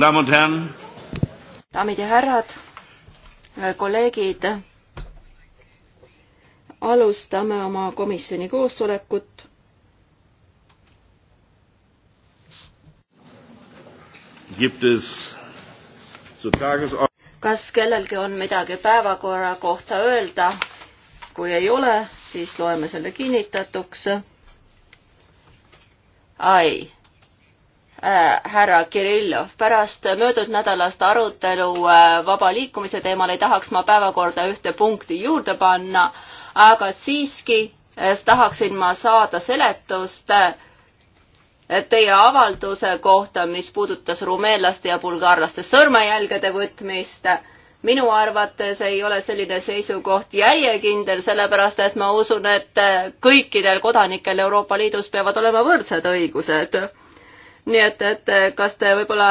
daamid ja härrad, kolleegid, alustame oma komisjoni koosolekut kas kellelgi on midagi päevakorra kohta öelda? kui ei ole, siis loeme selle kinnitatuks. ai, Äh, härra Kirillov, pärast möödunud nädalast arutelu äh, vaba liikumise teemal ei tahaks ma päevakorda ühte punkti juurde panna, aga siiski äh, tahaksin ma saada seletust teie avalduse kohta, mis puudutas rumeenlaste ja bulgaarlaste sõrmejälgede võtmist. minu arvates ei ole selline seisukoht järjekindel, sellepärast et ma usun, et kõikidel kodanikel Euroopa Liidus peavad olema võrdsed õigused nii et, et kas te võib-olla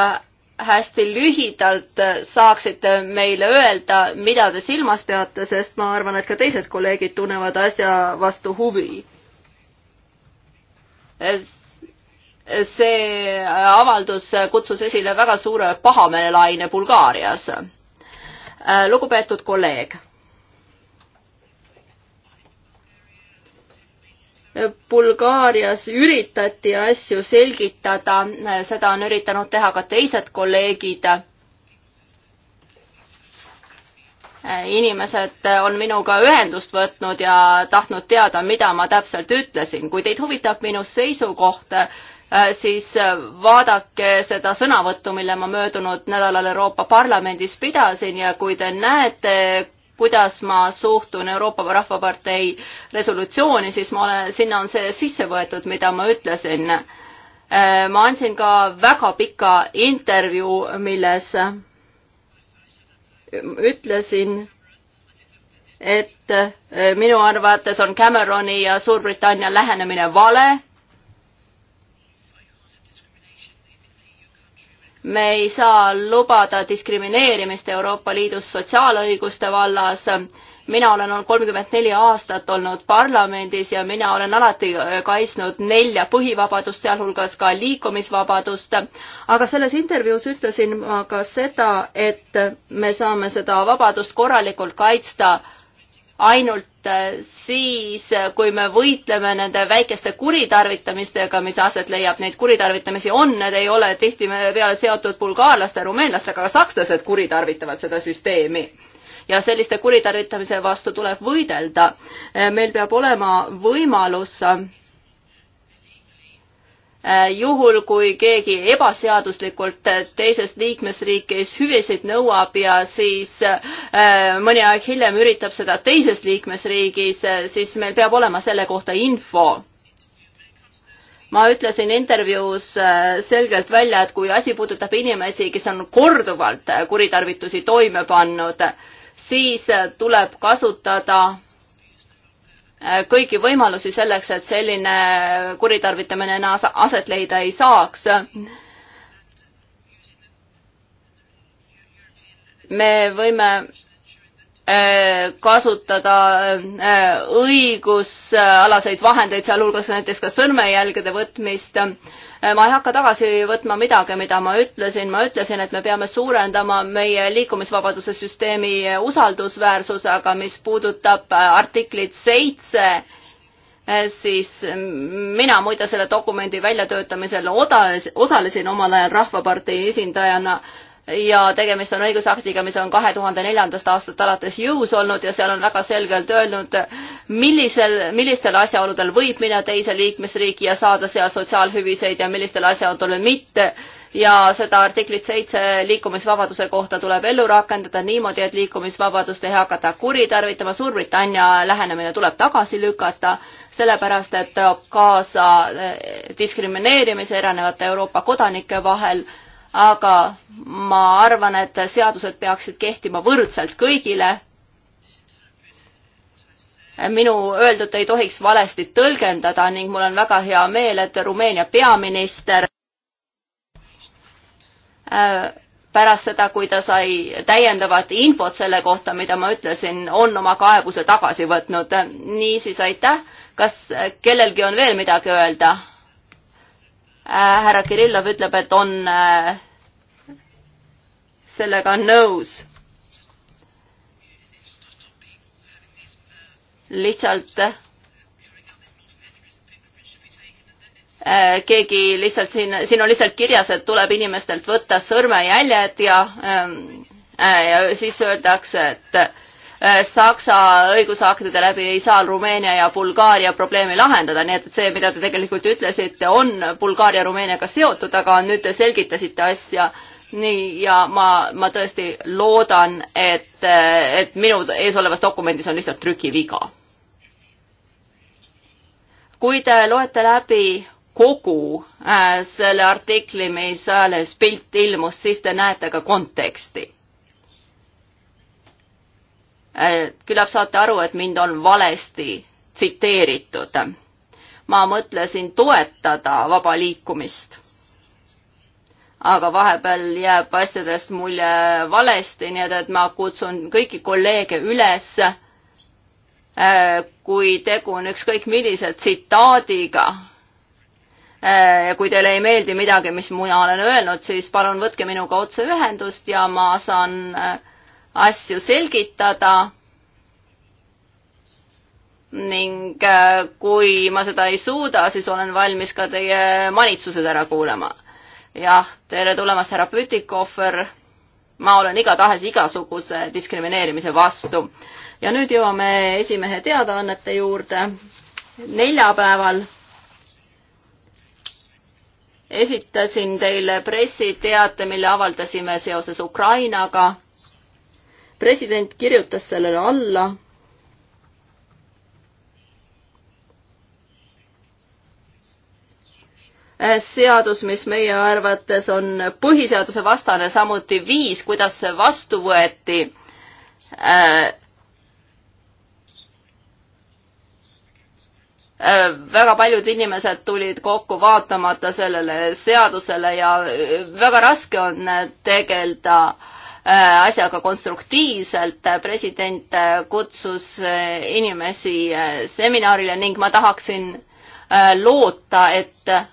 hästi lühidalt saaksite meile öelda, mida te silmas peate, sest ma arvan, et ka teised kolleegid tunnevad asja vastu huvi. see avaldus kutsus esile väga suure pahameelelaine Bulgaarias. lugupeetud kolleeg Bulgaarias üritati asju selgitada, seda on üritanud teha ka teised kolleegid. inimesed on minuga ühendust võtnud ja tahtnud teada, mida ma täpselt ütlesin. kui teid huvitab minu seisukoht, siis vaadake seda sõnavõttu, mille ma möödunud nädalal Euroopa Parlamendis pidasin ja kui te näete, kuidas ma suhtun Euroopa Rahvapartei resolutsiooni, siis ma olen, sinna on see sisse võetud, mida ma ütlesin. Äh, ma andsin ka väga pika intervjuu, milles ütlesin, et äh, minu arvates on Cameroni ja Suurbritannia lähenemine vale me ei saa lubada diskrimineerimist Euroopa Liidus sotsiaalõiguste vallas. mina olen olnud kolmkümmend neli aastat olnud parlamendis ja mina olen alati äh, kaitsnud nelja põhivabadust, sealhulgas ka liikumisvabadust. aga selles intervjuus ütlesin ma ka seda, et me saame seda vabadust korralikult kaitsta ainult Äh, siis, äh, kui me võitleme nende väikeste kuritarvitamistega, mis aset leiab, neid kuritarvitamisi on, need ei ole tihtipeale seotud bulgaarlaste, rumeenlastega, aga sakslased kuritarvitavad seda süsteemi. ja selliste kuritarvitamise vastu tuleb võidelda. Äh, meil peab olema võimalus Äh, juhul, kui keegi ebaseaduslikult äh, teisest liikmesriigist hüvisid nõuab ja siis äh, mõni aeg hiljem üritab seda teises liikmesriigis, siis meil peab olema selle kohta info ma ütlesin intervjuus selgelt välja, et kui asi puudutab inimesi, kes on korduvalt kuritarvitusi toime pannud, siis tuleb kasutada Äh, kõiki võimalusi selleks, et selline kuritarvitamine aset leida ei saaks. me võime Äh, kasutada äh, õigusalaseid vahendeid, sealhulgas näiteks ka sõrmejälgede võtmist. Äh, ma ei hakka tagasi võtma midagi, mida ma ütlesin, ma ütlesin, et me peame suurendama meie liikumisvabaduse süsteemi usaldusväärsuse, aga mis puudutab artiklit seitse, siis mina muide selle dokumendi väljatöötamisel osalesin omal ajal Rahvapartei esindajana ja tegemist on õigusaktiga, mis on kahe tuhande neljandast aastast alates jõus olnud ja seal on väga selgelt öelnud, millisel, millistel asjaoludel võib minna teise liikmesriiki ja saada seal sotsiaalhüviseid ja millistel asjaoludel mitte. ja seda artiklit seitse liikumisvabaduse kohta tuleb ellu rakendada niimoodi, et liikumisvabadust ei hakata kuritarvitama. Suurbritannia lähenemine tuleb tagasi lükata, sellepärast et toob kaasa eh, diskrimineerimise erinevate Euroopa kodanike vahel aga ma arvan, et seadused peaksid kehtima võrdselt kõigile. minu öeldut ei tohiks valesti tõlgendada ning mul on väga hea meel, et Rumeenia peaminister äh, pärast seda, kui ta sai täiendavat infot selle kohta, mida ma ütlesin, on oma kaebuse tagasi võtnud. niisiis aitäh. kas kellelgi on veel midagi öelda? Äh, härra Kirillov ütleb, et on äh, sellega nõus. lihtsalt äh, keegi lihtsalt siin, siin on lihtsalt kirjas, et tuleb inimestelt võtta sõrmejäljed ja ähm, ja siis öeldakse, et Äh, Saksa õigusaktide läbi ei saa Rumeenia ja Bulgaaria probleemi lahendada, nii et see, mida te tegelikult ütlesite, on Bulgaaria-Rumeeniaga seotud, aga nüüd te selgitasite asja nii ja ma, ma tõesti loodan, et, et minu eesolevas dokumendis on lihtsalt trükiviga. kui te loete läbi kogu äh, selle artikli, mis ajalehes Pilt ilmus, siis te näete ka konteksti Äh, küllap saate aru, et mind on valesti tsiteeritud. ma mõtlesin toetada vaba liikumist. aga vahepeal jääb asjadest mulje valesti, nii et, et ma kutsun kõiki kolleege üles, äh, kui tegu on ükskõik millise tsitaadiga, äh, ja kui teile ei meeldi midagi, mis mina olen öelnud, siis palun võtke minuga otse ühendust ja ma saan äh, asju selgitada. ning äh, kui ma seda ei suuda, siis olen valmis ka teie manitsused ära kuulama. jah, tere tulemast, härra Pütikohver. ma olen igatahes igasuguse diskrimineerimise vastu. ja nüüd jõuame esimehe teadaannete juurde. neljapäeval esitasin teile pressiteate, mille avaldasime seoses Ukrainaga president kirjutas sellele alla. seadus, mis meie arvates on põhiseaduse vastane, samuti viis, kuidas see vastu võeti väga paljud inimesed tulid kokku vaatamata sellele seadusele ja väga raske on tegeleda äh, Äh, asjaga konstruktiivselt. president äh, kutsus äh, inimesi seminarile ning ma tahaksin loota, et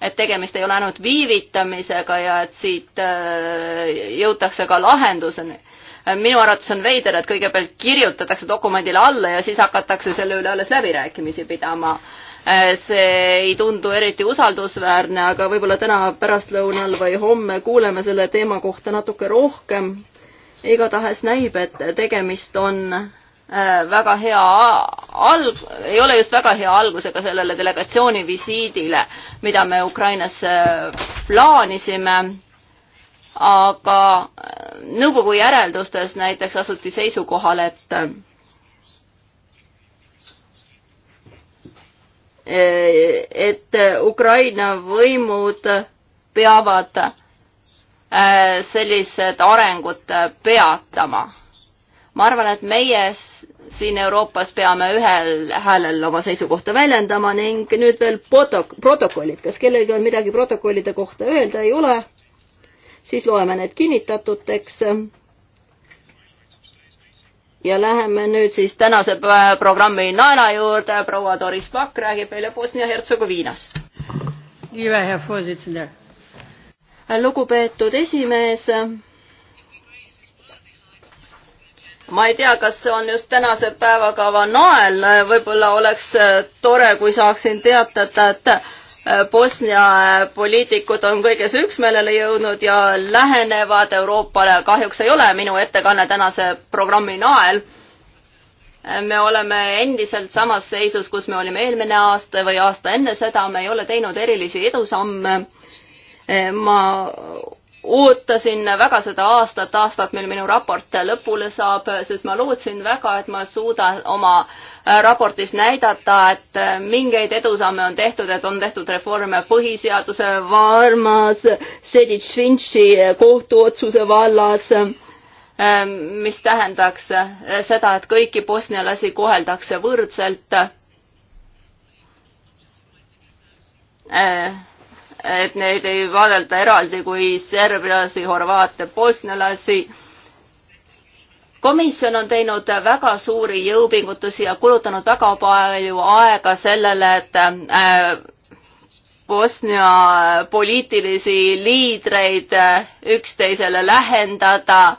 et tegemist ei ole ainult viivitamisega ja et siit jõutakse ka lahenduseni. minu arvates on veider, et kõigepealt kirjutatakse dokumendile alla ja siis hakatakse selle üle alles läbirääkimisi pidama Äh, see ei tundu eriti usaldusväärne, aga võib-olla täna pärastlõunal või homme kuuleme selle teema kohta natuke rohkem. igatahes näib, et tegemist on äh, väga hea alg-, ei ole just väga hea algusega sellele delegatsiooni visiidile, mida me Ukrainas plaanisime, aga äh, nõukogu järeldustes näiteks asuti seisukohal, et Eh, et Ukraina võimud peavad eh, sellised arengud peatama. ma arvan, et meie siin Euroopas peame ühel häälel oma seisukohta väljendama ning nüüd veel protok-, protokollid, kas kellelgi on midagi protokollide kohta öelda, ei ole, siis loeme need kinnitatuteks ja läheme nüüd siis tänase programmi naela juurde. proua Doris Pakk räägib meile Bosnia-Hertsegoviinast. lugupeetud esimees. ma ei tea, kas see on just tänase päevakava nael, võib-olla oleks tore, kui saaksin teatada, et Bosnia poliitikud on kõiges üksmeelele jõudnud ja lähenevad Euroopale. kahjuks ei ole minu ettekanne tänase programmi nael. me oleme endiselt samas seisus, kus me olime eelmine aasta või aasta enne seda, me ei ole teinud erilisi edusamme. ma ootasin väga seda aastat, aastat, mil minu raport lõpule saab, sest ma lootsin väga, et ma suudan oma äh, raportis näidata, et äh, mingeid edusamme on tehtud, et on tehtud reforme põhiseaduse varmas, Sedic-Finchi äh, kohtuotsuse vallas, mis tähendaks seda, et kõiki bosnialasi koheldakse võrdselt et neid ei vaadelda eraldi kui serblasi, horvaate, bosnialasi. komisjon on teinud väga suuri jõupingutusi ja kulutanud väga palju aega sellele, et äh, Bosnia poliitilisi liidreid äh, üksteisele lähendada.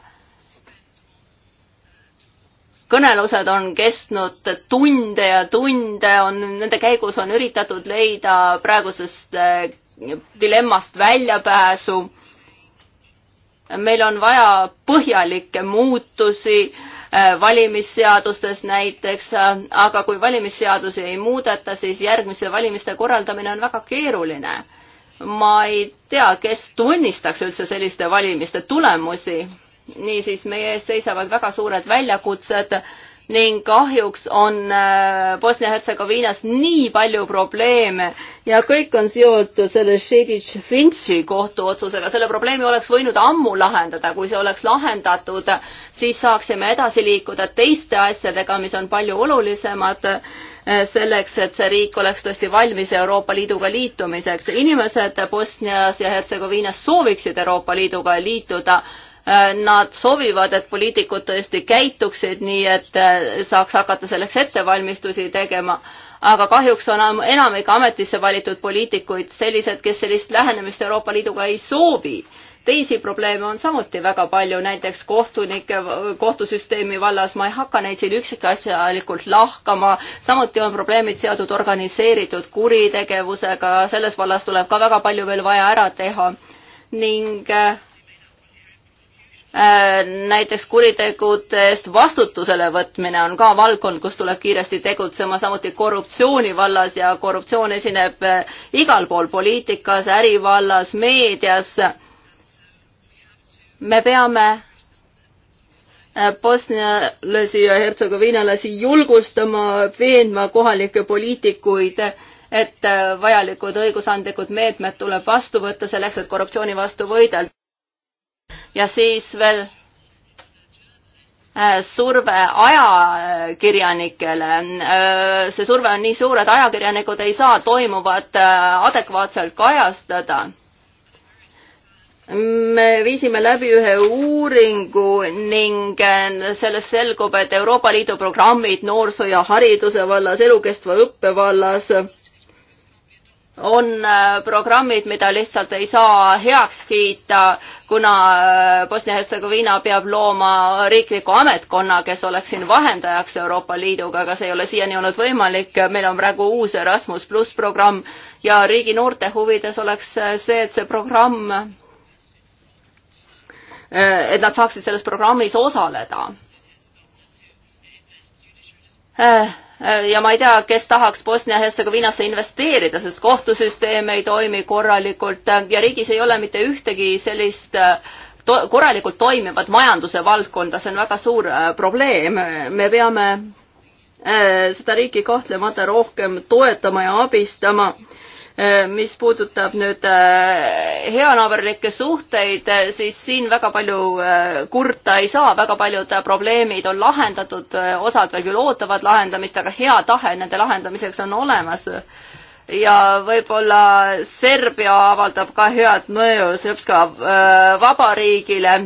kõnelused on kestnud tunde ja tunde, on, nende käigus on üritatud leida praegusest äh, dilemmast väljapääsu. meil on vaja põhjalikke muutusi äh, valimisseadustes näiteks, äh, aga kui valimisseadusi ei muudeta, siis järgmise valimiste korraldamine on väga keeruline. ma ei tea, kes tunnistaks üldse selliste valimiste tulemusi. niisiis, meie ees seisavad väga suured väljakutsed ning kahjuks on äh, Bosnia-Hertsegoviinas nii palju probleeme ja kõik on seotud selle Šedic-Finci kohtuotsusega. selle probleemi oleks võinud ammu lahendada, kui see oleks lahendatud, siis saaksime edasi liikuda teiste asjadega, mis on palju olulisemad äh, selleks, et see riik oleks tõesti valmis Euroopa Liiduga liitumiseks. inimesed Bosnias ja Hertsegoviinas sooviksid Euroopa Liiduga liituda Äh, nad soovivad, et poliitikud tõesti käituksid nii, et äh, saaks hakata selleks ettevalmistusi tegema, aga kahjuks on enamik ametisse valitud poliitikuid sellised, kes sellist lähenemist Euroopa Liiduga ei soovi teisi probleeme on samuti väga palju, näiteks kohtunike, kohtusüsteemi vallas, ma ei hakka neid siin üksikasjalikult lahkama, samuti on probleemid seotud organiseeritud kuritegevusega, selles vallas tuleb ka väga palju veel vaja ära teha ning äh, Äh, näiteks kuritegude eest vastutusele võtmine on ka valdkond, kus tuleb kiiresti tegutsema, samuti korruptsiooni vallas ja korruptsioon esineb äh, igal pool poliitikas, ärivallas, meedias. me peame äh, bosnialasi ja hertsegoviinalasi julgustama, veenma kohalikke poliitikuid, et vajalikud õigusandlikud meetmed tuleb vastu võtta selleks, et korruptsiooni vastu võidelda ja siis veel äh, surve ajakirjanikele. Äh, see surve on nii suur, et ajakirjanikud ei saa toimuvat äh, adekvaatselt kajastada. me viisime läbi ühe uuringu ning sellest selgub, et Euroopa Liidu programmid noorsoo ja hariduse vallas, elukestva õppe vallas on äh, programmid, mida lihtsalt ei saa heaks kiita, kuna äh, Bosnia-Hertsegoviina peab looma riikliku ametkonna, kes oleks siin vahendajaks Euroopa Liiduga, aga see ei ole siiani olnud võimalik. meil on praegu uus Erasmus pluss programm ja riigi noorte huvides oleks äh, see, et see programm, et nad saaksid selles programmis osaleda Äh, ja ma ei tea, kes tahaks Bosnia-Hertsegoviinasse investeerida, sest kohtusüsteem ei toimi korralikult äh, ja riigis ei ole mitte ühtegi sellist äh, to korralikult toimivat majanduse valdkonda, see on väga suur probleem. me peame seda riiki kahtlemata rohkem toetama ja abistama Äh, mis puudutab nüüd äh, heanaaberlikke suhteid, äh, siis siin väga palju kurta ei saa, väga paljud probleemid on lahendatud, osad veel küll ootavad lahendamist, aga hea tahe nende lahendamiseks on olemas. ja võib-olla Serbia avaldab ka head mõju Srpska vabariigile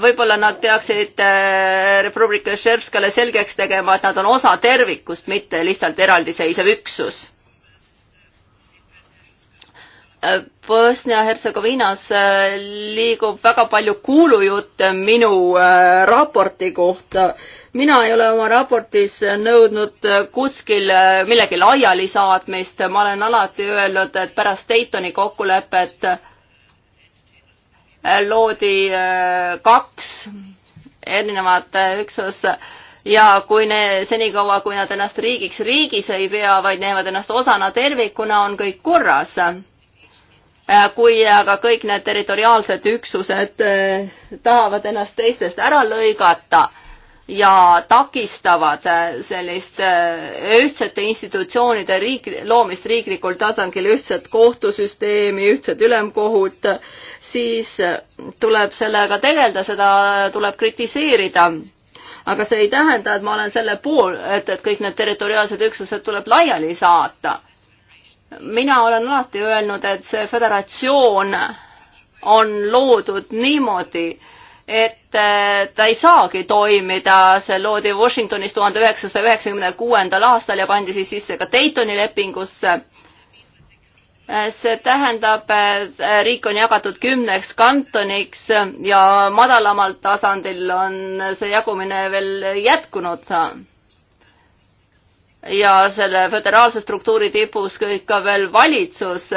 võib-olla nad peaksid äh, Republika Šervskale selgeks tegema, et nad on osa tervikust, mitte lihtsalt eraldiseisev üksus. Äh, Bosnia-Hertsegoviinas äh, liigub väga palju kuulujutte minu raporti kohta. mina ei ole oma raportis nõudnud kuskil millegi laialisaatmist, ma olen alati öelnud, et pärast Daytoni kokkulepet loodi äh, kaks erinevat äh, üksust ja kui ne-, senikaua, kui nad ennast riigiks riigis ei pea, vaid näevad ennast osana tervikuna, on kõik korras. Äh, kui aga kõik need territoriaalsed üksused tahavad ennast teistest ära lõigata, ja takistavad äh, sellist äh, ühtsete institutsioonide riik, loomist riiklikul tasandil, ühtset kohtusüsteemi, ühtset ülemkohut, siis äh, tuleb sellega tegeleda, seda tuleb kritiseerida. aga see ei tähenda, et ma olen selle pool, et, et kõik need territoriaalsed üksused tuleb laiali saata. mina olen alati öelnud, et see föderatsioon on loodud niimoodi, et äh, ta ei saagi toimida, see loodi Washingtonis tuhande üheksasaja üheksakümne kuuendal aastal ja pandi siis sisse ka Daytoni lepingusse. Äh, see tähendab, äh, riik on jagatud kümneks kantoniks ja madalamal tasandil on see jagumine veel jätkunud ja selle föderaalse struktuuri tipus ka veel valitsus.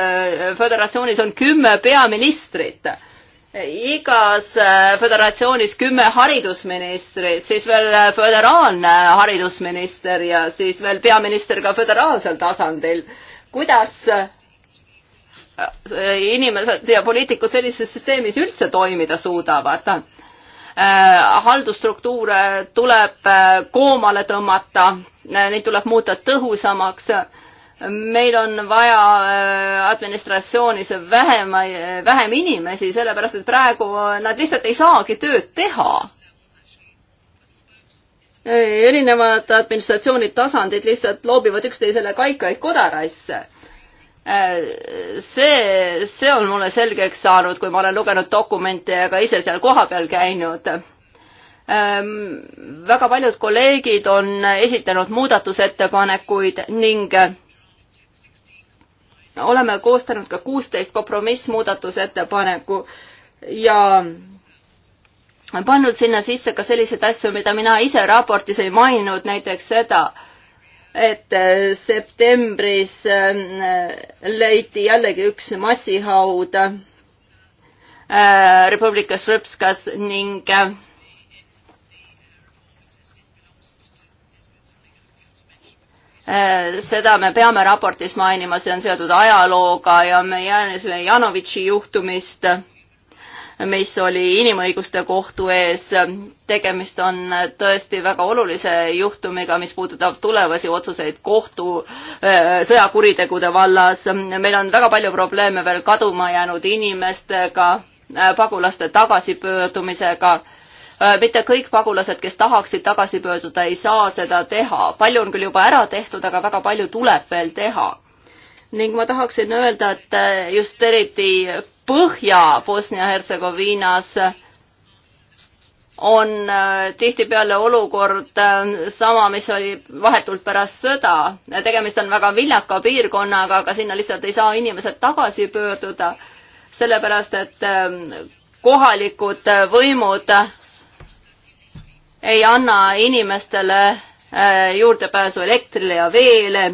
föderatsioonis on kümme peaministrit igas äh, föderatsioonis kümme haridusministrit, siis veel äh, föderaalne äh, haridusminister ja siis veel peaminister ka föderaalsel tasandil. kuidas inimesed ja poliitikud sellises süsteemis üldse toimida suudavad? haldusstruktuure tuleb koomale tõmmata, neid tuleb muuta tõhusamaks meil on vaja äh, administratsioonis vähem, vähem inimesi, sellepärast et praegu nad lihtsalt ei saagi tööd teha. erinevad administratsiooni tasandid lihtsalt loobivad üksteisele kaikaid kodarasse. Äh, see, see on mulle selgeks saanud, kui ma olen lugenud dokumente ja ka ise seal kohapeal käinud ähm, väga paljud kolleegid on esitanud muudatusettepanekuid ning oleme koostanud ka kuusteist kompromissmuudatusettepaneku ja pannud sinna sisse ka selliseid asju, mida mina ise raportis ei maininud, näiteks seda, et äh, septembris äh, leiti jällegi üks massihaud äh, Republika Srpskas ning äh, Äh, seda me peame raportis mainima, see on seotud ajalooga ja me jääme Janovitši juhtumist, mis oli inimõiguste kohtu ees. tegemist on tõesti väga olulise juhtumiga, mis puudutab tulevasi otsuseid kohtu äh, sõjakuritegude vallas. meil on väga palju probleeme veel kaduma jäänud inimestega, äh, pagulaste tagasipöördumisega Äh, mitte kõik pagulased, kes tahaksid tagasi pöörduda, ei saa seda teha. palju on küll juba ära tehtud, aga väga palju tuleb veel teha. ning ma tahaksin öelda, et äh, just eriti Põhja-Bosnia-Hertsegoviinas on äh, tihtipeale olukord sama, mis oli vahetult pärast sõda. tegemist on väga viljaka piirkonnaga, aga sinna lihtsalt ei saa inimesed tagasi pöörduda, sellepärast et kohalikud võimud ei anna inimestele äh, juurdepääsu elektrile ja veele.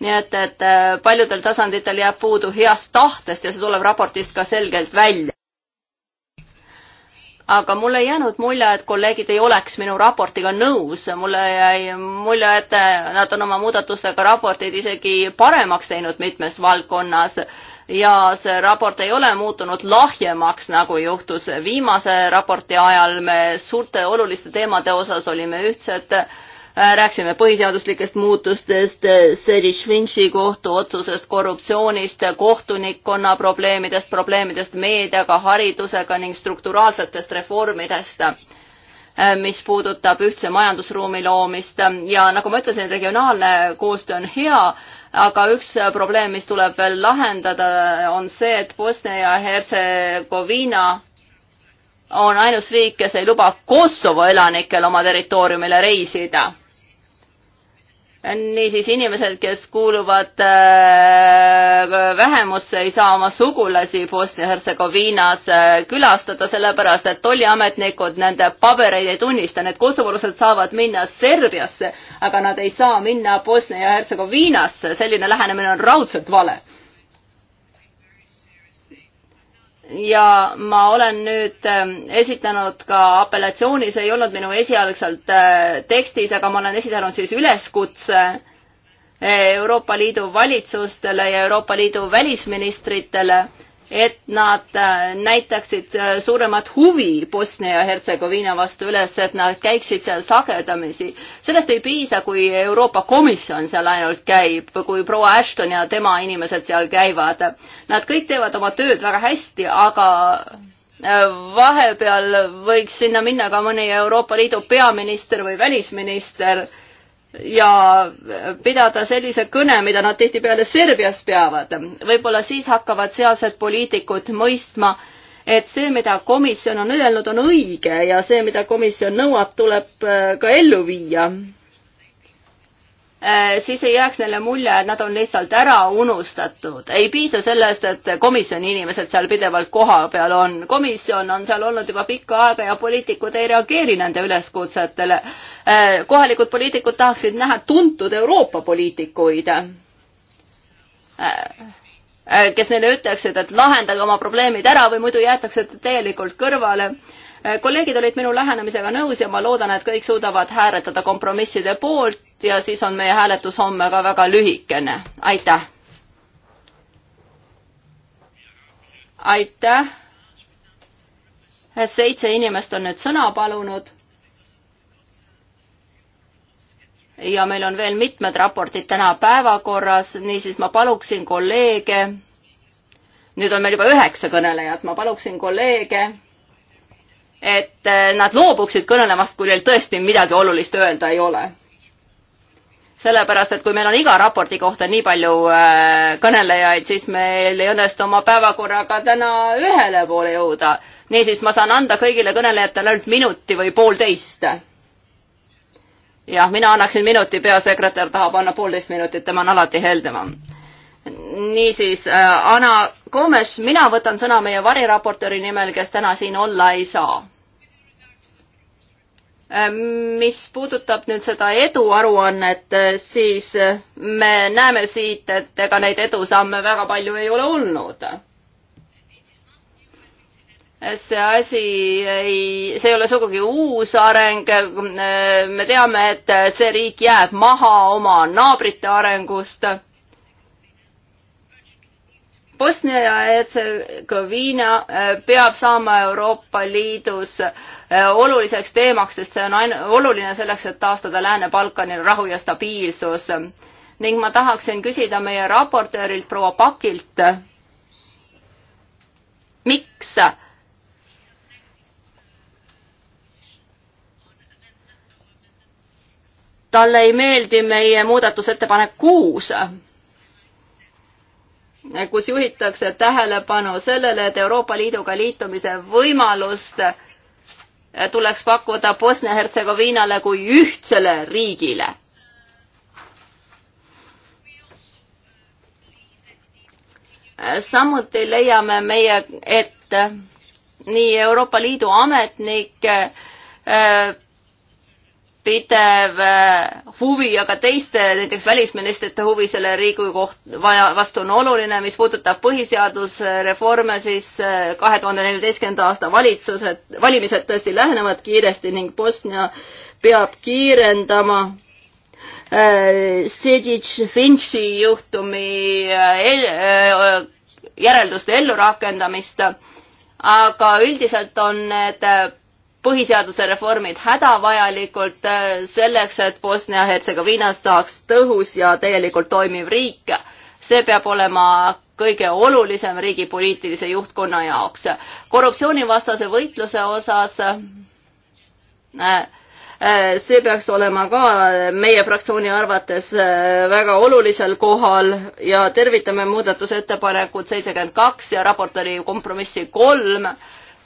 nii et, et äh, paljudel tasanditel jääb puudu heast tahtest ja see tuleb raportist ka selgelt välja. aga mulle ei jäänud mulje, et kolleegid ei oleks minu raportiga nõus, mulle jäi mulje, et äh, nad on oma muudatustega raportid isegi paremaks teinud mitmes valdkonnas ja see raport ei ole muutunud lahjemaks, nagu juhtus viimase raporti ajal, me suurte oluliste teemade osas olime ühtsed, rääkisime põhiseaduslikest muutustest, Sergei Švintši kohtuotsusest, korruptsioonist, kohtunikkonna probleemidest, probleemidest meediaga, haridusega ning strukturaalsetest reformidest mis puudutab ühtse majandusruumi loomist ja nagu ma ütlesin, regionaalne koostöö on hea, aga üks probleem, mis tuleb veel lahendada, on see, et Bosnia ja Hertsegoviina on ainus riik, kes ei luba Kosovo elanikel oma territooriumile reisida niisiis inimesed, kes kuuluvad äh, vähemusse, ei saa oma sugulasi Bosnia-Hertsegoviinas äh, külastada, sellepärast et tolliametnikud nende pabereid ei tunnista. Need kosovolased saavad minna Serbiasse, aga nad ei saa minna Bosnia-Hertsegoviinasse. selline lähenemine on raudselt vale ja ma olen nüüd ähm, esitanud ka apellatsiooni, see ei olnud minu esialgselt äh, tekstis, aga ma olen esitanud siis üleskutse äh, Euroopa Liidu valitsustele ja Euroopa Liidu välisministritele et nad äh, näitaksid äh, suuremat huvi Bosnia ja Hertsegoviina vastu üles, et nad käiksid seal sagedamisi. sellest ei piisa, kui Euroopa Komisjon seal ainult käib või kui proua Ashton ja tema inimesed seal käivad. Nad kõik teevad oma tööd väga hästi, aga äh, vahepeal võiks sinna minna ka mõni Euroopa Liidu peaminister või välisminister ja pidada sellise kõne, mida nad tihtipeale Serbias peavad. võib-olla siis hakkavad sealsed poliitikud mõistma, et see, mida komisjon on öelnud, on õige ja see, mida komisjon nõuab, tuleb äh, ka ellu viia Äh, siis ei jääks neile mulje, et nad on lihtsalt ära unustatud. ei piisa sellest, et komisjoni inimesed seal pidevalt kohapeal on. komisjon on seal olnud juba pikka aega ja poliitikud ei reageeri nende üleskutsetele. Äh, kohalikud poliitikud tahaksid näha tuntud Euroopa poliitikuid, äh, kes neile ütleksid, et lahendage oma probleemid ära või muidu jäetakse täielikult kõrvale kolleegid olid minu lähenemisega nõus ja ma loodan, et kõik suudavad hääletada kompromisside poolt ja siis on meie hääletus homme ka väga lühikene. aitäh! aitäh! seitse inimest on nüüd sõna palunud. ja meil on veel mitmed raportid täna päevakorras, niisiis ma paluksin kolleege, nüüd on meil juba üheksa kõnelejat, ma paluksin kolleege et eh, nad loobuksid kõnelemast, kui neil tõesti midagi olulist öelda ei ole. sellepärast, et kui meil on iga raporti kohta nii palju eh, kõnelejaid, siis meil ei õnnestu oma päevakorraga täna ühele poole jõuda. niisiis, ma saan anda kõigile kõnelejatele ainult minuti või poolteist. jah, mina annaksin minuti, peasekretär tahab anna poolteist minutit, tema on alati heldemam niisiis, äh, Anna Gomes, mina võtan sõna meie variraportööri nimel, kes täna siin olla ei saa. Äh, mis puudutab nüüd seda eduaruannet, äh, siis me näeme siit, et ega neid edusamme väga palju ei ole olnud. see asi ei, see ei ole sugugi uus areng. me teame, et see riik jääb maha oma naabrite arengust Bosnia ja Hertsegoviina äh, peab saama Euroopa Liidus äh, oluliseks teemaks, sest see on ainu-, oluline selleks, et taastada Lääne-Balkanil rahu ja stabiilsus. ning ma tahaksin küsida meie raportöörilt proua Pakilt, miks talle ei meeldi meie muudatusettepanek kuus kus juhitakse tähelepanu sellele, et Euroopa Liiduga liitumise võimalust eh, tuleks pakkuda Bosnia-Hertsegoviinale kui ühtsele riigile. Eh, samuti leiame meie, et eh, nii Euroopa Liidu ametnike pidev äh, huvi, aga teiste, näiteks välisministrite huvi selle riigi koht-, vaja, vastu on oluline, mis puudutab põhiseadusreforme, siis äh, kahe tuhande neljateistkümnenda aasta valitsused, valimised tõesti lähenevad kiiresti ning Bosnia peab kiirendama äh, Sedic Finchi juhtumi äh, el, äh, järelduste ellurakendamist, aga üldiselt on need põhiseaduse reformid hädavajalikult äh, selleks, et Bosnia-Hertsegoviinast saaks tõhus ja täielikult toimiv riik. see peab olema kõige olulisem riigi poliitilise juhtkonna jaoks. korruptsioonivastase võitluse osas äh, äh, see peaks olema ka meie fraktsiooni arvates väga olulisel kohal ja tervitame muudatusettepanekut seitsekümmend kaks ja raportööri kompromissi kolm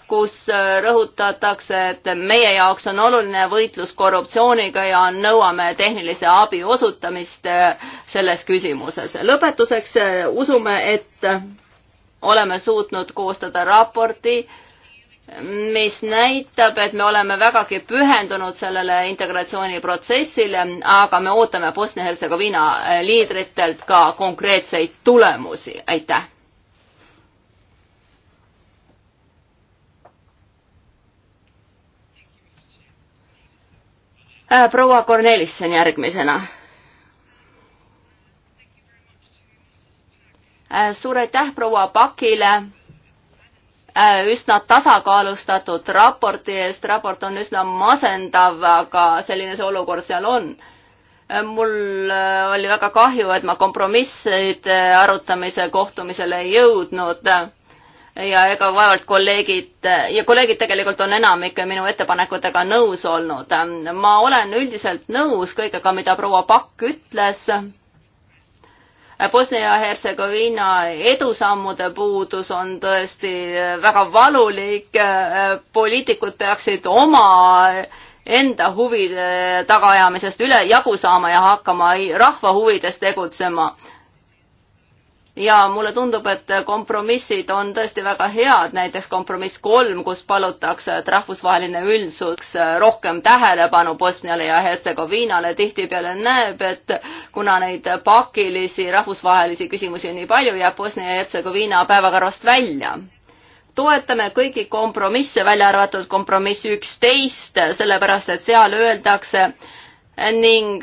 kus äh, rõhutatakse, et meie jaoks on oluline võitlus korruptsiooniga ja nõuame tehnilise abi osutamist äh, selles küsimuses. lõpetuseks äh, usume, et oleme suutnud koostada raporti, mis näitab, et me oleme vägagi pühendunud sellele integratsiooniprotsessile, aga me ootame Bosnia-Hertsegoviina liidritelt ka konkreetseid tulemusi. aitäh! Äh, proua Kornelisson järgmisena. Äh, suur aitäh proua Pakile äh, üsna tasakaalustatud raporti eest, raport on üsna masendav, aga selline see olukord seal on. mul oli väga kahju, et ma kompromisside arutamise kohtumisele ei jõudnud ja ega vaevalt kolleegid ja kolleegid tegelikult on enamike minu ettepanekutega nõus olnud. ma olen üldiselt nõus kõigega, mida proua Pakk ütles. Bosnia-Hertsegoviina edusammude puudus on tõesti väga valulik. poliitikud peaksid oma enda huvide tagaajamisest üle jagu saama ja hakkama rahva huvides tegutsema ja mulle tundub, et kompromissid on tõesti väga head, näiteks kompromiss kolm, kus palutakse, et rahvusvaheline üldsus rohkem tähelepanu Bosniale ja Hertsegoviinale tihtipeale näeb, et kuna neid pakilisi rahvusvahelisi küsimusi on nii palju, jääb Bosnia ja Hertsegoviina päevakorrast välja toetame kõiki kompromisse, välja arvatud kompromiss üksteist, sellepärast et seal öeldakse ning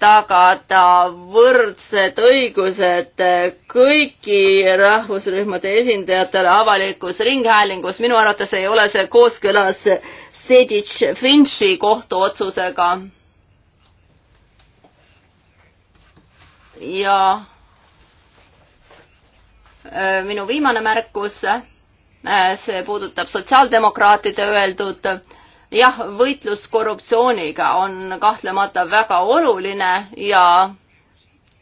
tagada võrdsed õigused kõiki rahvusrühmade esindajatele avalikus ringhäälingus. minu arvates ei ole see kooskõlas Sedic Finchi kohtuotsusega. ja e, minu viimane märkus, e, see puudutab sotsiaaldemokraatide öeldud jah, võitlus korruptsiooniga on kahtlemata väga oluline ja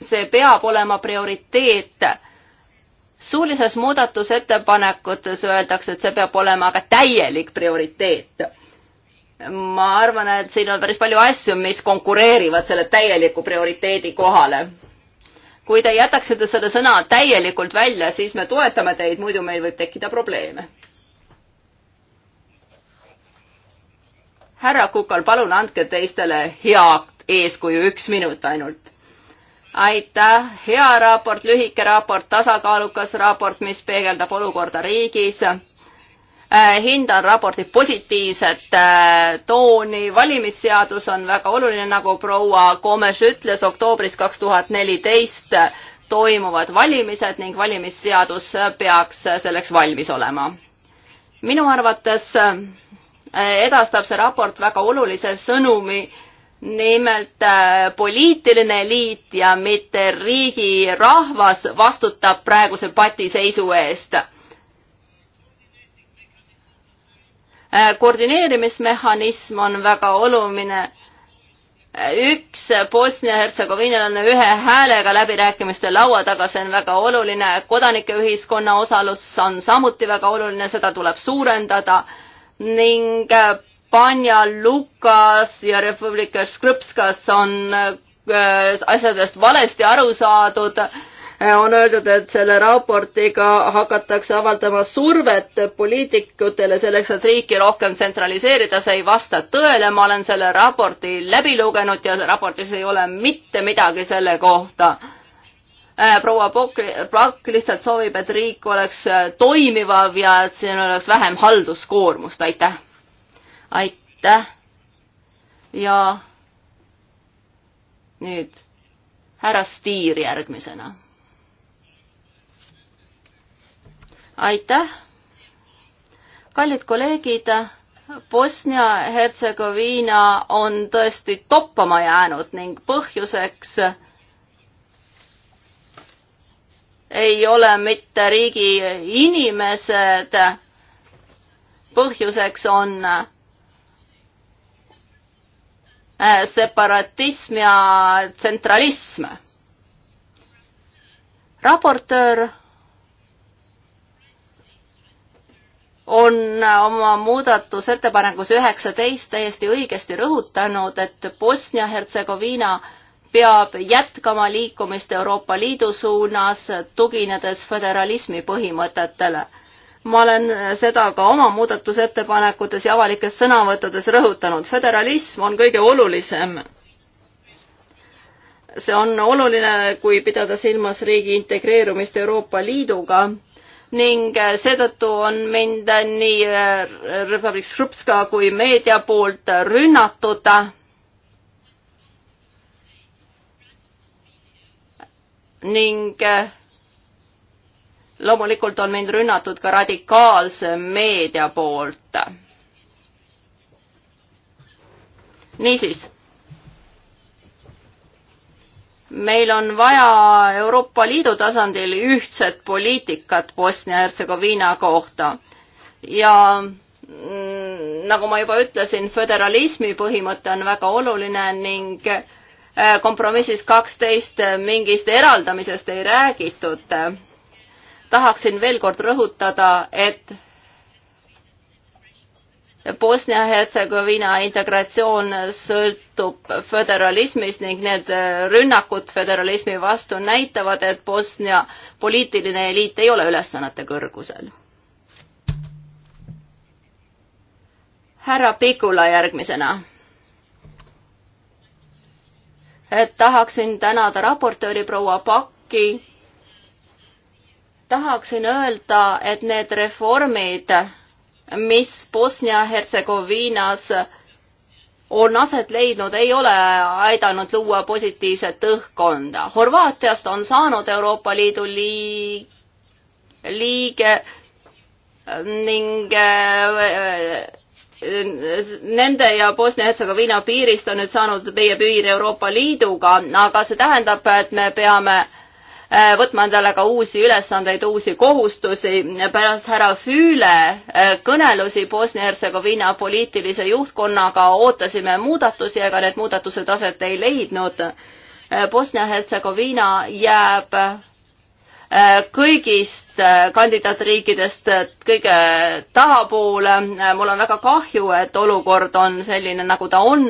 see peab olema prioriteet. suulises muudatusettepanekutes öeldakse, et see peab olema ka täielik prioriteet. ma arvan, et siin on päris palju asju, mis konkureerivad selle täieliku prioriteedi kohale kui te jätaksite selle sõna täielikult välja, siis me toetame teid, muidu meil võib tekkida probleeme härra Kukal, palun andke teistele head eeskuju, üks minut ainult. aitäh, hea raport, lühike raport, tasakaalukas raport, mis peegeldab olukorda riigis äh, hindan raporti positiivset äh, tooni, valimisseadus on väga oluline, nagu proua Komes ütles, oktoobris kaks tuhat neliteist toimuvad valimised ning valimisseadus peaks selleks valmis olema. minu arvates äh, edastab see raport väga olulise sõnumi, nimelt äh, poliitiline liit ja mitte riigi rahvas vastutab praeguse patiseisu eest. Äh, koordineerimismehhanism on väga oluline üks Bosnia-Hertsegoviinlane ühe häälega läbirääkimiste laua taga, see on väga oluline, kodanike ühiskonna osalus on samuti väga oluline, seda tuleb suurendada ning äh, Panja Lukas ja Republika Škrõpskas on äh, asjadest valesti aru saadud. Äh, on öeldud, et selle raportiga hakatakse avaldama survet poliitikutele selleks, et riiki rohkem tsentraliseerida, see ei vasta tõele, ma olen selle raporti läbi lugenud ja raportis ei ole mitte midagi selle kohta Äh, proua Plakk lihtsalt soovib, et riik oleks äh, toimivam ja et siin oleks vähem halduskoormust, aitäh. aitäh. ja nüüd härra Stiir järgmisena. aitäh. kallid kolleegid Bosnia-Hertsegoviina on tõesti toppama jäänud ning põhjuseks ei ole mitte riigi inimesed. põhjuseks on äh, separatism ja tsentralism. raportöör on oma muudatusettepanekus üheksateist täiesti õigesti rõhutanud, et Bosnia-Hertsegoviina peab jätkama liikumist Euroopa Liidu suunas, tuginedes föderalismi põhimõtetele. ma olen seda ka oma muudatusettepanekutes ja avalikes sõnavõttudes rõhutanud, föderalism on kõige olulisem. see on oluline, kui pidada silmas riigi integreerumist Euroopa Liiduga ning seetõttu on mind nii Republik Srpska kui meedia poolt rünnatud ning äh, loomulikult on mind rünnatud ka radikaalse meedia poolt. niisiis, meil on vaja Euroopa Liidu tasandil ühtset poliitikat Bosnia-Hertsegoviina kohta ja mm, nagu ma juba ütlesin, föderalismi põhimõte on väga oluline ning äh, Äh, kompromissis kaksteist äh, mingist eraldamisest ei räägitud. Äh, tahaksin veel kord rõhutada, et Bosnia-Hertsegoviina integratsioon sõltub föderalismist ning need rünnakud föderalismi vastu näitavad, et Bosnia poliitiline eliit ei ole ülesannete kõrgusel. härra Pikula järgmisena tahaksin tänada raportööri proua Pakki. tahaksin öelda, et need reformid, mis Bosnia-Hertsegoviinas on aset leidnud, ei ole aidanud luua positiivset õhkkonda. Horvaatiast on saanud Euroopa Liidu lii-, liige ning nende ja Bosnia-Hertsegoviina piirist on nüüd saanud meie piir Euroopa Liiduga, aga see tähendab, et me peame eh, võtma endale ka uusi ülesandeid, uusi kohustusi. pärast härra Füüle eh, kõnelusi Bosnia-Hertsegoviina poliitilise juhtkonnaga ootasime muudatusi, aga need muudatused aset ei leidnud. Eh, Bosnia-Hertsegoviina jääb Äh, kõigist äh, kandidaatriikidest äh, kõige tahapoole. mul on väga kahju, et olukord on selline, nagu ta on.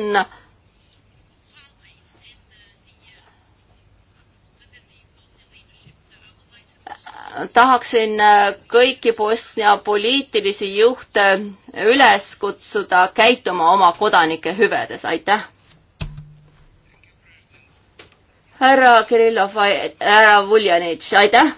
tahaksin kõiki Bosnia poliitilisi juhte üles kutsuda käituma oma kodanike hüvedes, aitäh härra Kirillov, härra Vuljanitš, aitäh!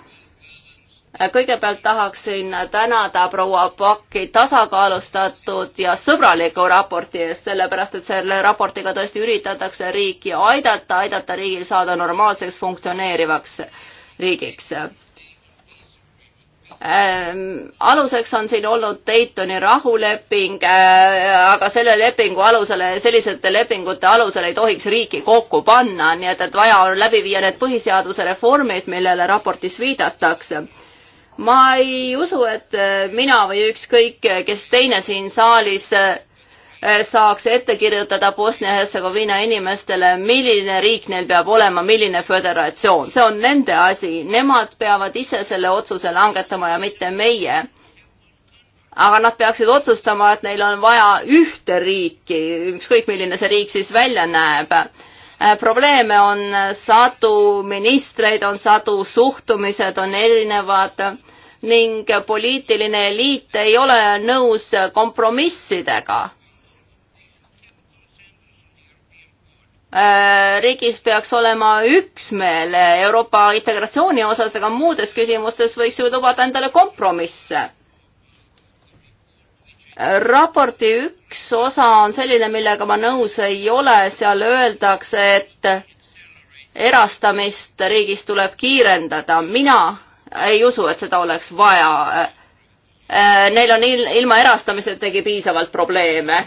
kõigepealt tahaksin tänada proua Pakki tasakaalustatud ja sõbraliku raporti eest, sellepärast et selle raportiga tõesti üritatakse riiki aidata, aidata riigil saada normaalseks funktsioneerivaks riigiks Ehm, aluseks on siin olnud Daytoni rahuleping, äh, aga selle lepingu alusel, sellisete lepingute alusel ei tohiks riiki kokku panna, nii et, et vaja on läbi viia need põhiseaduse reformid, millele raportis viidatakse. ma ei usu, et äh, mina või ükskõik kes teine siin saalis äh, Äh, saaks ette kirjutada Bosnia-Hertsegoviina inimestele, milline riik neil peab olema, milline föderatsioon. see on nende asi, nemad peavad ise selle otsuse langetama ja mitte meie. aga nad peaksid otsustama, et neil on vaja ühte riiki, ükskõik milline see riik siis välja näeb äh, probleeme on sadu, ministreid on sadu, suhtumised on erinevad ning poliitiline eliit ei ole nõus kompromissidega Äh, riigis peaks olema üksmeel Euroopa integratsiooni osas, aga muudes küsimustes võiks ju lubada endale kompromisse. raporti üks osa on selline, millega ma nõus ei ole, seal öeldakse, et erastamist riigis tuleb kiirendada, mina ei usu, et seda oleks vaja. Äh, neil on ilma erastamiseta piisavalt probleeme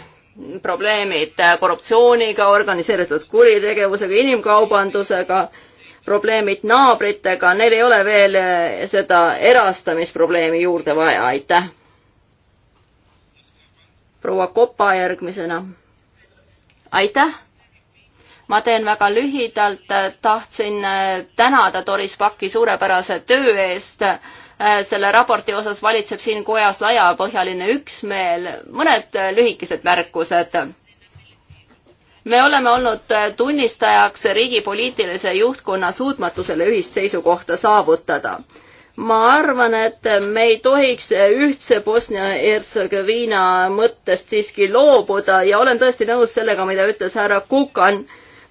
probleemid korruptsiooniga, organiseeritud kuritegevusega, inimkaubandusega, probleemid naabritega, neil ei ole veel seda erastamisprobleemi juurde vaja, aitäh. proua Kopa järgmisena. aitäh ma teen väga lühidalt, tahtsin tänada Doris Paki suurepärase töö eest. Äh, selle raporti osas valitseb siin kojas laiapõhjaline üksmeel. mõned äh, lühikesed märkused. me oleme olnud äh, tunnistajaks riigi poliitilise juhtkonna suutmatusele ühist seisukohta saavutada ma arvan, et me ei tohiks ühtse Bosnia-Hertsegoviina mõttest siiski loobuda ja olen tõesti nõus sellega, mida ütles härra Kukan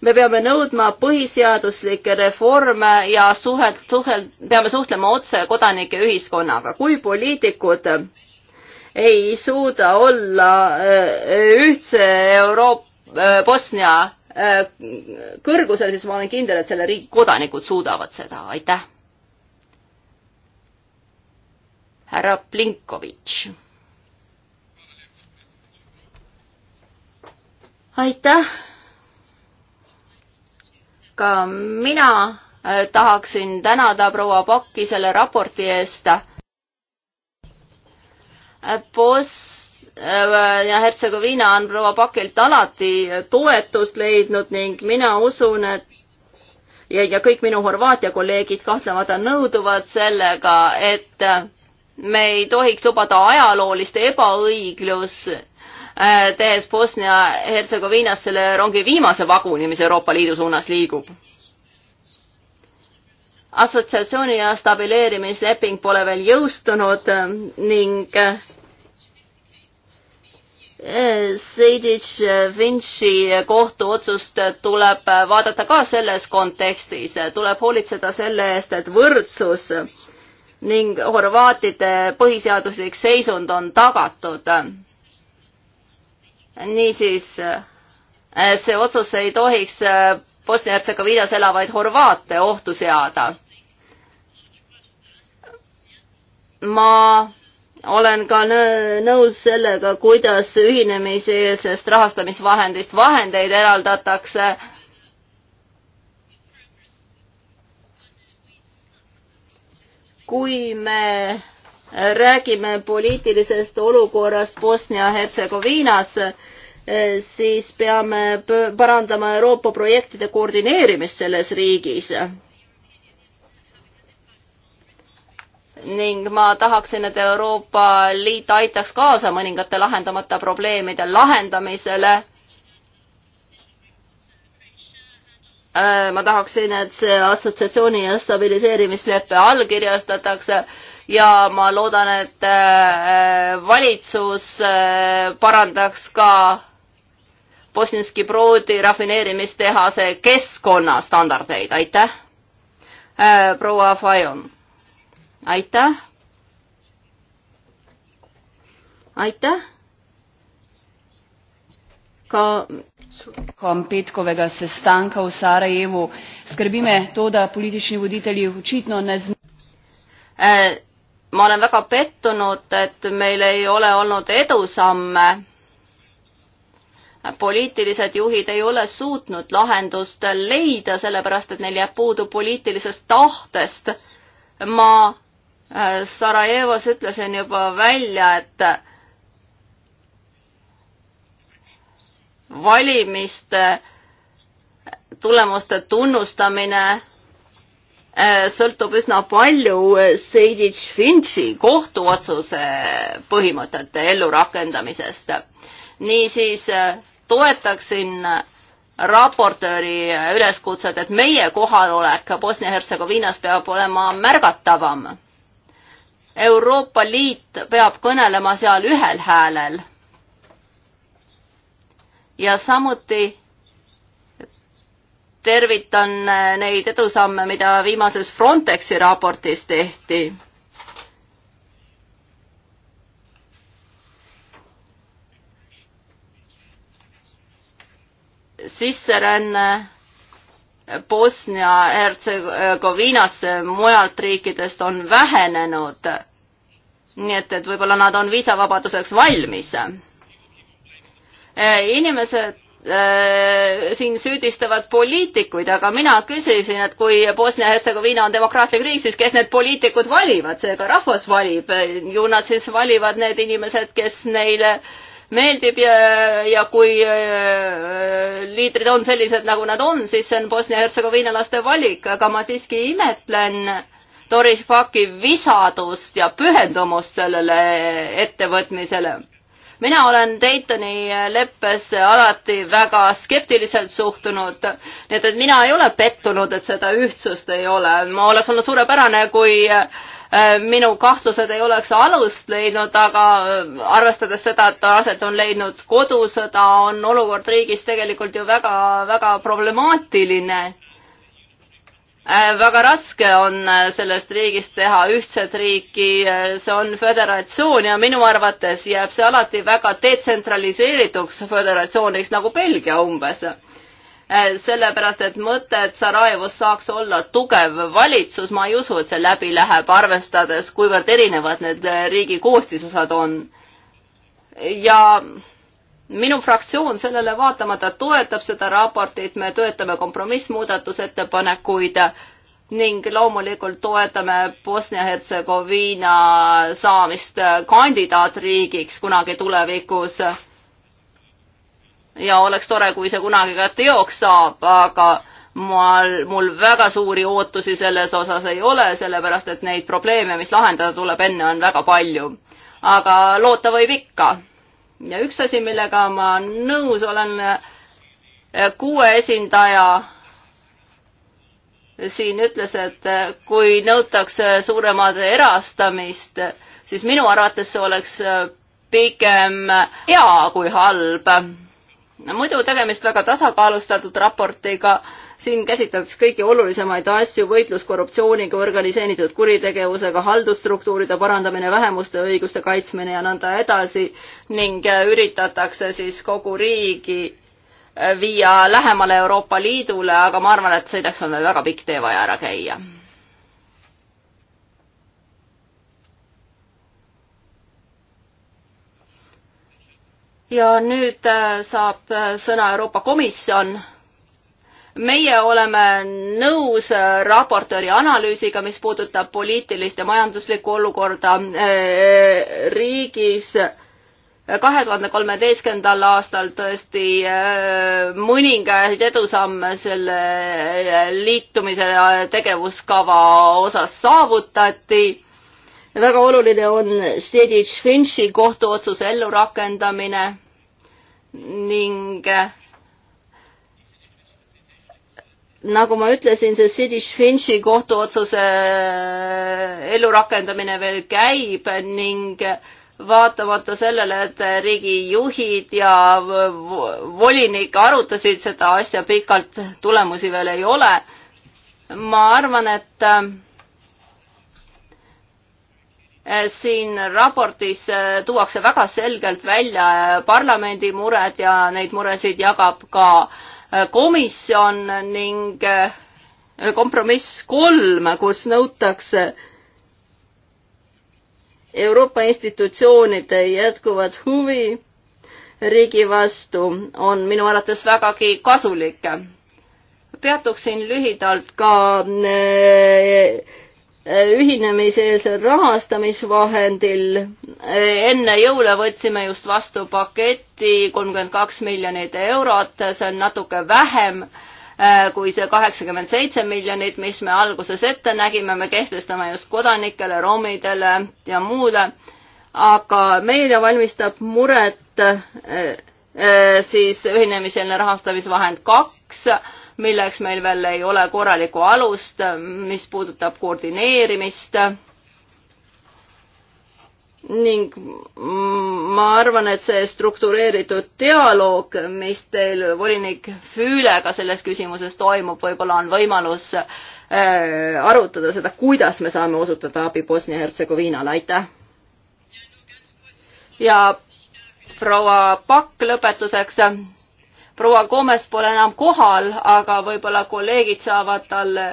me peame nõudma põhiseaduslikke reforme ja suhelt, suhel-, peame suhtlema otse kodanike ühiskonnaga. kui poliitikud ei suuda olla eh, ühtse Euroopa, eh, Bosnia eh, kõrgusel, siis ma olen kindel, et selle riigi kodanikud suudavad seda, aitäh. härra Plinkovitš. aitäh ka mina äh, tahaksin tänada proua Pakki selle raporti eest. Äh, Bos- äh, ja Hertsegoviina on proua Pakilt alati toetust leidnud ning mina usun, et ja, ja kõik minu Horvaatia kolleegid kahtlemata nõuduvad sellega, et me ei tohiks lubada ajaloolist ebaõiglus Äh, tehes Bosnia-Hertsegoviinas selle rongi viimase vaguni, mis Euroopa Liidu suunas liigub. assotsiatsiooni ja stabileerimisleping pole veel jõustunud äh, ning äh, Sejdic Vinci kohtuotsust tuleb vaadata ka selles kontekstis, tuleb hoolitseda selle eest, et võrdsus ning horvaatide põhiseaduslik seisund on tagatud niisiis äh, see otsus ei tohiks äh, Bosnia-Hertsegoviinas elavaid horvaate ohtu seada. ma olen ka nõus sellega, kuidas ühinemiseelsest rahastamisvahendist vahendeid eraldatakse. kui me räägime poliitilisest olukorrast Bosnia-Hertsegoviinas, siis peame parandama Euroopa projektide koordineerimist selles riigis. ning ma tahaksin, et Euroopa Liit aitaks kaasa mõningate lahendamata probleemide lahendamisele. Äh, ma tahaksin, et see assotsiatsiooni ja stabiliseerimislepe allkirjastatakse ja ma loodan, et äh, valitsus äh, parandaks ka Bosniski Brodi rafineerimistehase keskkonnastandardeid, aitäh. Äh, proua Fajon, aitäh. aitäh. ka kom petkovega sestanka v Sarajevu. Skrbi me to, da politični voditelji očitno ne zna ma olen väga pettunud, et meil ei ole olnud edusamme. poliitilised juhid ei ole suutnud lahendust leida, sellepärast et neil jääb puudu poliitilisest tahtest. ma äh, Sarajevos ütlesin juba välja, et valimiste tulemuste tunnustamine Äh, sõltub üsna palju äh, Seidich Finchi kohtuotsuse põhimõtete ellurakendamisest. niisiis äh, toetaksin raportööri üleskutset, et meie kohalolek Bosnia-Hertsegoviinas peab olema märgatavam. Euroopa Liit peab kõnelema seal ühel häälel. ja samuti tervitan äh, neid edusamme, mida viimases Frontexi raportis tehti sisseränne Bosnia-Hertsegoviinasse mujalt riikidest on vähenenud. nii et, et võib-olla nad on viisavabaduseks valmis. Äh, inimesed Äh, siin süüdistavad poliitikuid, aga mina küsisin, et kui Bosnia-Hertsegoviina on demokraatlik riik, siis kes need poliitikud valivad, seega rahvas valib, ju nad siis valivad need inimesed, kes neile meeldib ja, ja kui äh, liidrid on sellised, nagu nad on, siis see on Bosnia-Hertsegoviinalaste valik, aga ma siiski imetlen Doris Paki visadust ja pühendumust sellele ettevõtmisele mina olen Daytoni leppesse alati väga skeptiliselt suhtunud, nii et, et mina ei ole pettunud, et seda ühtsust ei ole. ma oleks olnud suurepärane, kui äh, minu kahtlused ei oleks alust leidnud, aga äh, arvestades seda, et aset on leidnud kodusõda, on olukord riigis tegelikult ju väga, väga problemaatiline Äh, väga raske on äh, sellest riigist teha ühtset riiki, äh, see on föderatsioon ja minu arvates jääb see alati väga detsentraliseerituks föderatsiooniks nagu Belgia umbes. sellepärast, et mõte, et Sarajevos saaks olla tugev valitsus, ma ei usu, et see läbi läheb, arvestades, kuivõrd erinevad need riigi koostisosad on. ja minu fraktsioon sellele vaatamata toetab seda raportit, me toetame kompromissmuudatusettepanekuid ning loomulikult toetame Bosnia-Hertsegoviina saamist kandidaatriigiks kunagi tulevikus. ja oleks tore, kui see kunagi ka teoks saab, aga mul, mul väga suuri ootusi selles osas ei ole, sellepärast et neid probleeme, mis lahendada tuleb enne, on väga palju. aga loota võib ikka ja üks asi, millega ma nõus olen, eh, kuue esindaja siin ütles, et eh, kui nõutakse suuremade erastamist, siis minu arvates see oleks eh, pigem hea kui halb. muidu tegemist väga tasakaalustatud raportiga siin käsitletakse kõiki olulisemaid asju, võitlus korruptsiooniga, organiseeritud kuritegevusega, haldusstruktuuride parandamine, vähemuste õiguste kaitsmine ja nõnda edasi ning äh, üritatakse siis kogu riigi äh, viia lähemale Euroopa Liidule, aga ma arvan, et selleks on veel väga pikk tee vaja ära käia ja nüüd äh, saab sõna Euroopa Komisjon meie oleme nõus äh, raportööri analüüsiga, mis puudutab poliitilist ja majanduslikku olukorda äh, äh, riigis kahe tuhande kolmeteistkümnendal aastal tõesti mõningaid edusamme selle liitumise tegevuskava osas saavutati. väga oluline on Sedic Finchi kohtuotsuse ellurakendamine ning nagu ma ütlesin, see Siddish Finchi kohtuotsuse äh, ellurakendamine veel käib ning vaatamata sellele, et riigijuhid ja volinik arutasid seda asja pikalt, tulemusi veel ei ole. ma arvan, et äh, siin raportis äh, tuuakse väga selgelt välja parlamendi mured ja neid muresid jagab ka äh, komisjon ning äh, kompromiss kolm, kus nõutakse Euroopa institutsioonide jätkuvat huvi riigi vastu, on minu arvates vägagi kasulik. peatuksin lühidalt ka äh, Äh, ühinemiseelsel rahastamisvahendil. Äh, enne jõule võtsime just vastu paketi kolmkümmend kaks miljonit eurot, see on natuke vähem äh, kui see kaheksakümmend seitse miljonit, mis me alguses ette nägime, me kehtestame just kodanikele, romidele ja muule. aga meile valmistab muret siis ühinemiseelne rahastamisvahend kaks milleks meil veel ei ole korralikku alust, mis puudutab koordineerimist. ning ma arvan, et see struktureeritud dialoog, mis teil volinik Füülega selles küsimuses toimub, võib-olla on võimalus äh, arutada seda, kuidas me saame osutada abi Bosnia-Hertsegoviinale, aitäh! ja proua Pakk lõpetuseks proua Gomes pole enam kohal, aga võib-olla kolleegid saavad talle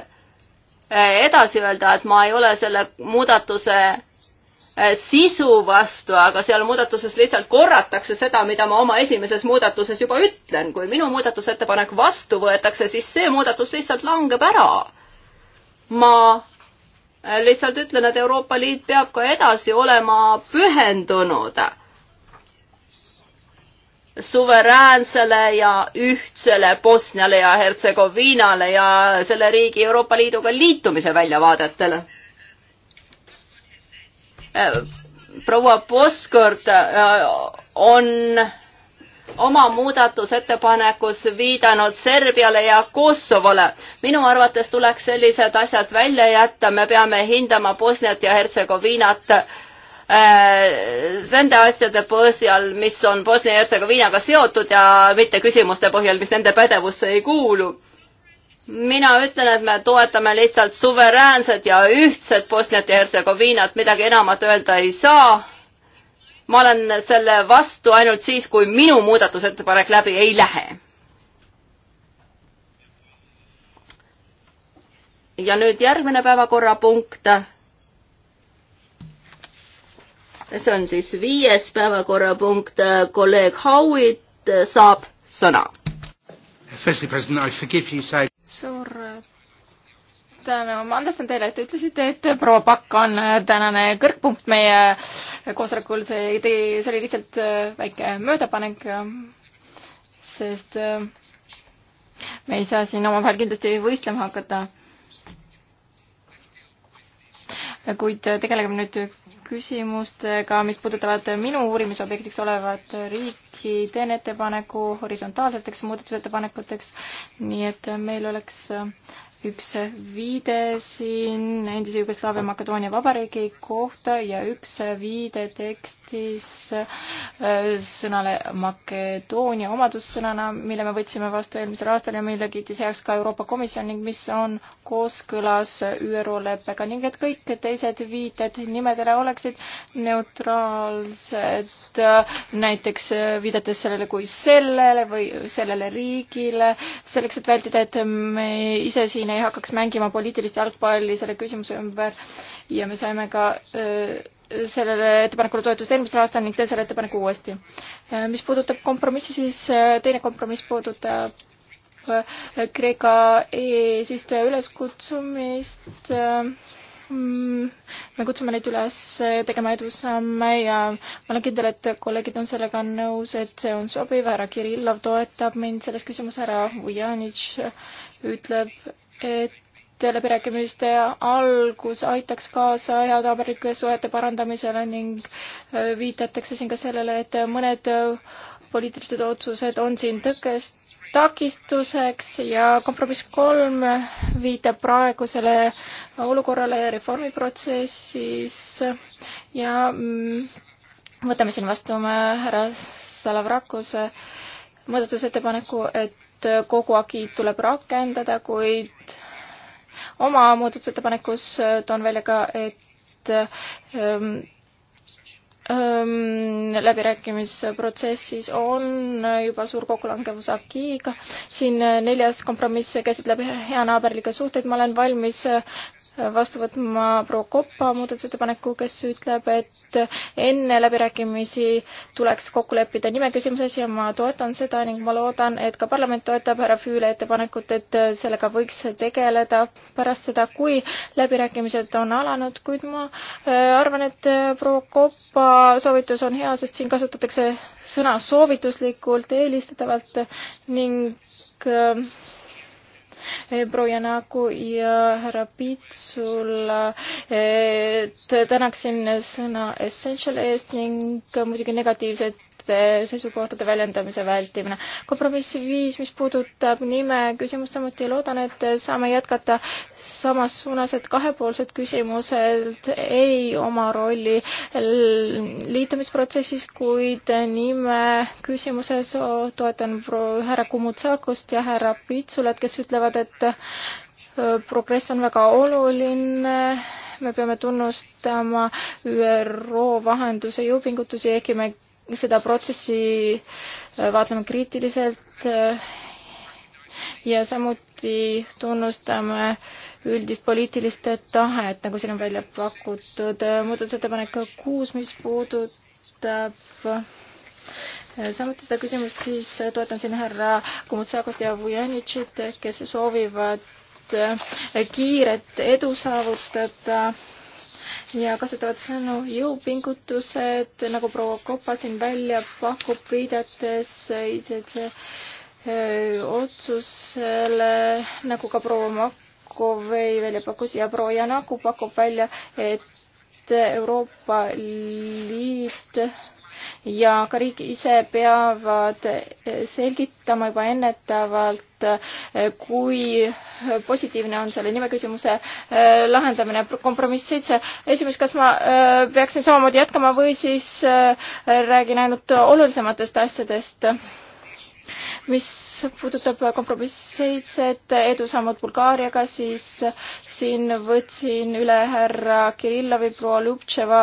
eh, edasi öelda, et ma ei ole selle muudatuse eh, sisu vastu, aga seal muudatuses lihtsalt korratakse seda, mida ma oma esimeses muudatuses juba ütlen. kui minu muudatusettepanek vastu võetakse, siis see muudatus lihtsalt langeb ära. ma eh, lihtsalt ütlen, et Euroopa Liit peab ka edasi olema pühendunud suveräänsele ja ühtsele Bosniale ja Hertsegoviinale ja selle riigi Euroopa Liiduga liitumise väljavaadetele. Äh, proua Poskord äh, on oma muudatusettepanekus viidanud Serbiale ja Kosovole. minu arvates tuleks sellised asjad välja jätta, me peame hindama Bosniat ja Hertsegoviinat Äh, nende asjade põhjal, mis on Bosnia-Hertsegoviinaga seotud ja mitte küsimuste põhjal, mis nende pädevusse ei kuulu. mina ütlen, et me toetame lihtsalt suveräänset ja ühtset Bosniat ja Hertsegoviinat, midagi enamat öelda ei saa. ma olen selle vastu ainult siis, kui minu muudatusettepanek läbi ei lähe. ja nüüd järgmine päevakorrapunkt see on siis viies päevakorrapunkt, kolleeg Howitt saab sõna. suur tänu, ma andestan teile, et te ütlesite, et proua Pakk on tänane kõrgpunkt meie koosolekul, see tegi, see oli lihtsalt äh, väike möödapanek, sest äh, me ei saa siin omavahel kindlasti võistlema hakata kuid tegelegem nüüd küsimustega, mis puudutavad minu uurimisobjektiks olevat riiki, teen ettepaneku horisontaalseteks muudatusettepanekuteks, nii et meil oleks üks viide siin endise Jugoslaavia Makedoonia Vabariigi kohta ja üks viide tekstis äh, sõnale Makedoonia omadussõnana, mille me võtsime vastu eelmisel aastal ja mille kiitis heaks ka Euroopa Komisjon ning mis on kooskõlas ÜRO leppega ning et kõik teised viited nimedele oleksid neutraalsed, äh, näiteks äh, viidates sellele kui sellele või sellele riigile, selleks et vältida, et me ise siin komisjon ei hakkaks mängima poliitilist jalgpalli selle küsimuse ümber ja me saime ka äh, sellele ettepanekule toetust eelmisel aastal ning teen selle ettepaneku uuesti. Äh, mis puudutab kompromissi, siis äh, teine kompromiss puudutab Kreeka eesistuja üleskutsumist. Mm, me kutsume neid üles tegema edusamme ja ma olen kindel, et kolleegid on sellega nõus, et see on sobiv. härra Kirillov toetab mind selles küsimuses, härra Vujanitš ütleb, et läbirääkimiste algus aitaks kaasa heataberlike suhete parandamisele ning äh, viidatakse siin ka sellele, et mõned äh, poliitilised otsused on siin tõkest, takistuseks ja kompromiss kolm viitab praegusele olukorrale reformiprotsessis ja mm, võtame siin vastu härra Salavrakuse muudatusettepaneku, et et kogu agiid tuleb rakendada, kuid oma muudatusettepanekus äh, toon välja ka, et ähm, ähm, läbirääkimisprotsessis on juba suur kokkulangevus agiiga. siin äh, neljas kompromiss käsitleb heanaaberlikke suhteid, ma olen valmis äh, vastu võtma proua Koppa muudatusettepaneku, kes ütleb, et enne läbirääkimisi tuleks kokku leppida nimeküsimuses ja ma toetan seda ning ma loodan, et ka parlament toetab härra Füüle ettepanekut, et sellega võiks tegeleda pärast seda, kui läbirääkimised on alanud, kuid ma äh, arvan, et äh, proua Koppa soovitus on hea, sest siin kasutatakse sõna soovituslikult, eelistatavalt ning äh, proua Janaku ja härra Pitsula. tänaksin sõna essential eest ning muidugi negatiivset erinevate seisukohtade väljendamise vältimine. kompromiss viis, mis puudutab nime küsimust, samuti loodan, et saame jätkata samas suunas, et kahepoolsed küsimused ei oma rolli liitumisprotsessis, kuid nime küsimuses toetan härra Kumutsakust ja härra Pitsulat, kes ütlevad, et progress on väga oluline, me peame tunnustama ÜRO vahenduse jõupingutusi, ehkki me seda protsessi äh, vaatleme kriitiliselt äh, ja samuti tunnustame üldist poliitilist tahet, nagu siin on välja pakutud. muudatusettepanek kuus, mis puudutab äh, samuti seda küsimust, siis toetan siin härra Kumutsakost ja Vujanitšit, kes soovivad kiiret edu saavutada ja kasutavad sõnu jõupingutused, nagu proua Kopa siin välja pakub, viidates ICC otsusele, nagu ka proua Makovei välja pakkus ja proua Janaku pakub välja, et Euroopa Liit ja ka riik ise peavad selgitama juba ennetavalt, kui positiivne on selle nimeküsimuse äh, lahendamine. kompromiss seitse. esimees, kas ma äh, peaksin samamoodi jätkama või siis äh, räägin ainult olulisematest asjadest? mis puudutab kompromiss seitset edusammud Bulgaariaga, siis siin võtsin üle härra Kirillovi, proua Ljubtševa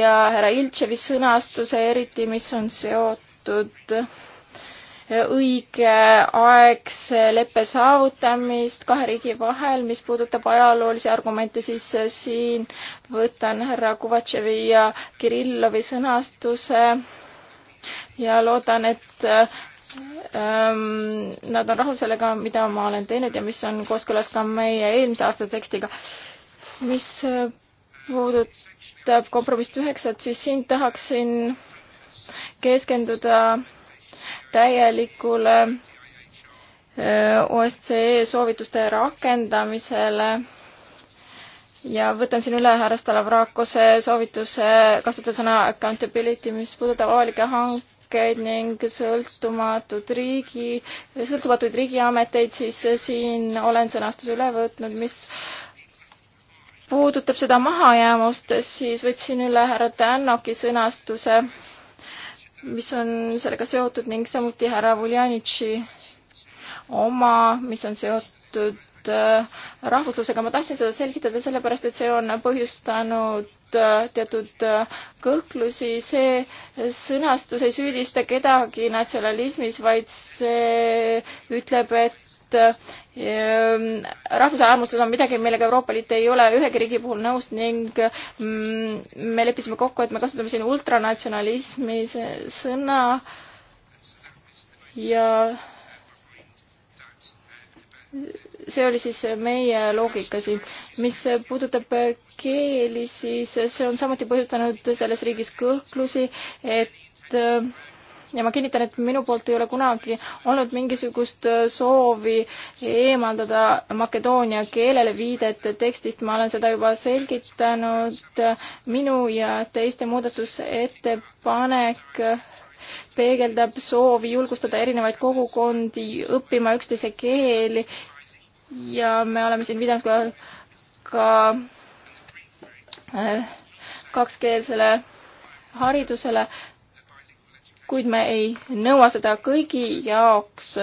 ja härra Iltševi sõnastuse eriti, mis on seotud õigeaegse leppe saavutamist kahe riigi vahel, mis puudutab ajaloolisi argumente, siis siin võtan härra Kuvatševi ja Kirillovi sõnastuse ja loodan, et Ehm, nad on rahul sellega, mida ma olen teinud ja mis on kooskõlas ka meie eelmise aasta tekstiga. mis eh, puudutab kompromissi üheksat, siis siin tahaksin keskenduda täielikule eh, OSCE soovituste rakendamisele ja võtan siin üle härra Stalavrakose soovituse kasutada sõna accountability, mis puudutab avalikke hankeid riike ning sõltumatud riigi, sõltumatuid riigiameteid, siis siin olen sõnastuse üle võtnud, mis puudutab seda mahajäämust, siis võtsin üle härra Tännoki sõnastuse, mis on sellega seotud ning samuti härra Vuljanitši oma, mis on seotud seotud äh, rahvuslusega. ma tahtsin seda selgitada sellepärast, et see on põhjustanud äh, teatud äh, kõhklusi. see sõnastus ei süüdista kedagi natsionalismis, vaid see ütleb, et rahvuse äärmustus on midagi, millega Euroopa Liit ei ole ühegi riigi puhul nõus ning mm, me leppisime kokku, et me kasutame siin ultranatsionalismi sõna ja see oli siis meie loogika siin. mis puudutab keeli, siis see on samuti põhjustanud selles riigis kõhklusi, et ja ma kinnitan, et minu poolt ei ole kunagi olnud mingisugust soovi eemaldada makedoonia keelele viidet tekstist, ma olen seda juba selgitanud. minu ja teiste muudatusettepanek peegeldab soovi julgustada erinevaid kogukondi õppima üksteise keeli ja me oleme siin viidanud ka, ka äh, kakskeelsele haridusele, kuid me ei nõua seda kõigi jaoks,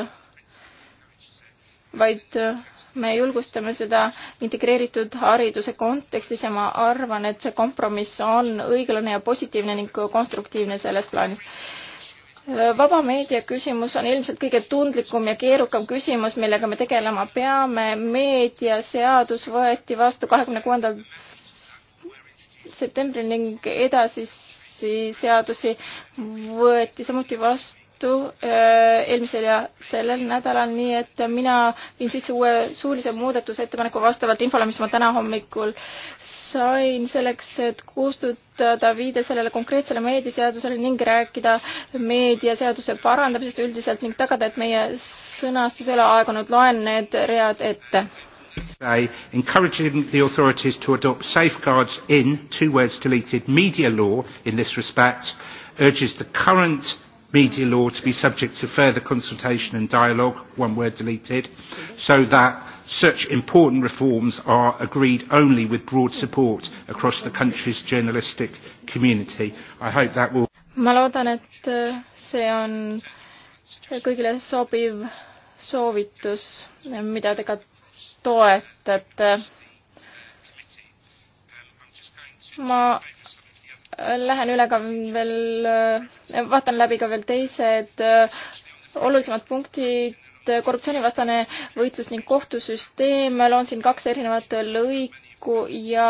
vaid äh, me julgustame seda integreeritud hariduse kontekstis ja ma arvan, et see kompromiss on õiglane ja positiivne ning konstruktiivne selles plaanis vaba meedia küsimus on ilmselt kõige tundlikum ja keerukam küsimus, millega me tegelema peame. meediaseadus võeti vastu kahekümne kuuendal septembril ning edasisi seadusi võeti samuti vastu juttu äh, eelmisel ja sellel nädalal, nii et mina viin sisse uue suulise muudatusettepaneku vastavalt infole, mis ma täna hommikul sain, selleks et kustutada viide sellele konkreetsele meediaseadusele ning rääkida meediaseaduse parandamisest üldiselt ning tagada, et meie sõnastus ei ole aegunud, loen need read ette today encouraging the authorities to adopt safeguards in two words deleted media law in this respect urges the current media law to be subject to further consultation and dialogue, one word deleted, so that such important reforms are agreed only with broad support across the country's journalistic community. I hope that will ma loodan, et eh, see on kõigile sobiv soovitus, mida te ka toetate. ma lähen üle ka veel, äh, vaatan läbi ka veel teised äh, olulisemad punktid, korruptsioonivastane võitlus ning kohtusüsteem, loon siin kaks erinevat lõiku ja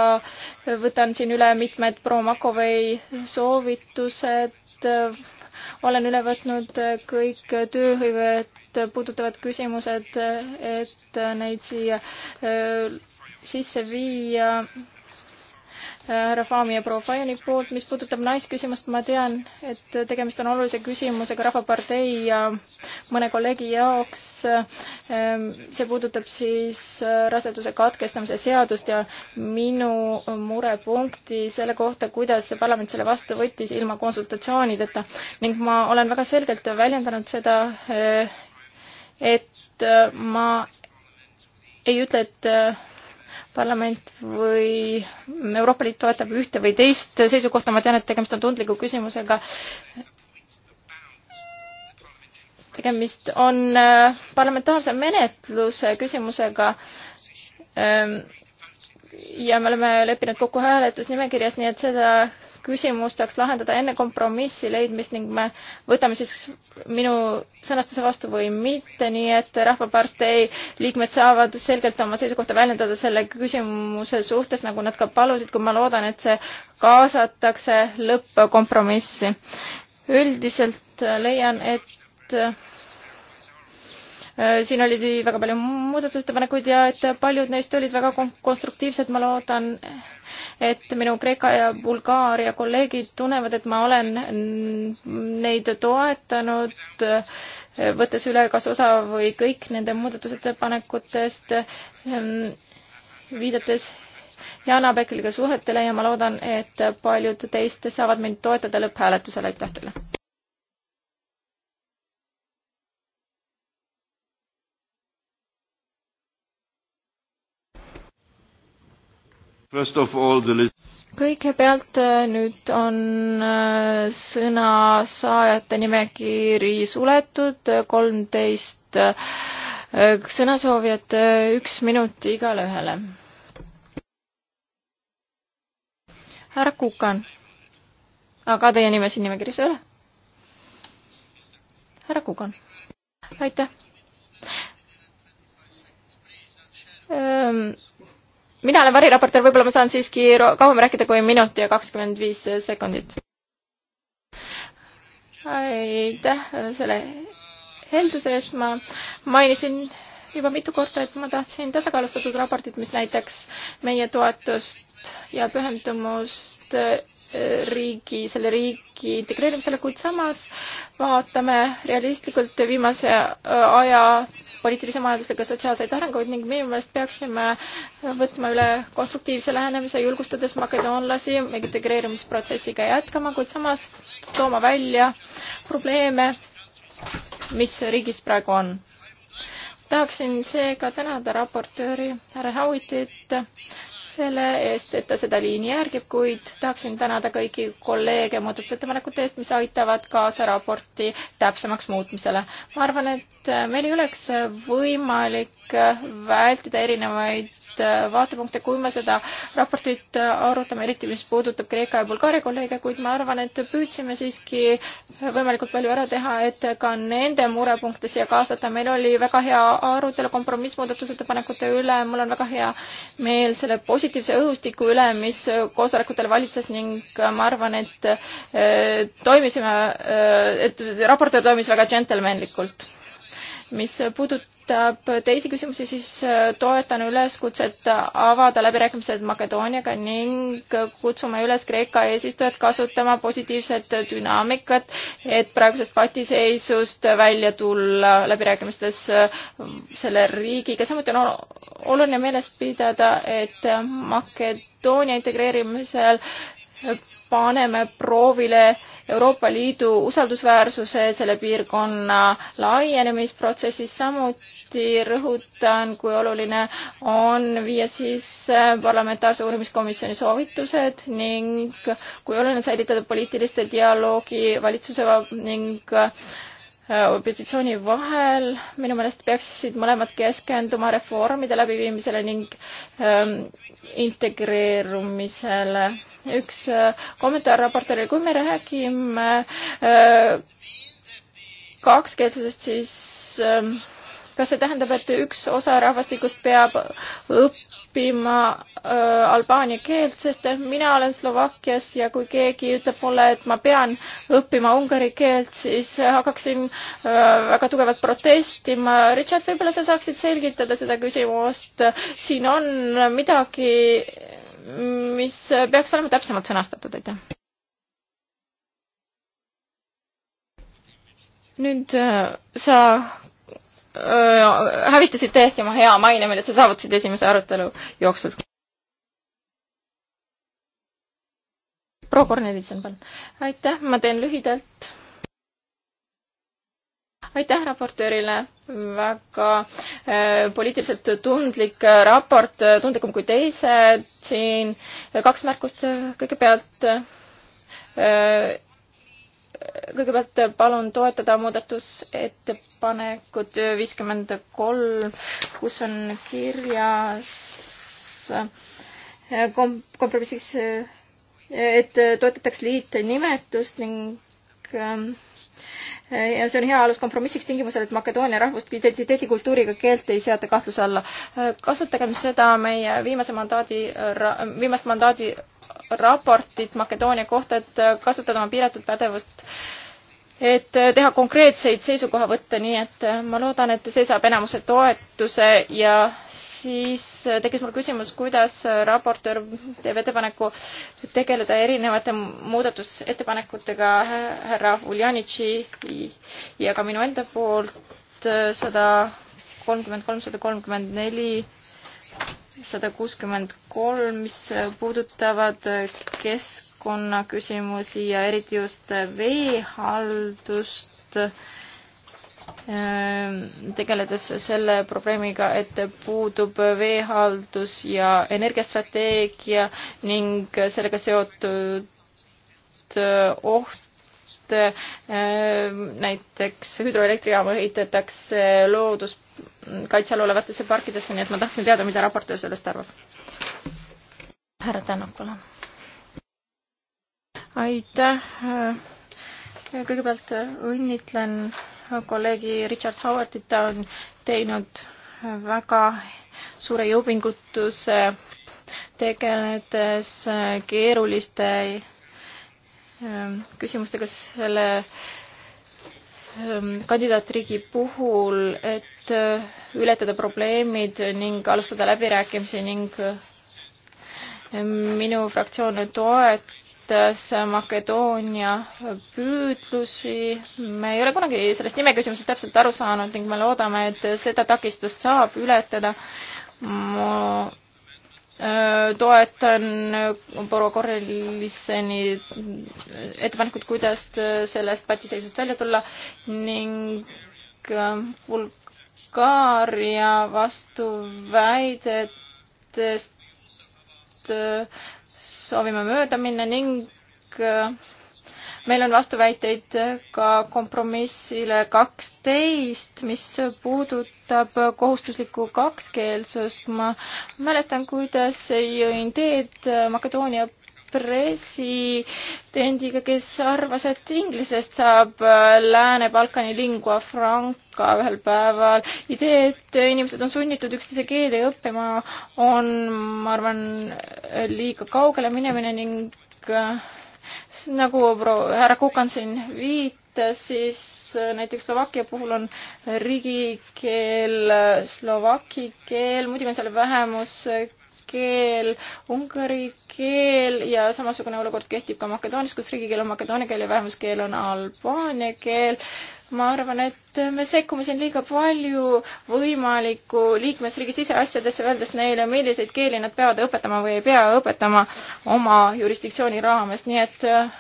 võtan siin üle mitmed proua Makovei soovitused, olen üle võtnud kõik tööhõivet puudutavad küsimused, et neid siia äh, sisse viia härra Faami ja proua Fajani poolt. mis puudutab naisküsimust, ma tean, et tegemist on olulise küsimusega Rahvapartei ja mõne kolleegi jaoks. Ehm, see puudutab siis äh, raseduse katkestamise seadust ja minu murepunkti selle kohta, kuidas parlament selle vastu võttis ilma konsultatsioonideta ning ma olen väga selgelt väljendanud seda, äh, et äh, ma ei ütle, et parlament või Euroopa Liit toetab ühte või teist seisukohta, ma tean, et tegemist on tundliku küsimusega. tegemist on äh, parlamentaarse menetluse küsimusega ähm, ja me oleme leppinud kokku hääletusnimekirjas, nii et seda küsimusteks lahendada enne kompromissi leidmist ning me võtame siis minu sõnastuse vastu või mitte, nii et Rahvapartei liikmed saavad selgelt oma seisukohta väljendada selle küsimuse suhtes, nagu nad ka palusid, kui ma loodan, et see kaasatakse lõppkompromissi. üldiselt leian, et Äh, siin oli väga palju muudatusettepanekuid ja et paljud neist olid väga konstruktiivsed, ma loodan, et minu Kreeka ja Bulgaaria kolleegid tunnevad, et ma olen neid toetanud, äh, võttes üle kas osa või kõik nende muudatusettepanekutest, ähm, viidates Jana Pekliga suhetele ja ma loodan, et paljud teist saavad mind toetada lõpphääletusel, aitäh teile! kõigepealt äh, nüüd on äh, sõnasaajate nimekiri suletud, äh, kolmteist sõnasoovijat, üks minut igale ühele. härra Kukan. aga teie nime siin nimekirjas ei ole? härra Kukan. aitäh ähm mina olen variraportöör, võib-olla ma saan siiski kauem rääkida kui minut ja kakskümmend viis sekundit. aitäh selle helduse eest, ma mainisin juba mitu korda, et ma tahtsin tasakaalustatud raportit, mis näitaks meie toetust ja pühendumust äh, riigi, selle riigi integreerimisele, kuid samas vaatame realistlikult viimase äh, aja poliitilise, majanduslikke, sotsiaalseid arenguid ning minu meelest peaksime võtma üle konstruktiivse lähenemise, julgustades makedoonlasi integreerimisprotsessiga jätkama, kuid samas tooma välja probleeme, mis riigis praegu on tahaksin seega tänada raportööri härra Howitit selle eest, et ta seda liini järgib, kuid tahaksin tänada kõiki kolleege muudatusettepanekute eest, mis aitavad kaasa raporti täpsemaks muutmisele. ma arvan, et et äh, meil ei oleks äh, võimalik äh, vältida erinevaid vaatepunkte, kui me seda raportit arutame, eriti mis puudutab Kreeka ja Bulgaaria kolleege, kuid ma arvan, et püüdsime siiski võimalikult palju ära teha, et ka nende murepunkte siia kaasata. meil oli väga hea arutelu kompromissmuudatusettepanekute üle, mul on väga hea meel selle positiivse õhustiku üle, mis koosolekutel valitses ning ma arvan, et toimisime, et raportöör toimis väga džentelmenlikult mis puudutab teisi küsimusi, siis äh, toetan üleskutset avada läbirääkimised Makedooniaga ning kutsume üles Kreeka eesistujat kasutama positiivset dünaamikat, et praegusest patiseisust välja tulla läbirääkimistes äh, selle riigiga. samuti on oluline meeles pidada, et Makedoonia integreerimisel paneme proovile Euroopa Liidu usaldusväärsuse selle piirkonna laienemisprotsessis. samuti rõhutan, kui oluline on viia sisse parlamentaarse uurimiskomisjoni soovitused ning kui oluline on säilitada poliitiliste dialoogi valitsuse ning Äh, opositsiooni vahel. minu meelest peaksid mõlemad keskenduma reformide läbiviimisele ning ähm, integreerumisele. üks äh, kommentaar raportööril, kui me räägime äh, kakskeelsusest, siis äh, kas see tähendab, et üks osa rahvastikust peab õppima äh, albaania keelt, sest mina olen Slovakkias ja kui keegi ütleb mulle, et ma pean õppima ungari keelt, siis hakkaksin äh, väga tugevalt protestima. Richard, võib-olla sa saaksid selgitada seda küsimust. siin on midagi, mis peaks olema täpsemalt sõnastatud, aitäh. nüüd äh, sa hävitasid täiesti oma hea maine, mille sa saavutasid esimese arutelu jooksul. proua Kornelitsen, palun. aitäh, ma teen lühidalt. aitäh raportöörile, väga äh, poliitiliselt tundlik raport, tundlikum kui teised siin. kaks märkust, kõigepealt äh, kõigepealt palun toetada muudatusettepanekut viiskümmend kolm, kus on kirjas eh, kom-, kompromissiks, eh, et toetataks liitnimetust ning eh, ja see on hea alus kompromissiks tingimusel, et Makedoonia rahvust, identiteeti, kultuuriga keelt ei seata kahtluse alla. kasutagem seda meie viimase mandaadi, viimast mandaadi raportit Makedoonia kohta, et kasutada oma piiratud pädevust äh, et äh, teha konkreetseid seisukohavõtte, nii et äh, ma loodan, et see saab enamuse toetuse ja siis äh, tekkis mul küsimus, kuidas raportöör teeb ettepaneku tegeleda erinevate muudatusettepanekutega härra Uljanitši ja ka minu enda poolt sada kolmkümmend kolm, sada kolmkümmend neli sada kuuskümmend kolm, mis puudutavad keskkonnaküsimusi ja eriti just veehaldust, ähm, tegeledes selle probleemiga, et puudub veehaldus ja energiastrateegia ning sellega seotud äh, oht, äh, näiteks hüdroelektrijaama ehitatakse loodus kaitse all olevatesse parkidesse, nii et ma tahtsin teada, mida raportöö sellest arvab. härra Tänak, palun. aitäh. kõigepealt õnnitlen kolleegi Richard Howardit, ta on teinud väga suure jõupingutuse tegeledes keeruliste ähm, küsimustega selle äh, Ehm, kandidaatriigi puhul, et äh, ületada probleemid ning alustada läbirääkimisi ning äh, minu fraktsioon toetab esitas Makedoonia püüdlusi. me ei ole kunagi sellest nimeküsimusest täpselt aru saanud ning me loodame, et seda takistust saab ületada. mu Äh, toetan äh, proua Korrelisseni äh, ettepanekut, kuidas sellest patiseisust välja tulla ning Bulgaaria vastuväidetest soovime mööda minna ning meil on vastuväiteid ka kompromissile kaksteist, mis puudutab kohustuslikku kakskeelsust. ma mäletan, kuidas jõin teed Makedoonia presidendiga, kes arvas, et inglisest saab Lääne-Balkani lingua franca ühel päeval. idee, et inimesed on sunnitud üksteise keeli õppima, on, ma arvan, liiga kaugele minemine ning nagu härra Kukan siin viitas, siis äh, näiteks Slovakkia puhul on riigikeel äh, slovaki keel, muidugi on seal vähemuskeel, äh, ungari keel ja samasugune olukord kehtib ka Makedoonias, kus riigikeel on makedoonia keel ja vähemuskeel on albaania keel ma arvan, et me sekkume siin liiga palju võimaliku liikmesriigi siseasjadesse, öeldes neile, milliseid keeli nad peavad õpetama või ei pea õpetama oma jurisdiktsiooni raames, nii et äh,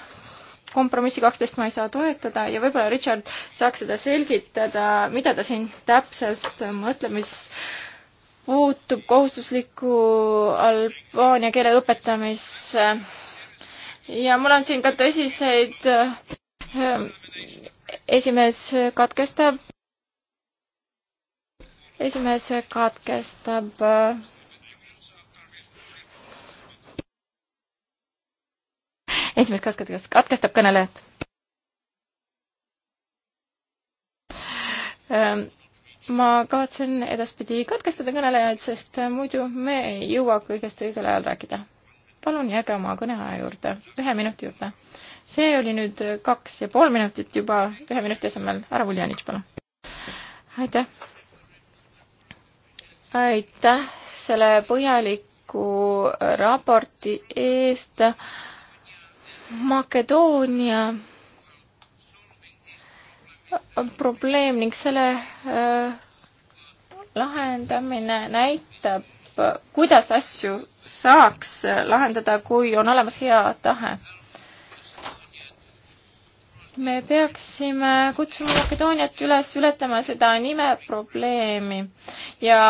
kompromissi kaksteist ma ei saa toetada ja võib-olla Richard saaks seda selgitada, mida ta siin täpselt mõtleb, mis puutub kohustusliku albaania keele õpetamisse. ja mul on siin ka tõsiseid äh, esimees katkestab. esimees katkestab. esimees katkestab, katkestab kõnelejat. Ehm, ma kavatsen edaspidi katkestada kõnelejaid, sest muidu me ei jõua kõigest õigel ajal rääkida. palun jääge oma kõneaja juurde, ühe minuti juurde see oli nüüd kaks ja pool minutit juba ühe minuti asemel. härra Vuljanitš, palun. aitäh. aitäh selle põhjaliku raporti eest. Makedoonia probleem ning selle äh, lahendamine näitab, kuidas asju saaks lahendada, kui on olemas hea tahe me peaksime kutsuma Makedooniat üles ületama seda nimeprobleemi ja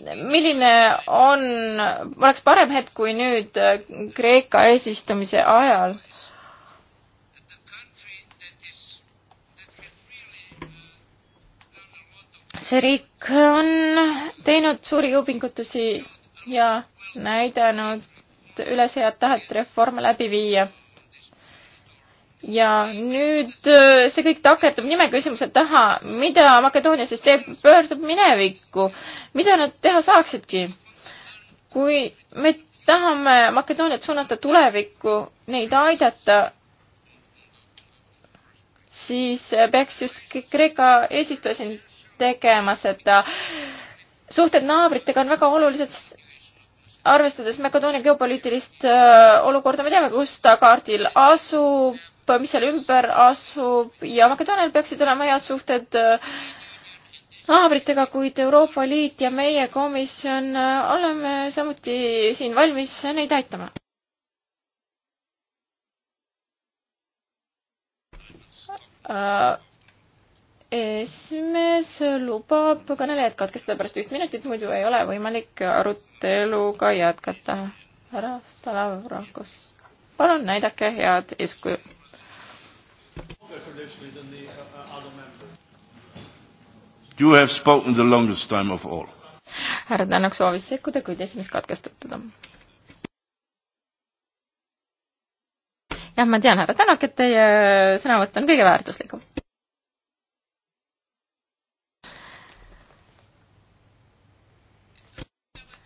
milline on, oleks parem hetk kui nüüd Kreeka eesistumise ajal see riik on teinud suuri jõupingutusi ja näidanud üles head tahet reforme läbi viia ja nüüd äh, see kõik takerdub nimeküsimuse taha, mida Makedoonia siis teeb, pöördub minevikku, mida nad teha saaksidki? kui me tahame Makedooniat suunata tulevikku, neid aidata, siis peaks just Kreeka eesistuja siin tegema seda. suhted naabritega on väga olulised, arvestades Makedoonia geopoliitilist äh, olukorda, me teame, kus ta kaardil asub mis seal ümber asub ja Makedoonial peaksid olema head suhted äh, naabritega, kuid Euroopa Liit ja meie komisjon äh, oleme samuti siin valmis neid aitama. Äh, esimees lubab kõnelejad katkestada pärast üht minutit, muidu ei ole võimalik aruteluga jätkata. härra Stalavrakos, palun näidake head eeskuju officially than the uh, uh, other members. You have spoken the longest time of all. härra Tänak soovis sekkuda, kuid esimees katkestatud on. jah, ma tean, härra Tänak, et teie äh, sõnavõtt on kõige väärtuslikum.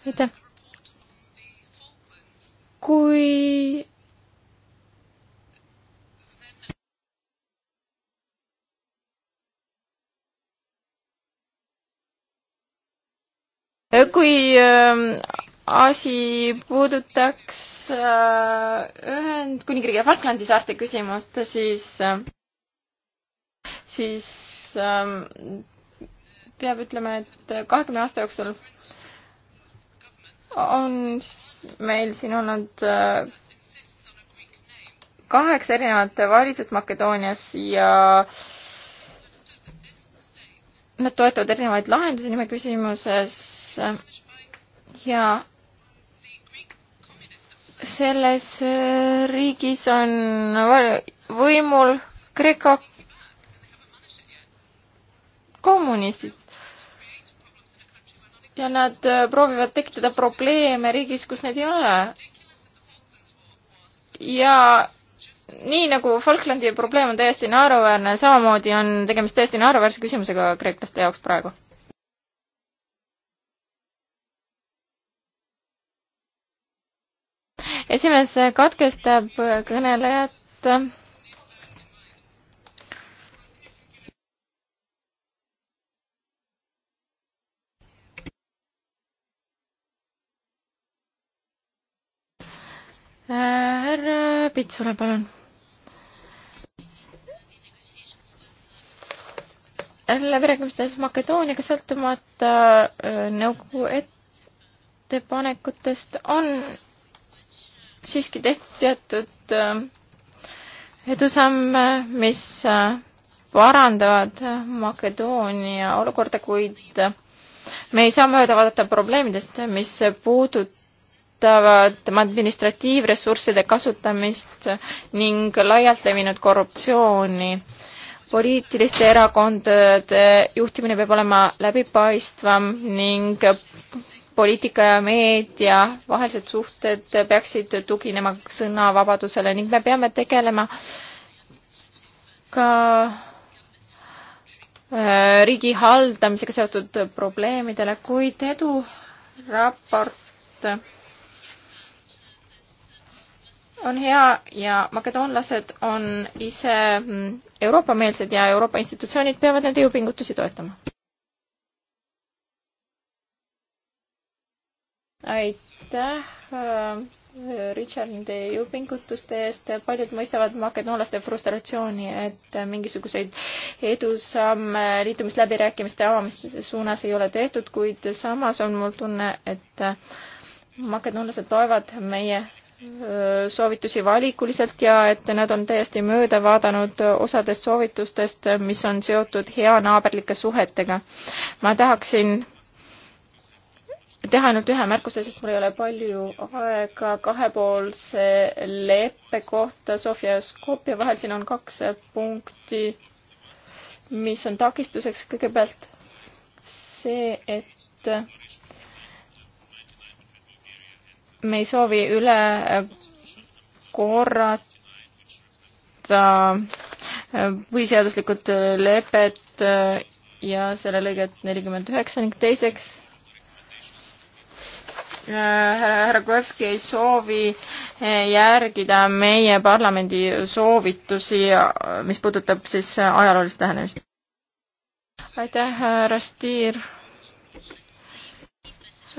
aitäh. kui Äh, kui ähm, asi puudutaks äh, Ühendkuningriigi ja Falklandi saarte küsimust, siis, äh, siis ähm, peab ütlema, et kahekümne aasta jooksul on meil siin olnud kaheksa erinevat valitsust Makedoonias ja äh, nad toetavad erinevaid lahendusi nime küsimuses ja selles riigis on võimul Kreeka kommunistid ja nad äh, proovivad tekitada probleeme riigis, kus neid ei ole. ja nii nagu Falklandi probleem on täiesti naeruväärne, samamoodi on tegemist täiesti naeruväärse küsimusega kreeklaste jaoks praegu. esimees katkestab kõnelejat. Äh, härra Pitsula, palun läbirääkimistes Makedooniaga sõltumata äh, nõukogu ettepanekutest on siiski tehtud teatud äh, edusamme, mis äh, parandavad Makedoonia olukorda, kuid me ei saa mööda vaadata probleemidest, mis puudutavad administratiivressursside kasutamist ning laialt levinud korruptsiooni poliitiliste erakondade juhtimine peab olema läbipaistvam ning poliitika ja meedia vahelised suhted peaksid tuginema sõnavabadusele ning me peame tegelema ka äh, riigi haldamisega seotud probleemidele, kuid eduraport on hea ja makedoonlased on ise mm, Euroopa-meelsed ja Euroopa institutsioonid peavad nende jõupingutusi toetama. aitäh äh, Richard nende jõupingutuste eest. paljud mõistavad makedoonlaste frustratsiooni, et mingisuguseid edusamme liitumisläbirääkimiste avamiste suunas ei ole tehtud, kuid samas on mul tunne, et makedoonlased loevad meie Äh, soovitusi valikuliselt ja et nad on täiesti mööda vaadanud äh, osadest soovitustest, äh, mis on seotud heanaaberlike suhetega. ma tahaksin teha ainult ühe märkuse, sest mul ei ole palju aega kahepoolse leppe kohta Sofia ja Skopje vahel. siin on kaks punkti, mis on takistuseks. kõigepealt see, et me ei soovi üle korrata äh, põhiseaduslikud lepet äh, ja selle lõiget nelikümmend üheksa ning teiseks äh, härra Gruevski ei soovi järgida meie parlamendi soovitusi, mis puudutab siis ajaloolist lähenemist. aitäh, härra Stier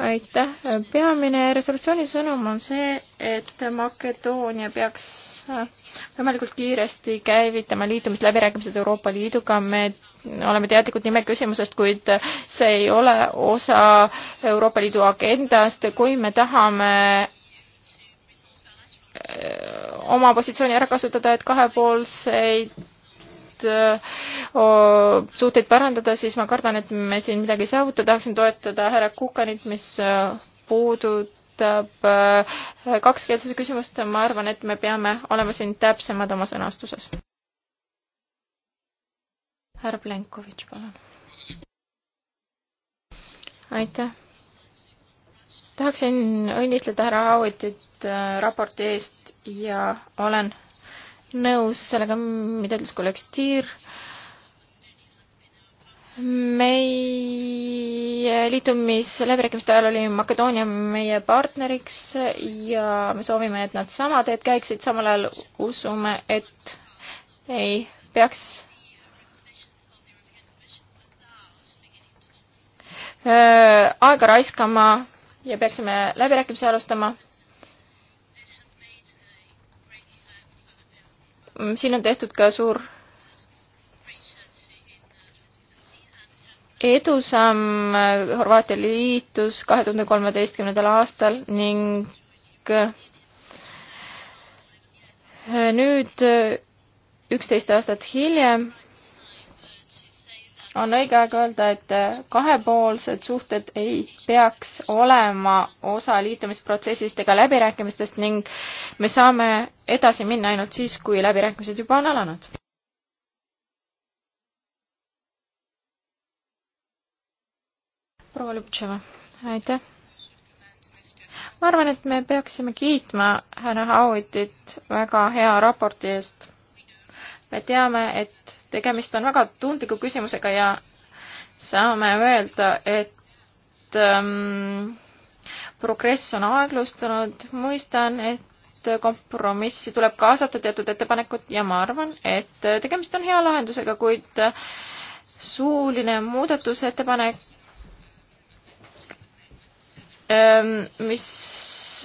aitäh, peamine resolutsiooni sõnum on see, et Makedoonia peaks äh, võimalikult kiiresti käivitama liitumisläbirääkimised Euroopa Liiduga, me oleme teadlikud nime küsimusest, kuid see ei ole osa Euroopa Liidu agendast, kui me tahame äh, oma positsiooni ära kasutada, et kahepoolseid neid suhteid parandada, siis ma kardan, et me siin midagi ei saavuta, tahaksin toetada härra Kukanit, mis puudutab puudutab kakskeelsuse küsimust, ma arvan, et me peame olema siin täpsemad oma sõnastuses. härra Plenkovitš, palun. aitäh. tahaksin õnnitleda härra Auetit äh, raporti eest ja olen nõus sellega, mida ütles kolleeg Stier. meie liitumisläbirääkimiste ajal oli Makedoonia meie partneriks ja me soovime, et nad sama teed käiksid, samal ajal usume, et ei peaks äh, aega raiskama ja peaksime läbirääkimisi alustama Mm, siin on tehtud ka suur edusamm, Horvaatia liitus kahe tuhande kolmeteistkümnendal aastal ning äh, nüüd äh, üksteist aastat hiljem on õige aeg öelda, et äh, kahepoolsed suhted ei peaks olema osa liitumisprotsessist ega läbirääkimistest ning me saame edasi minna ainult siis, kui läbirääkimised juba on alanud. proua Lutševa, aitäh! ma arvan, et me peaksime kiitma härra Howitit väga hea raporti eest me teame, et tegemist on väga tundliku küsimusega ja saame öelda, et ähm, progress on aeglustunud, mõistan, et kompromissi tuleb kaasata teatud ettepanekud ja ma arvan, et tegemist on hea lahendusega, kuid suuline muudatusettepanek Ehm, mis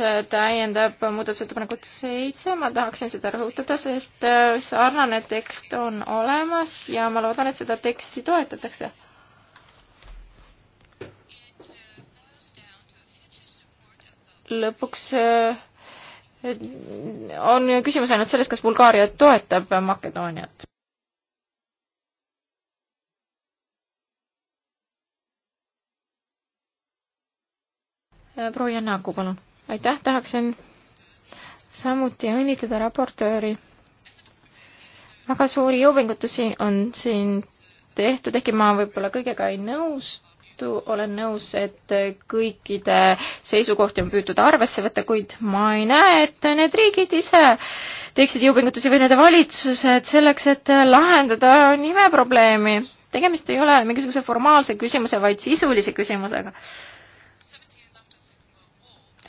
äh, täiendab muudatusettepanekut seitse, ma tahaksin seda rõhutada, sest äh, sarnane tekst on olemas ja ma loodan, et seda teksti toetatakse. lõpuks äh, on küsimus ainult selles, kas Bulgaaria toetab Makedooniat. Äh, proua Jannaku, palun. aitäh, tahaksin samuti õnnitleda raportööri. väga suuri jõupingutusi on siin tehtud, ehkki ma võib-olla kõigega ei nõustu, olen nõus, et kõikide seisukohti on püütud arvesse võtta, kuid ma ei näe, et need riigid ise teeksid jõupingutusi või nende valitsused selleks, et lahendada nimeprobleemi. tegemist ei ole mingisuguse formaalse küsimuse, vaid sisulise küsimusega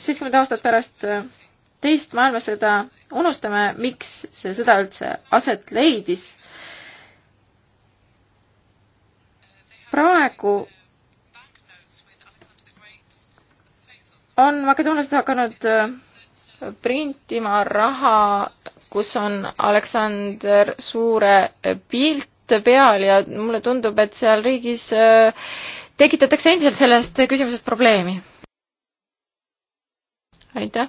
seitsekümmend aastat pärast äh, teist maailmasõda unustame, miks see sõda üldse aset leidis. praegu on makedoonlased hakanud äh, printima raha, kus on Aleksander Suure äh, pilt peal ja mulle tundub, et seal riigis tekitatakse endiselt sellest küsimusest probleemi aitäh.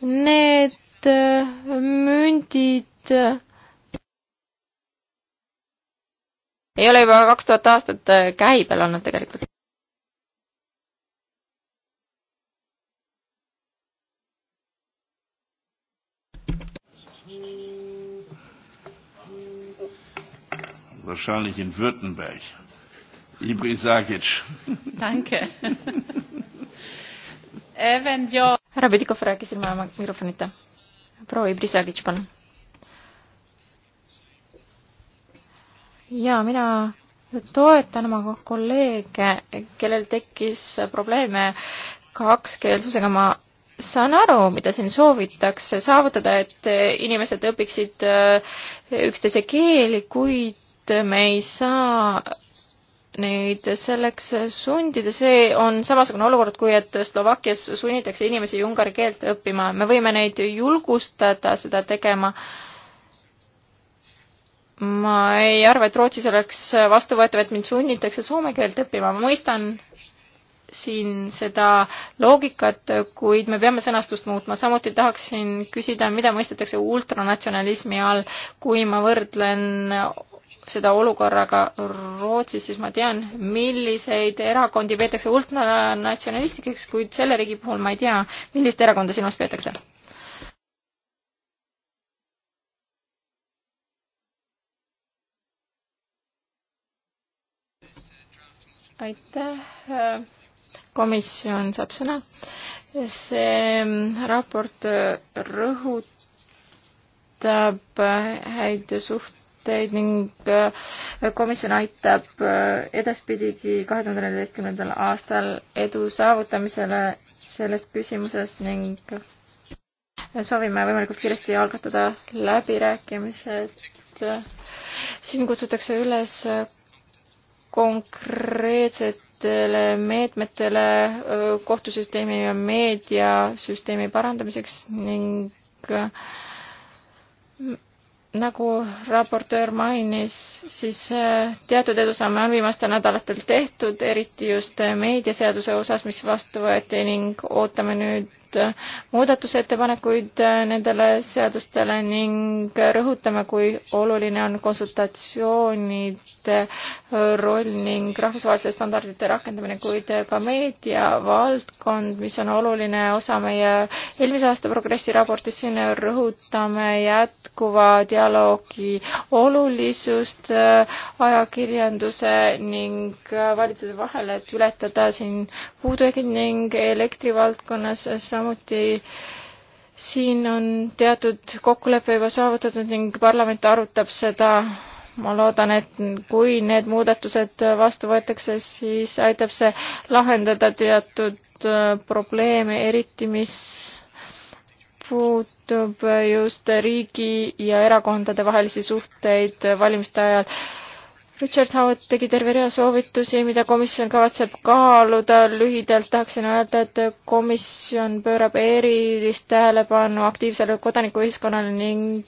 Need äh, mündid äh, ei ole juba kaks tuhat aastat äh, käibel olnud tegelikult. wahrscheinlich in Württemberg. Ibrisagic. Danke. Even your... härra Pidikov rääkis ilma mikrofonita. proua Ibrisagic, palun. ja mina toetan oma kolleege, kellel tekkis probleeme kakskeelsusega, ma saan aru, mida siin soovitakse saavutada, et inimesed õpiksid äh, üksteise keeli, kuid et me ei saa neid selleks sundida, see on samasugune olukord, kui et Slovakkias sunnitakse inimesi ungari keelt õppima, me võime neid julgustada seda tegema. ma ei arva, et Rootsis oleks vastuvõetav, et mind sunnitakse soome keelt õppima, ma mõistan siin seda loogikat, kuid me peame sõnastust muutma. samuti tahaksin küsida, mida mõistetakse ultranatsionalismi all, kui ma võrdlen seda olukorraga Rootsis, siis ma tean, milliseid erakondi peetakse ultranatsionalistlikeks, kuid selle riigi puhul ma ei tea, millist erakonda silmas peetakse. aitäh, komisjon saab sõna. see raport rõhutab häid suht-, mõtteid ning äh, komisjon aitab äh, edaspidigi kahe tuhande neljateistkümnendal aastal edu saavutamisele selles küsimuses ning äh, soovime võimalikult kiiresti algatada läbirääkimised. siin kutsutakse üles konkreetsetele meetmetele kohtusüsteemi ja meediasüsteemi parandamiseks ning nagu raportöör mainis, siis äh, teatud edusamme on viimastel nädalatel tehtud, eriti just äh, meediaseaduse osas, mis vastu võeti ning ootame nüüd teinud muudatusettepanekuid nendele seadustele ning rõhutame, kui oluline on konsultatsioonide roll ning rahvusvaheliste standardite rakendamine, kuid ka meediavaldkond, mis on oluline osa meie eelmise aasta progressi raportist, siin rõhutame jätkuva dialoogi olulisust ajakirjanduse ning valitsuse vahel, et ületada siin puudujäägid ning elektrivaldkonnas samuti samuti siin on teatud kokkulepe juba saavutatud ning parlament arutab seda. ma loodan, et kui need muudatused vastu võetakse, siis aitab see lahendada teatud äh, probleeme, eriti mis puutub just riigi ja erakondade vahelisi suhteid valimiste ajal Richard Howard tegi terve rea soovitusi, mida komisjon kavatseb kaaluda. lühidalt tahaksin öelda, et komisjon pöörab erilist tähelepanu aktiivsele kodanikuühiskonnale ning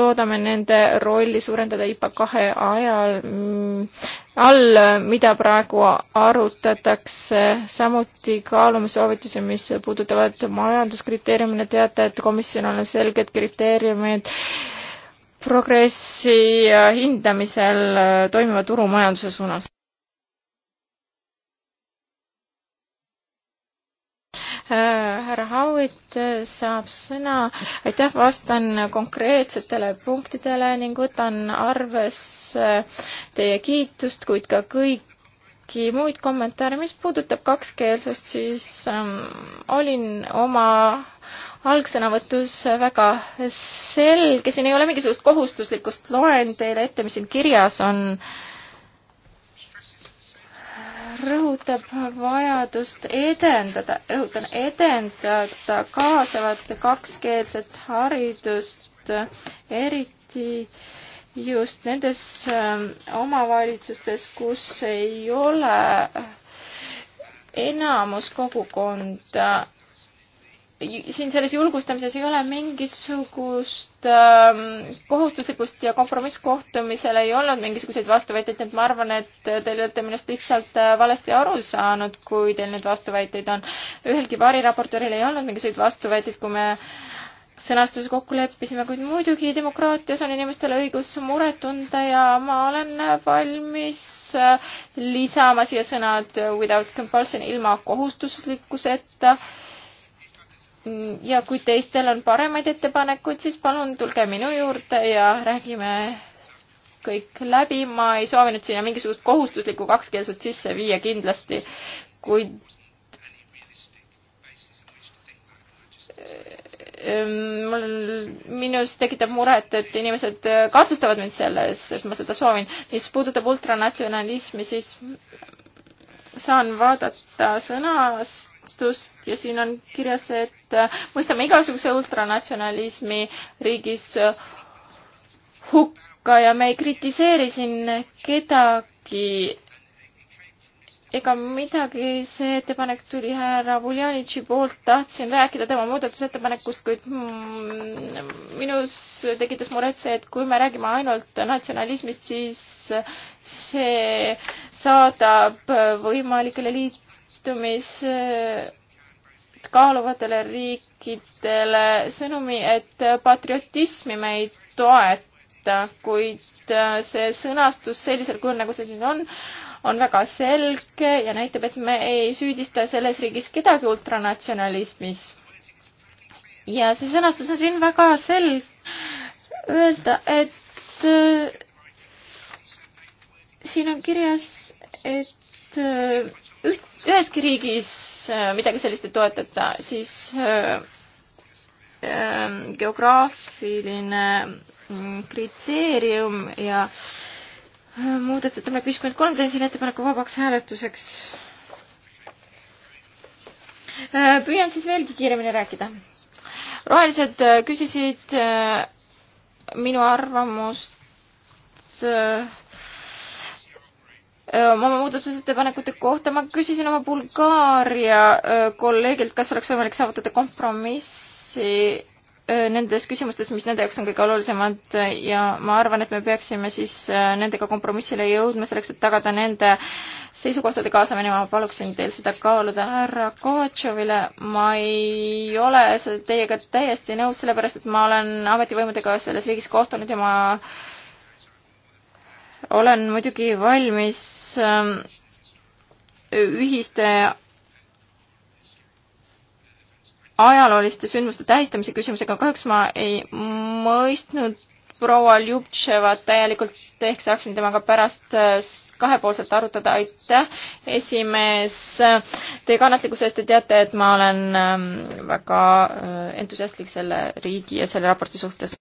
loodame nende rolli suurendada IPA kahe ajal mm, all, mida praegu arutatakse. samuti kaalume soovitusi, mis puudutavad majanduskriteeriumile. teate, et komisjon on selged kriteeriumid progressi hindamisel äh, toimiva turumajanduse suunas. Äh, härra Howitt äh, saab sõna. aitäh, vastan konkreetsetele punktidele ning võtan arvesse teie kiitust, kuid ka kõik kõiki muid kommentaare, mis puudutab kakskeelsust, siis ähm, olin oma algsõnavõtus väga selge, siin ei ole mingisugust kohustuslikkust, loen teile ette, mis siin kirjas on. rõhutab vajadust edendada, rõhutan, edendada kaasavat kakskeelset haridust, eriti äh, just nendes ähm, omavalitsustes, kus ei ole enamus kogukonda. siin selles julgustamises ei ole mingisugust ähm, kohustuslikkust ja kompromisskohtumisel ei olnud mingisuguseid vastuväiteid, nii et ma arvan, et te olete minust lihtsalt äh, valesti aru saanud, kui teil neid vastuväiteid on. ühelgi variraportööril ei olnud mingisuguseid vastuväiteid, kui me äh, sõnastuses kokku leppisime, kuid muidugi demokraatias on inimestel õigus muret tunda ja ma olen valmis äh, lisama siia sõnad äh, without compulsion ilma kohustuslikkuseta. ja kui teistel on paremaid ettepanekuid, siis palun tulge minu juurde ja räägime kõik läbi, ma ei soovinud sinna mingisugust kohustuslikku kakskeelsust sisse viia kindlasti, kuid Ehm, mul, minus tekitab muret, et inimesed äh, kahtlustavad mind selles, et ma seda soovin. mis puudutab ultranatsionalismi, siis saan vaadata sõnastust ja siin on kirjas, et äh, mõistame igasuguse ultranatsionalismi riigis äh, hukka ja me ei kritiseeri siin kedagi ega midagi, see ettepanek tuli härra Vuljanitši poolt, tahtsin rääkida tema muudatusettepanekust, kuid mm, minus tekitas muret see, et kui me räägime ainult natsionalismist, siis see saadab võimalikele liitumis kaaluvatele riikidele sõnumi, et patriotismi me ei toeta, kuid see sõnastus sellisel kujul, nagu see siin on, on väga selge ja näitab, et me ei süüdista selles riigis kedagi ultranatsionalismis. ja see sõnastus on siin väga selge. Öelda, et äh, siin on kirjas, et äh, üht, üheski riigis äh, midagi sellist ei toetata, siis geograafiline mm, kriteerium ja äh, muudatusettepanek viiskümmend kolm, teen selle ettepaneku vabaks hääletuseks. Äh, püüan siis veelgi kiiremini rääkida. rohelised äh, küsisid äh, minu arvamust oma muudatusettepanekute kohta, ma küsisin oma Bulgaaria kolleegilt, kas oleks võimalik saavutada kompromissi Äh, nendes küsimustes, mis nende jaoks on kõige olulisemad äh, ja ma arvan, et me peaksime siis äh, nendega kompromissile jõudma selleks, et tagada nende seisukohtade kaasamine, ma paluksin teil seda kaaluda. härra Kovatšovile, ma ei ole teiega täiesti nõus, sellepärast et ma olen ametivõimudega selles riigis kohtunud ja ma olen muidugi valmis ähm, ühiste ajalooliste sündmuste tähistamise küsimusega, kahjuks ma ei mõistnud proua Ljubtševat täielikult, ehk saaksin temaga pärast äh, kahepoolselt arutada, aitäh, esimees. Teie kannatlikkuse eest te teate, et ma olen ähm, väga äh, entusiastlik selle riigi ja selle raporti suhtes.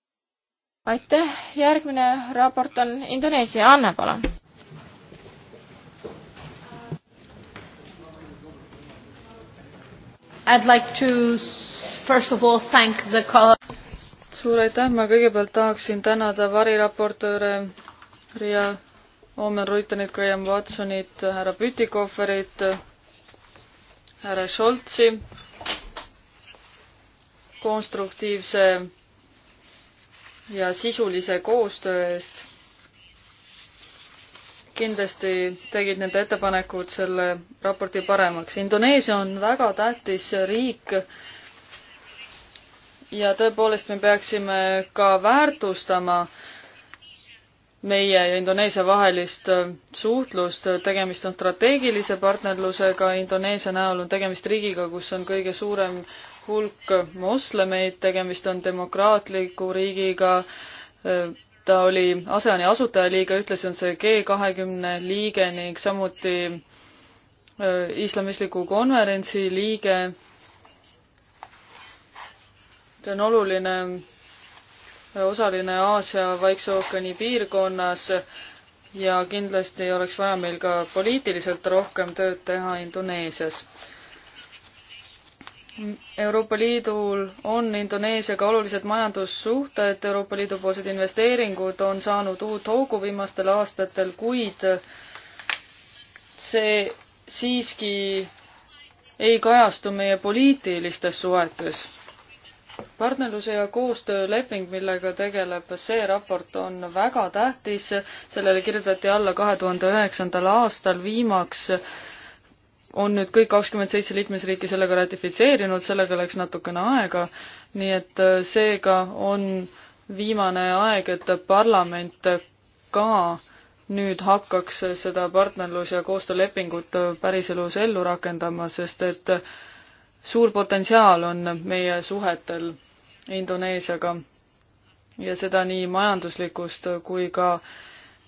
aitäh, järgmine raport on Indoneesia, Anne, palun. I'd like to first of all thank the suur aitäh, ma kõigepealt tahaksin tänada variraportööre Riia Omen-Ruitenit, Graham Watsonit, härra Pütikohverit, härra Scholzi konstruktiivse ja sisulise koostöö eest kindlasti tegid nende ettepanekud selle raporti paremaks. Indoneesia on väga tähtis riik ja tõepoolest me peaksime ka väärtustama meie ja Indoneesia vahelist suhtlust, tegemist on strateegilise partnerlusega, Indoneesia näol on tegemist riigiga, kus on kõige suurem hulk moslemeid, tegemist on demokraatliku riigiga, ta oli ASEAN-i asutajaliige, ühtlasi on see G kahekümne liige ning samuti islamistliku konverentsi liige. see on oluline osaline Aasia Vaikse ookeani piirkonnas ja kindlasti oleks vaja meil ka poliitiliselt rohkem tööd teha Indoneesias. Euroopa Liidul on Indoneesiaga olulised majandussuhted, Euroopa Liidu poolsed investeeringud on saanud uut hoogu viimastel aastatel, kuid see siiski ei kajastu meie poliitilistes suhetes. partnerluse ja koostööleping, millega tegeleb see raport, on väga tähtis, sellele kirjutati alla kahe tuhande üheksandal aastal viimaks on nüüd kõik kakskümmend seitse liikmesriiki sellega ratifitseerinud, sellega läks natukene aega, nii et äh, seega on viimane aeg, et parlament ka nüüd hakkaks seda partnerlus- ja koostöölepingut päriselus ellu rakendama, sest et suur potentsiaal on meie suhetel Indoneesiaga ja seda nii majanduslikust kui ka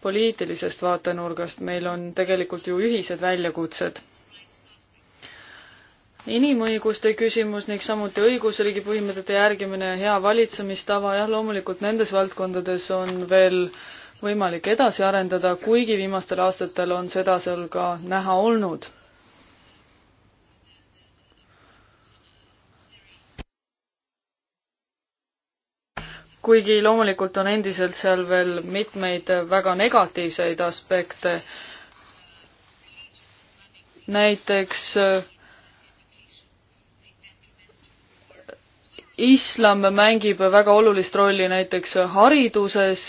poliitilisest vaatenurgast, meil on tegelikult ju ühised väljakutsed inimõiguste küsimus ning samuti õigusriigi põhimõtete järgimine ja hea valitsemistava, jah, loomulikult nendes valdkondades on veel võimalik edasi arendada, kuigi viimastel aastatel on seda seal ka näha olnud. kuigi loomulikult on endiselt seal veel mitmeid väga negatiivseid aspekte, näiteks äh, islam mängib väga olulist rolli näiteks hariduses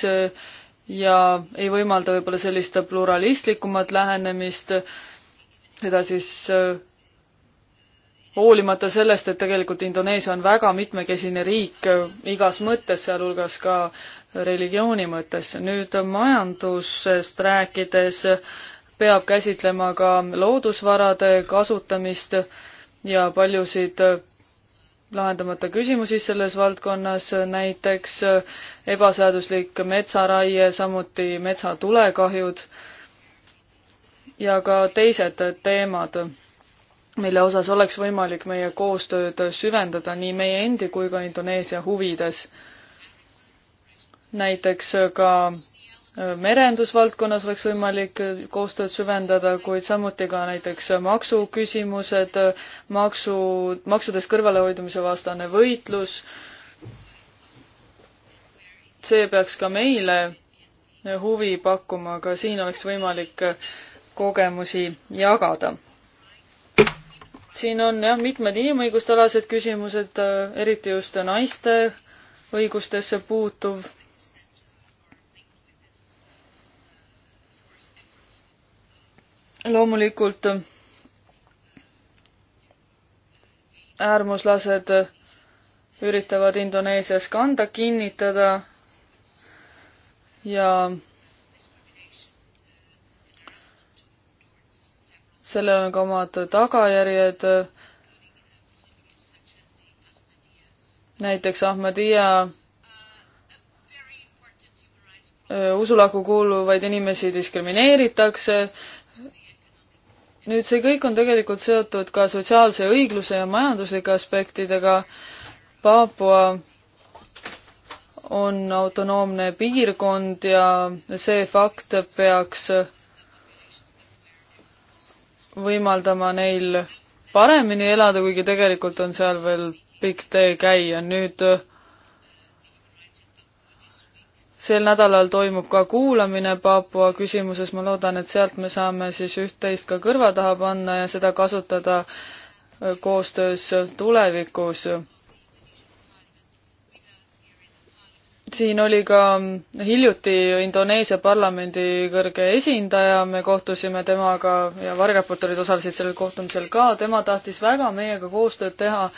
ja ei võimalda võib-olla sellist pluralistlikumat lähenemist, seda siis äh, hoolimata sellest, et tegelikult Indoneesia on väga mitmekesine riik äh, igas mõttes, sealhulgas ka religiooni mõttes. nüüd majandusest rääkides peab käsitlema ka loodusvarade kasutamist ja paljusid äh, lahendamata küsimusi selles valdkonnas, näiteks äh, ebaseaduslik metsaraie, samuti metsatulekahjud ja ka teised teemad, mille osas oleks võimalik meie koostööd süvendada nii meie endi kui ka Indoneesia huvides. näiteks ka merendusvaldkonnas oleks võimalik koostööd süvendada, kuid samuti ka näiteks maksuküsimused, maksu, maksudest kõrvalehoidumise vastane võitlus. see peaks ka meile huvi pakkuma, aga siin oleks võimalik kogemusi jagada. siin on jah, mitmed inimõigustealased küsimused, eriti just naiste õigustesse puutuv loomulikult äärmuslased üritavad Indoneesias kanda kinnitada ja sellel on ka omad tagajärjed. näiteks Ahmadiyya äh, usulaku kuuluvaid inimesi diskrimineeritakse nüüd see kõik on tegelikult seotud ka sotsiaalse õigluse ja majanduslike aspektidega. Paapua on autonoomne piirkond ja see fakt peaks võimaldama neil paremini elada, kuigi tegelikult on seal veel pikk tee käia. nüüd äh, sel nädalal toimub ka kuulamine Paapua küsimuses, ma loodan, et sealt me saame siis üht-teist ka kõrva taha panna ja seda kasutada äh, koostöös tulevikus. siin oli ka mm, hiljuti Indoneesia parlamendi kõrge esindaja, me kohtusime temaga ja vargaportorid osalesid sellel kohtumisel ka, tema tahtis väga meiega koostööd teha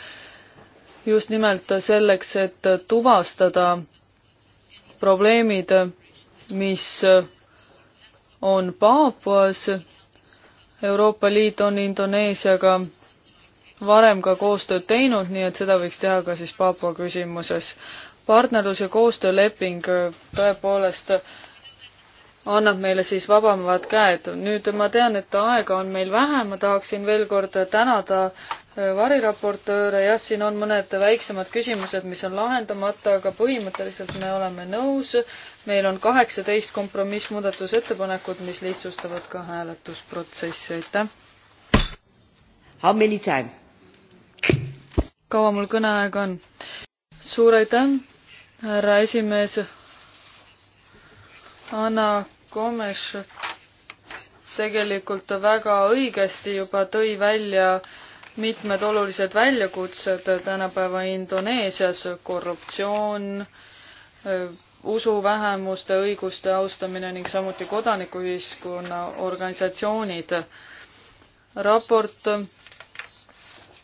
just nimelt selleks, et tuvastada probleemid, mis on Paapuas. Euroopa Liit on Indoneesiaga varem ka koostööd teinud, nii et seda võiks teha ka siis Paapua küsimuses. partnerlus- ja koostööleping tõepoolest annab meile siis vabamad käed. nüüd ma tean, et aega on meil vähe, ma tahaksin veel kord tänada variraportööre, jah, siin on mõned väiksemad küsimused, mis on lahendamata, aga põhimõtteliselt me oleme nõus. meil on kaheksateist kompromissmuudatusettepanekut, mis lihtsustavad ka hääletusprotsessi, aitäh. How many time? kaua mul kõneaega on? suur aitäh, härra esimees. Anna Komes tegelikult väga õigesti juba tõi välja äh, mitmed olulised väljakutsed tänapäeva Indoneesias, korruptsioon, usuvähemuste õiguste austamine ning samuti kodanikuühiskonna organisatsioonid. raport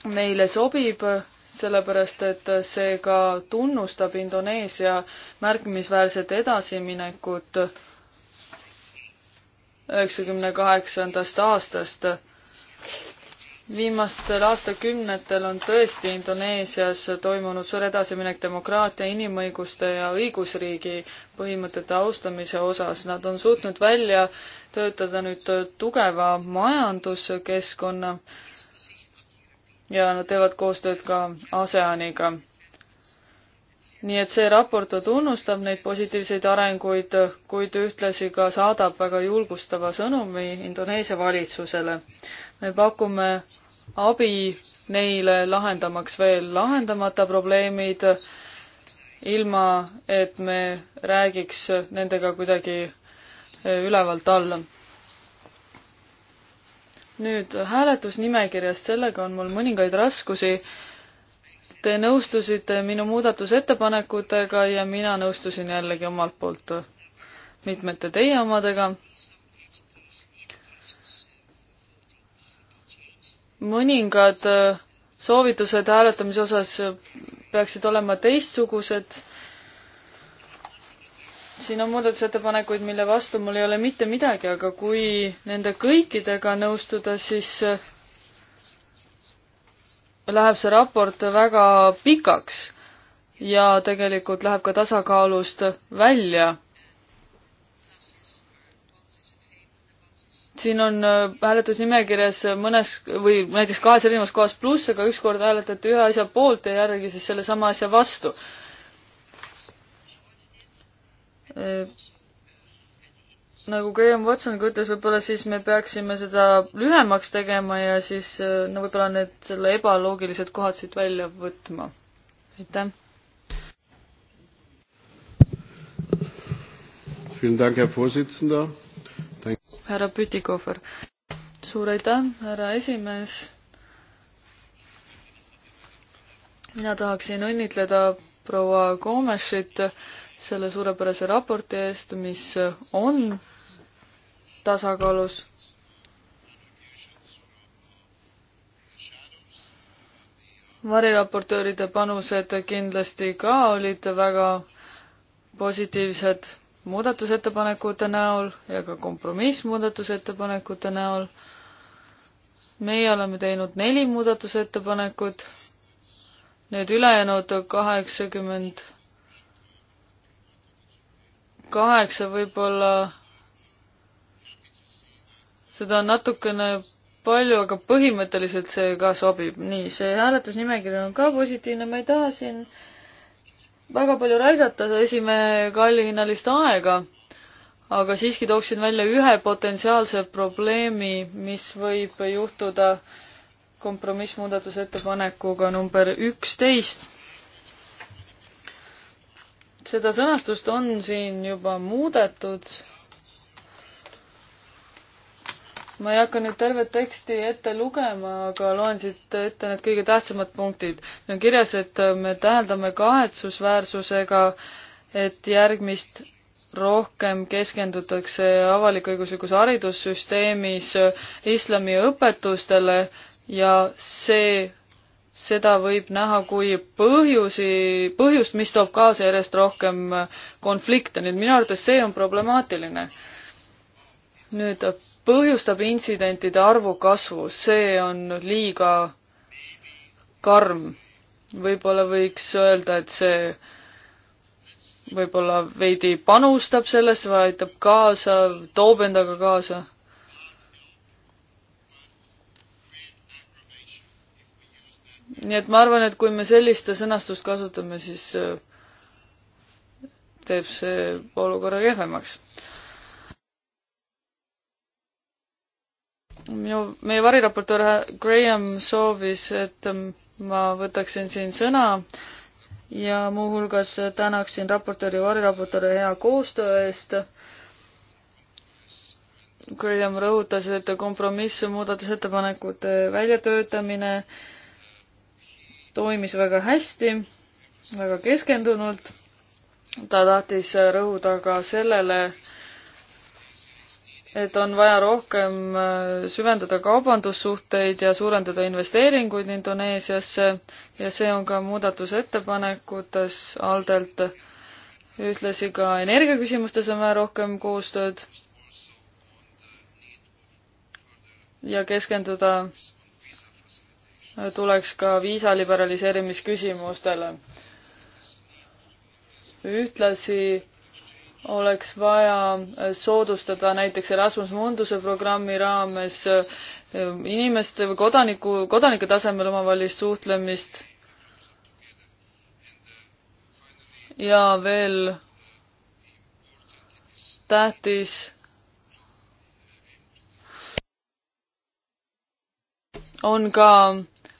meile sobib, sellepärast et see ka tunnustab Indoneesia märkimisväärset edasiminekut üheksakümne kaheksandast aastast viimastel aastakümnetel on tõesti Indoneesias toimunud suur edasiminek demokraatia, inimõiguste ja õigusriigi põhimõtete austamise osas. Nad on suutnud välja töötada nüüd tugeva majanduskeskkonna ja nad teevad koostööd ka ASEANiga nii et see raport tunnustab neid positiivseid arenguid, kuid ühtlasi ka saadab väga julgustava sõnumi Indoneesia valitsusele. me pakume abi neile lahendamaks veel lahendamata probleemid, ilma et me räägiks nendega kuidagi eh, ülevalt alla nüüd hääletusnimekirjast, sellega on mul mõningaid raskusi, Te nõustusite minu muudatusettepanekutega ja mina nõustusin jällegi omalt poolt mitmete teie omadega. mõningad äh, soovitused hääletamise osas peaksid olema teistsugused. siin on muudatusettepanekuid, mille vastu mul ei ole mitte midagi, aga kui nende kõikidega nõustuda, siis äh, läheb see raport väga pikaks ja tegelikult läheb ka tasakaalust välja. siin on äh, hääletusnimekirjas mõnes või näiteks kahes erinevas kohas pluss, aga ükskord hääletati ühe asja poolt ja järgi siis sellesama asja vastu äh, nagu Graham Watson ka ütles, võib-olla siis me peaksime seda lühemaks tegema ja siis äh, no võib-olla need selle ebaloogilised kohad siit välja võtma. aitäh. härra Pütikohver. suur aitäh, härra esimees. mina tahaksin õnnitleda proua Koomešit selle suurepärase raporti eest, mis on tasakaalus. variraportööride panused kindlasti ka olid väga positiivsed muudatusettepanekute näol ja ka kompromissmuudatusettepanekute näol. meie oleme teinud neli muudatusettepanekut, need ülejäänud kaheksakümmend kaheksa võib-olla seda on natukene palju, aga põhimõtteliselt see ka sobib. nii, see hääletusnimekiri on ka positiivne, ma ei taha siin väga palju raisata esimehe kallihinnalist aega, aga siiski tooksin välja ühe potentsiaalse probleemi, mis võib juhtuda kompromissmuudatusettepanekuga number üksteist. seda sõnastust on siin juba muudetud ma ei hakka nüüd tervet teksti ette lugema, aga loen siit ette need kõige tähtsamad punktid. siin on kirjas, et me täheldame kahetsusväärsusega, et järgmist rohkem keskendutakse avalik-õiguslikus haridussüsteemis islami õpetustele ja see, seda võib näha kui põhjusi, põhjust, mis toob kaasa järjest rohkem konflikte, nii et minu arvates see on problemaatiline. nüüd põhjustab intsidentide arvu kasvu, see on liiga karm. võib-olla võiks öelda, et see võib-olla veidi panustab sellesse, aitab kaasa, toob endaga kaasa. nii et ma arvan, et kui me sellist sõnastust kasutame, siis äh, teeb see olukorra kehvemaks minu, meie variraportöör Graham soovis, et ähm, ma võtaksin siin sõna ja muuhulgas tänaksin raportööri, variraportööri hea koostöö eest. Graham rõhutas, et kompromiss muudatusettepanekute väljatöötamine toimis väga hästi, väga keskendunult. ta tahtis rõhuda ka sellele, et on vaja rohkem äh, süvendada kaubandussuhteid ja suurendada investeeringuid Indoneesiasse ja see on ka muudatusettepanekutes Aldelt. ühtlasi ka energiaküsimustes on vaja rohkem koostööd ja keskenduda äh, tuleks ka viisa liberaliseerimisküsimustele. ühtlasi oleks vaja äh, soodustada näiteks Erasmus Munduse programmi raames äh, inimeste või kodaniku, kodanike tasemel omavahelist suhtlemist. ja veel tähtis on ka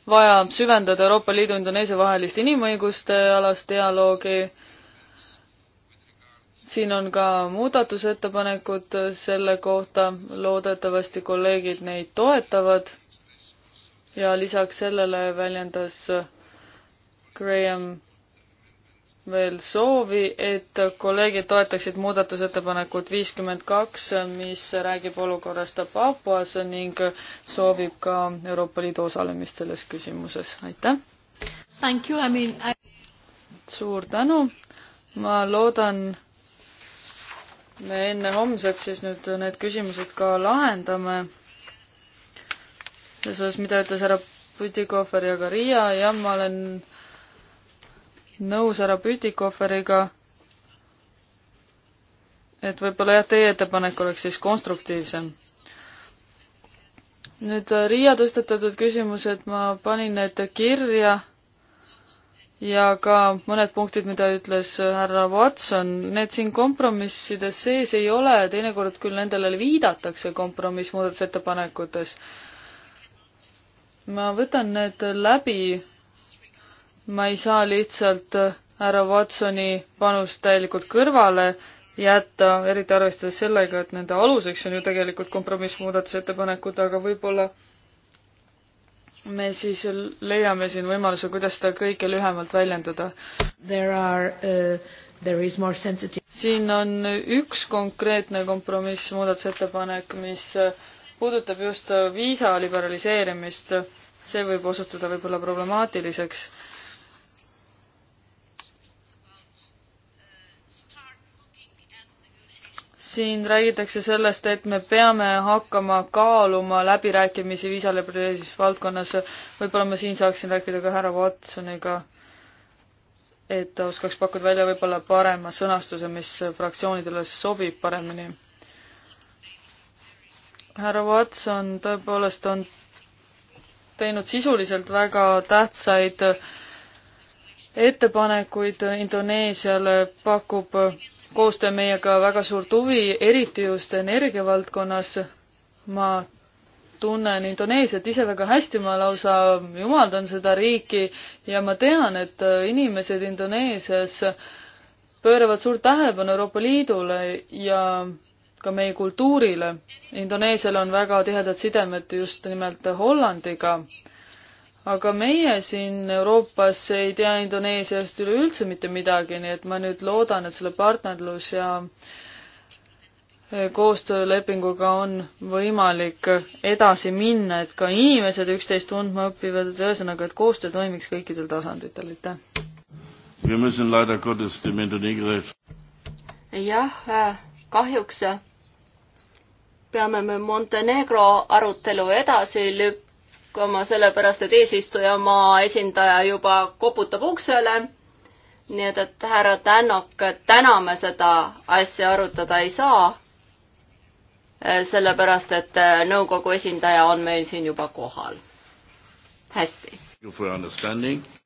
vaja süvendada Euroopa Liidu Indoneesia vahelist inimõiguste alast dialoogi siin on ka muudatusettepanekud selle kohta, loodetavasti kolleegid neid toetavad. ja lisaks sellele väljendas Graham veel soovi, et kolleegid toetaksid muudatusettepanekut viiskümmend kaks, mis räägib olukorrast Papuas ning soovib ka Euroopa Liidu osalemist selles küsimuses, aitäh! I mean, I... suur tänu, ma loodan, me enne homset siis nüüd need küsimused ka lahendame. selles osas, mida ütles härra Putikohver ja ka Riia, jah, ma olen nõus härra Putikohveriga. et võib-olla jah, teie ettepanek oleks siis konstruktiivsem. nüüd äh, Riia tõstatatud küsimused ma panin need kirja ja ka mõned punktid, mida ütles härra Watson, need siin kompromisside sees ei ole, teinekord küll nendele viidatakse kompromissmuudatusettepanekutes. ma võtan need läbi, ma ei saa lihtsalt härra Watsoni panust täielikult kõrvale jätta, eriti arvestades sellega, et nende aluseks on ju tegelikult kompromissmuudatusettepanekud, aga võib-olla me siis leiame siin võimaluse, kuidas seda kõige lühemalt väljendada. Uh, siin on üks konkreetne kompromiss, muudatusettepanek, mis puudutab just viisa liberaliseerimist. see võib osutuda võib-olla problemaatiliseks siin räägitakse sellest, et me peame hakkama kaaluma läbirääkimisi viisalebriisis valdkonnas. võib-olla ma siin saaksin rääkida ka härra Watsoniga, et ta oskaks pakkuda välja võib-olla parema sõnastuse, mis fraktsioonidele sobib paremini. härra Watson tõepoolest on teinud sisuliselt väga tähtsaid ettepanekuid Indoneesiale, pakub koostöö meiega väga suurt huvi, eriti just energiavaldkonnas. ma tunnen Indoneesiat ise väga hästi, ma lausa jumaldan seda riiki ja ma tean, et inimesed Indoneesias pööravad suurt tähelepanu Euroopa Liidule ja ka meie kultuurile. Indoneesial on väga tihedad sidemed just nimelt Hollandiga aga meie siin Euroopas ei tea Indoneesiast üleüldse mitte midagi, nii et ma nüüd loodan, et selle partnerlus ja eh, koostöölepinguga on võimalik edasi minna, et ka inimesed üksteist tundma õpivad, et ühesõnaga, et koostöö toimiks kõikidel tasanditel, aitäh. jah, äh, kahjuks peame me Montenegro arutelu edasi lükkama lahkuma, sellepärast et eesistujamaa esindaja juba koputab uksele. nii et, et härra Tänak, täna me seda asja arutada ei saa. sellepärast, et nõukogu esindaja on meil siin juba kohal. hästi.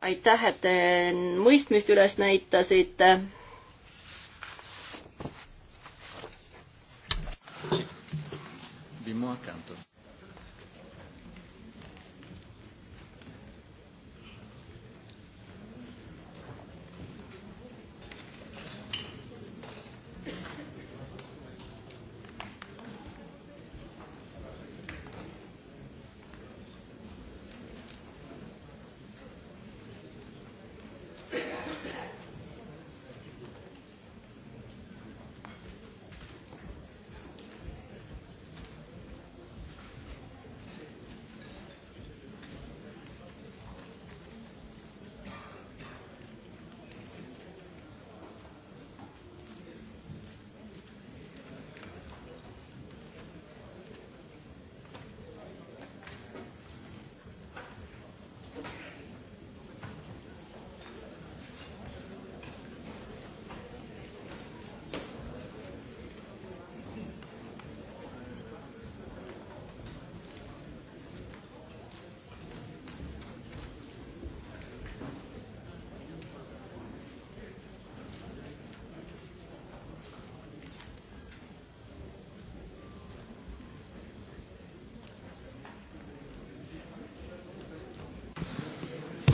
aitäh, et te mõistmist üles näitasite be more accountable.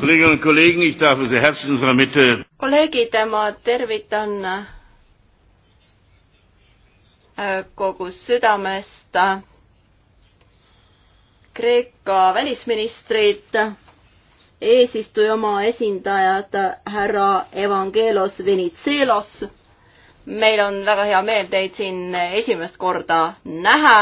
Kolleginnen und Kollegen, ich darf Sie herzlich in unserer Mitte. kolleegid, ma tervitan äh, kogu südamest Kreeka välisministrit, eesistuja oma esindajad härra Evangelos Venizelos. meil on väga hea meel teid siin esimest korda näha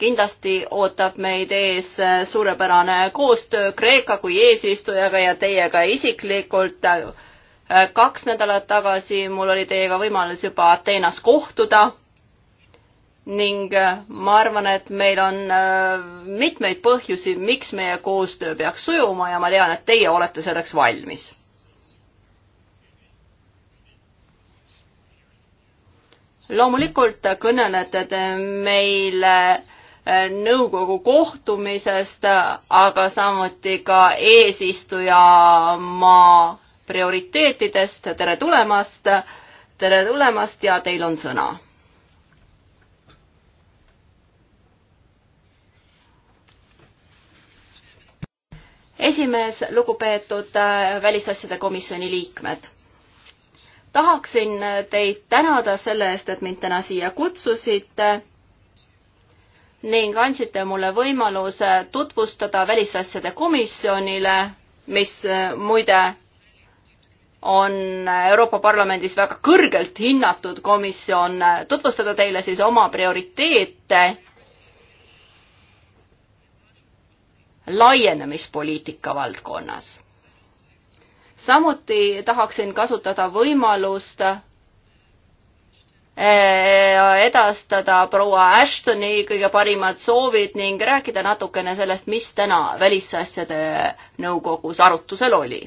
kindlasti ootab meid ees äh, suurepärane koostöö Kreeka kui eesistujaga ja teiega isiklikult. Äh, kaks nädalat tagasi mul oli teiega võimalus juba Ateenas kohtuda ning äh, ma arvan, et meil on mitmeid põhjusi, miks meie koostöö peaks sujuma ja ma tean, et teie olete selleks valmis. loomulikult kõnelete te meile äh, nõukogu kohtumisest, aga samuti ka eesistujamaa prioriteetidest. tere tulemast, tere tulemast ja teil on sõna. esimees, lugupeetud äh, välisasjade komisjoni liikmed tahaksin teid tänada selle eest, et mind täna siia kutsusite ning andsite mulle võimaluse tutvustada Välisasjade Komisjonile, mis äh, muide on Euroopa Parlamendis väga kõrgelt hinnatud komisjon, tutvustada teile siis oma prioriteete laienemispoliitika valdkonnas. samuti tahaksin kasutada võimalust Eh, edastada proua Ashtoni kõige parimad soovid ning rääkida natukene sellest, mis täna Välisasjade Nõukogus arutusel oli.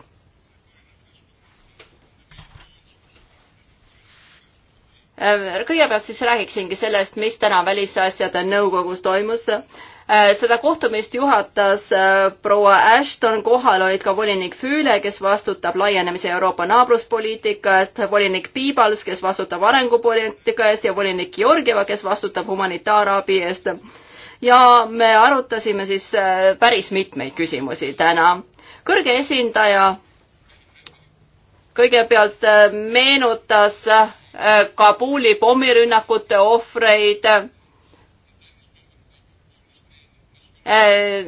Eh, kõigepealt siis räägiksingi sellest, mis täna Välisasjade Nõukogus toimus Äh, seda kohtumist juhatas äh, proua Ashton, kohal olid ka volinik Füüle, kes vastutab laienemise Euroopa naabruspoliitika eest, volinik Piibals, kes vastutab arengupoliitika eest ja volinik Georgieva, kes vastutab humanitaarabi eest. ja me arutasime siis äh, päris mitmeid küsimusi täna. kõrge esindaja kõigepealt meenutas Kabuli pommirünnakute ohvreid Äh,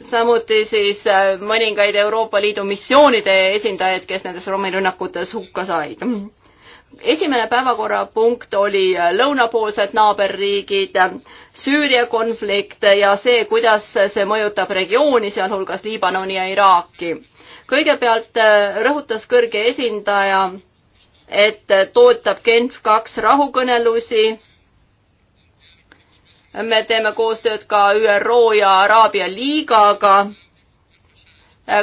samuti siis äh, mõningaid Euroopa Liidu missioonide esindajaid, kes nendes romirünnakutes hukka said. esimene päevakorrapunkt oli äh, lõunapoolsed naaberriigid, Süüria konflikt ja see, kuidas see mõjutab regiooni, sealhulgas Liibanoni ja Iraaki. kõigepealt rõhutas kõrge esindaja, et toetab Genf kaks rahukõnelusi me teeme koostööd ka ÜRO ja Araabia liigaga.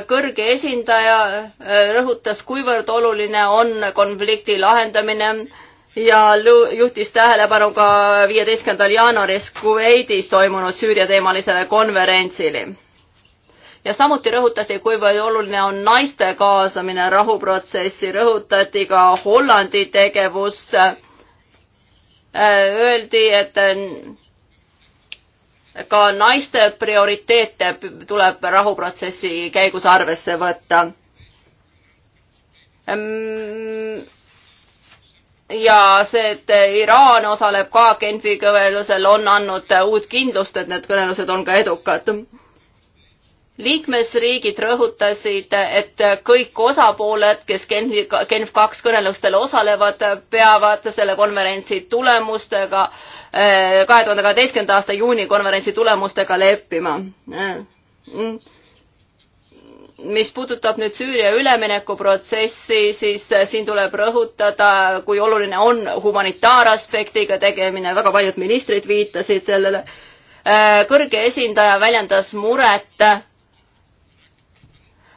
kõrge esindaja äh, rõhutas, kuivõrd oluline on konflikti lahendamine ja juhtis tähelepanu ka viieteistkümnendal jaanuaris Kuveidis toimunud Süüria teemalisele konverentsile. ja samuti rõhutati, kuivõrd oluline on naiste kaasamine rahuprotsessi, rõhutati ka Hollandi tegevust. Äh, öeldi, et ka naiste prioriteete tuleb rahuprotsessi käigus arvesse võtta. Ehm, ja see, et Iraan osaleb ka Genfi kõvelusel, on andnud uut kindlust, et need kõnelused on ka edukad liikmesriigid rõhutasid, et kõik osapooled, kes Genfi, Genf kaks kõnelustel osalevad, peavad selle konverentsi tulemustega äh, Eh, kahe tuhande kaheteistkümnenda aasta juuni konverentsi tulemustega leppima. mis puudutab nüüd Süüria üleminekuprotsessi, siis eh, siin tuleb rõhutada, kui oluline on humanitaaraspektiga tegemine, väga paljud ministrid viitasid sellele. Eh, kõrge esindaja väljendas muret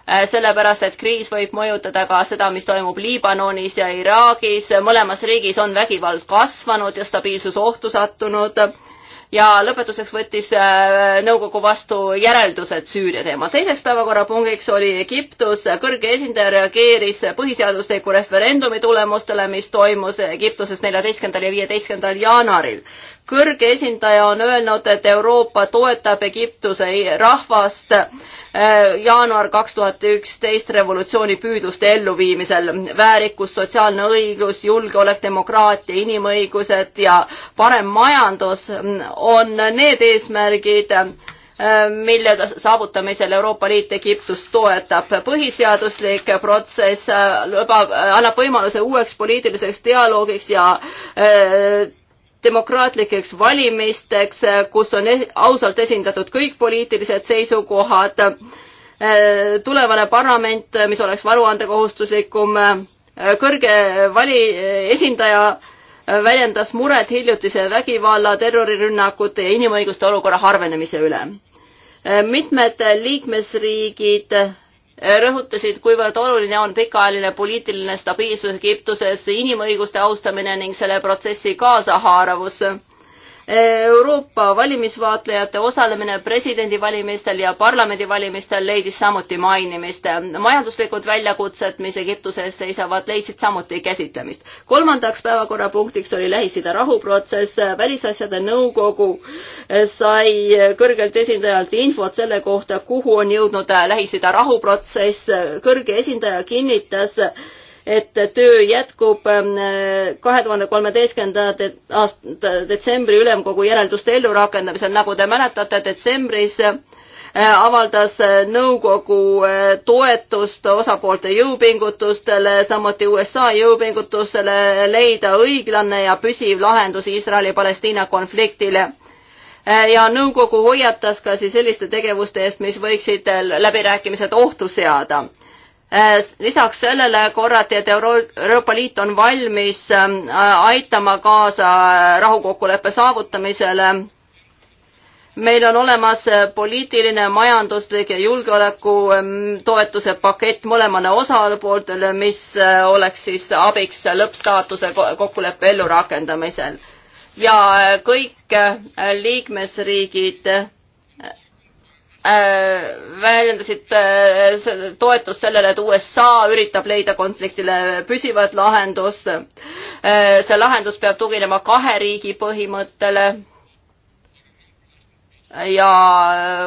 Äh, sellepärast et kriis võib mõjutada ka seda, mis toimub Liibanonis ja Iraagis, mõlemas riigis on vägivald kasvanud ja stabiilsus ohtu sattunud ja lõpetuseks võttis äh, nõukogu vastu järeldused Süüria teema. teiseks päevakorrapunktiks oli Egiptus. kõrge esindaja reageeris põhiseadusliku referendumi tulemustele, mis toimus Egiptuses neljateistkümnendal ja viieteistkümnendal jaanuaril kõrge esindaja on öelnud, et Euroopa toetab Egiptuse rahvast eh, jaanuar kaks tuhat üksteist revolutsioonipüüdluste elluviimisel. väärikus, sotsiaalne õiglus, julgeolek, demokraatia, inimõigused ja parem majandus mm, on need eesmärgid, eh, mille saavutamisel Euroopa Liit Egiptust toetab. põhiseaduslik protsess eh, lubab, annab võimaluse uueks poliitiliseks dialoogiks ja demokraatlikeks valimisteks, kus on e-, ausalt esindatud kõik poliitilised seisukohad, tulevane parlament, mis oleks varuandekohustuslikum, kõrge vali, esindaja väljendas muret hiljutise vägivalla, terrorirünnakute ja inimõiguste olukorra harvenemise üle. mitmed liikmesriigid rõhutasid, kuivõrd oluline on pikaajaline poliitiline stabiilsus Egiptuses, inimõiguste austamine ning selle protsessi kaasahaaravus Euroopa valimisvaatlejate osalemine presidendivalimistel ja parlamendivalimistel leidis samuti mainimist. majanduslikud väljakutsed, mis Egiptuse ees seisavad, leidsid samuti käsitlemist. kolmandaks päevakorrapunktiks oli Lähis-Ida rahuprotsess. välisasjade nõukogu sai kõrgelt esindajalt infot selle kohta, kuhu on jõudnud Lähis-Ida rahuprotsess. kõrge esindaja kinnitas, et töö jätkub ähm, kahe tuhande kolmeteistkümnenda aasta detsembri ülemkogu järelduste ellurakendamisel, nagu te mäletate, detsembris äh, avaldas äh, nõukogu äh, toetust osapoolte jõupingutustele, samuti USA jõupingutusele leida õiglane ja püsiv lahendus Iisraeli-Palestiina konfliktile ja nõukogu hoiatas ka siis selliste tegevuste eest, mis võiksid läbirääkimised ohtu seada Äh, lisaks sellele korrati, et Euro Euroopa Liit on valmis ähm, äh, aitama kaasa äh, rahukokkuleppe saavutamisele. meil on olemas poliitiline, majanduslik ja julgeoleku ähm, toetuse pakett mõlemale osapooltele, mis oleks siis abiks lõppstaatuse kokkuleppe ellurakendamisel ja kõik liikmesriigid Äh, väljendasid äh, toetust sellele, et USA üritab leida konfliktile püsivat lahendust. Äh, see lahendus peab tuginema kahe riigi põhimõttele. ja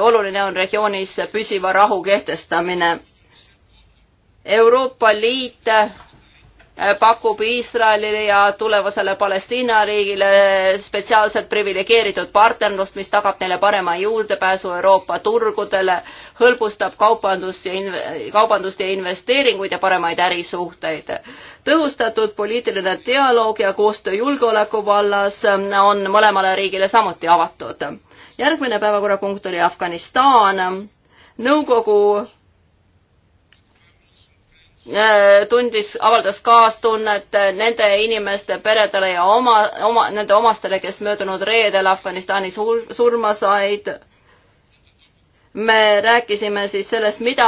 oluline on regioonis püsiva rahu kehtestamine. Euroopa Liit Äh, pakub Iisraelile ja tulevasele Palestiina riigile spetsiaalselt priviligeeritud partnerlust, mis tagab neile parema juurdepääsu Euroopa turgudele, hõlbustab kaubandus ja in-, kaubandust ja investeeringuid ja paremaid ärisuhteid. tõhustatud poliitiline dialoog ja koostöö julgeoleku vallas äh, on mõlemale riigile samuti avatud. järgmine päevakorrapunkt oli Afganistan. nõukogu Äh, tundis, avaldas kaastunnet nende inimeste peredele ja oma, oma, nende omastele, kes möödunud reedel Afganistanis surma said. me rääkisime siis sellest, mida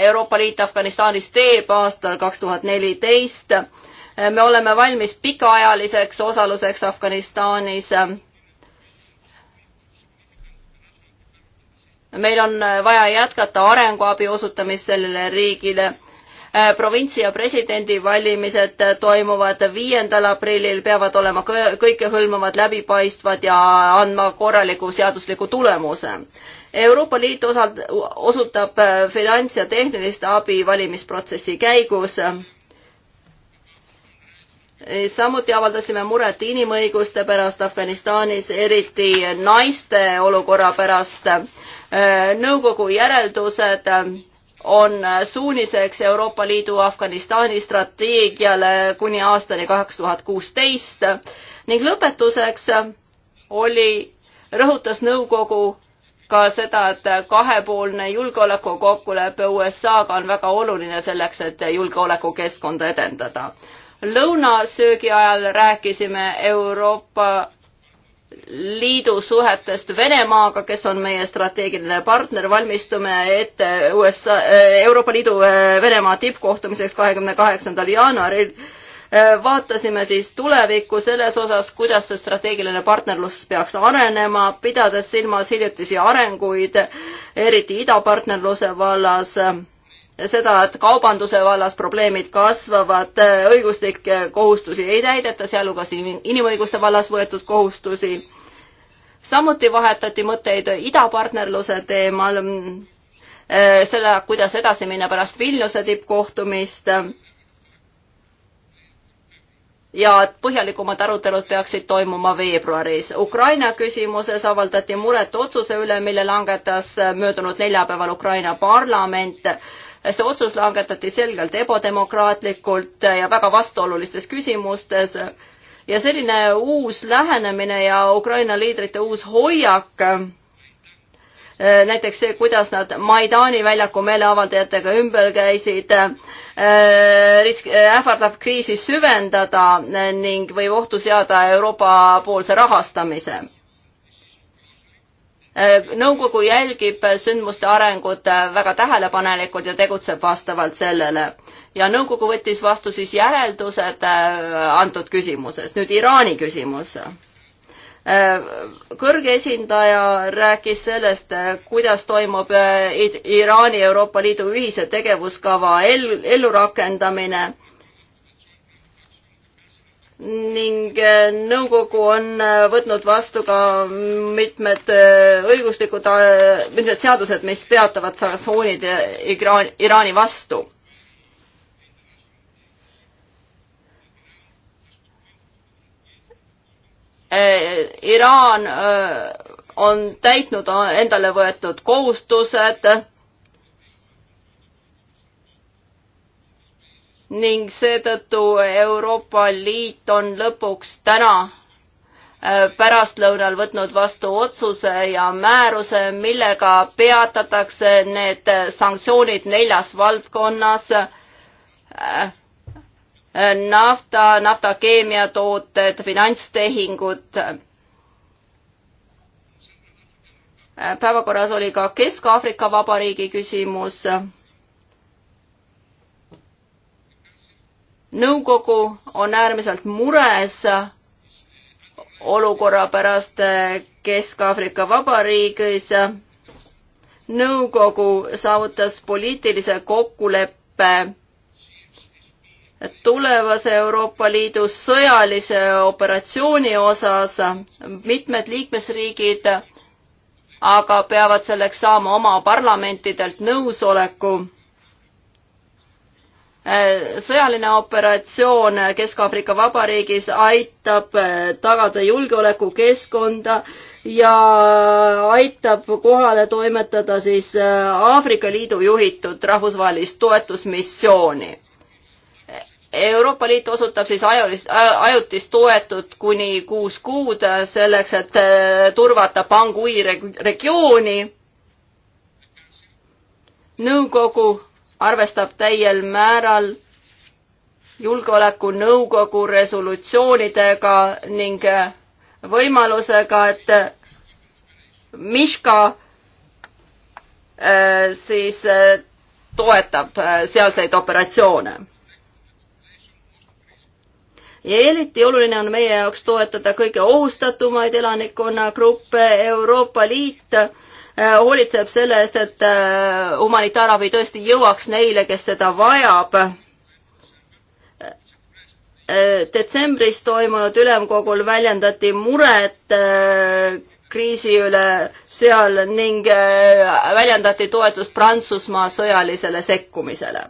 Euroopa Liit Afganistanis teeb aastal kaks tuhat neliteist. me oleme valmis pikaajaliseks osaluseks Afganistanis meil on vaja jätkata arenguabi osutamist sellele riigile Äh, provintsi ja presidendi valimised äh, toimuvad viiendal aprillil, peavad olema kõikehõlmavad, läbipaistvad ja andma korraliku seadusliku tulemuse. Euroopa Liit osalt, osutab äh, finants- ja tehnilist abi valimisprotsessi käigus samuti avaldasime muret inimõiguste pärast Afganistanis, eriti naiste olukorra pärast. nõukogu järeldused on suuniseks Euroopa Liidu Afganistani strateegiale kuni aastani kaks tuhat kuusteist ning lõpetuseks oli, rõhutas nõukogu ka seda, et kahepoolne julgeolekukokkulepe USA-ga on väga oluline selleks, et julgeolekukeskkonda edendada. lõunasöögi ajal rääkisime Euroopa Liidu suhetest Venemaaga, kes on meie strateegiline partner, valmistume ette USA, eh, Euroopa Liidu eh, Venemaa tippkohtumiseks kahekümne kaheksandal jaanuaril. Eh, vaatasime siis tulevikku selles osas, kuidas see strateegiline partnerlus peaks arenema, pidades silmas hiljutisi arenguid, eriti idapartnerluse vallas seda, et kaubanduse vallas probleemid kasvavad, õiguslikke kohustusi ei täideta, sealhulgas inimõiguste vallas võetud kohustusi. samuti vahetati mõtteid idapartnerluse teemal, eh, selle, kuidas edasi minna pärast Vilniuse tippkohtumist ja et põhjalikumad arutelud peaksid toimuma veebruaris. Ukraina küsimuses avaldati muret otsuse üle, mille langetas möödunud neljapäeval Ukraina parlament see otsus langetati selgelt ebademokraatlikult ja väga vastuolulistes küsimustes ja selline uus lähenemine ja Ukraina liidrite uus hoiak, näiteks see, kuidas nad Maidani väljaku meeleavaldajatega ümber käisid, risk, ähvardab kriisi süvendada ning võib ohtu seada Euroopa poolse rahastamise Äh, nõukogu jälgib sündmuste arengut äh, väga tähelepanelikult ja tegutseb vastavalt sellele. ja nõukogu võttis vastu siis järeldused äh, antud küsimuses. nüüd Iraani küsimus. kõrge esindaja rääkis sellest, kuidas toimub Iraani Euroopa Liidu ühise tegevuskava ellurakendamine ning äh, nõukogu on äh, võtnud vastu ka mitmed äh, õiguslikud, mitmed seadused, mis peatavad sanktsioonid Iraani vastu. Iraan on täitnud endale võetud kohustused ning seetõttu Euroopa Liit on lõpuks täna äh, pärastlõunal võtnud vastu otsuse ja määruse, millega peatatakse need sanktsioonid neljas valdkonnas äh, äh, nafta, naftakeemiatooted, finantstehingud. päevakorras oli ka Kesk-Aafrika Vabariigi küsimus nõukogu on äärmiselt mures olukorra pärast Kesk-Aafrika Vabariigis. nõukogu saavutas poliitilise kokkuleppe tulevase Euroopa Liidu sõjalise operatsiooni osas. mitmed liikmesriigid aga peavad selleks saama oma parlamentidelt nõusoleku Äh, sõjaline operatsioon Kesk-Aafrika Vabariigis aitab äh, tagada julgeolekukeskkonda ja aitab kohale toimetada siis äh, Aafrika Liidu juhitud rahvusvahelist toetusmissiooni. Euroopa Liit osutab siis ajulist, ajutist toetut kuni kuus kuud selleks, et turvata Bangui regiooni. nõukogu arvestab täiel määral julgeolekunõukogu resolutsioonidega ning võimalusega, et Miška äh, siis äh, toetab äh, sealseid operatsioone. ja eriti oluline on meie jaoks toetada kõige ohustatumaid elanikkonnagruppe, Euroopa Liit Äh, hoolitseb selle eest, et äh, humanitaarabi tõesti jõuaks neile, kes seda vajab. Äh, detsembris toimunud ülemkogul väljendati muret kriisi üle seal ning väljendati toetust Prantsusmaa sõjalisele sekkumisele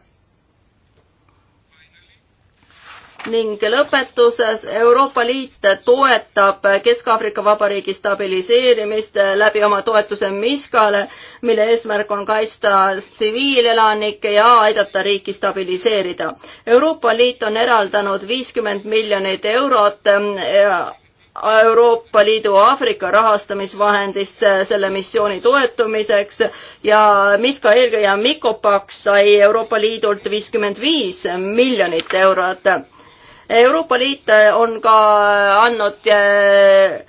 ning lõpetuses Euroopa Liit toetab Kesk-Aafrika Vabariigi stabiliseerimist läbi oma toetuse Miskale, mille eesmärk on kaitsta tsiviilelanikke ja aidata riiki stabiliseerida. Euroopa Liit on eraldanud viiskümmend miljonit eurot eh, Euroopa Liidu Aafrika rahastamisvahendist eh, selle missiooni toetumiseks ja Miska eelkõige Mikopaks sai Euroopa Liidult viiskümmend viis miljonit eurot Euroopa Liit eh, on ka eh, andnud eh,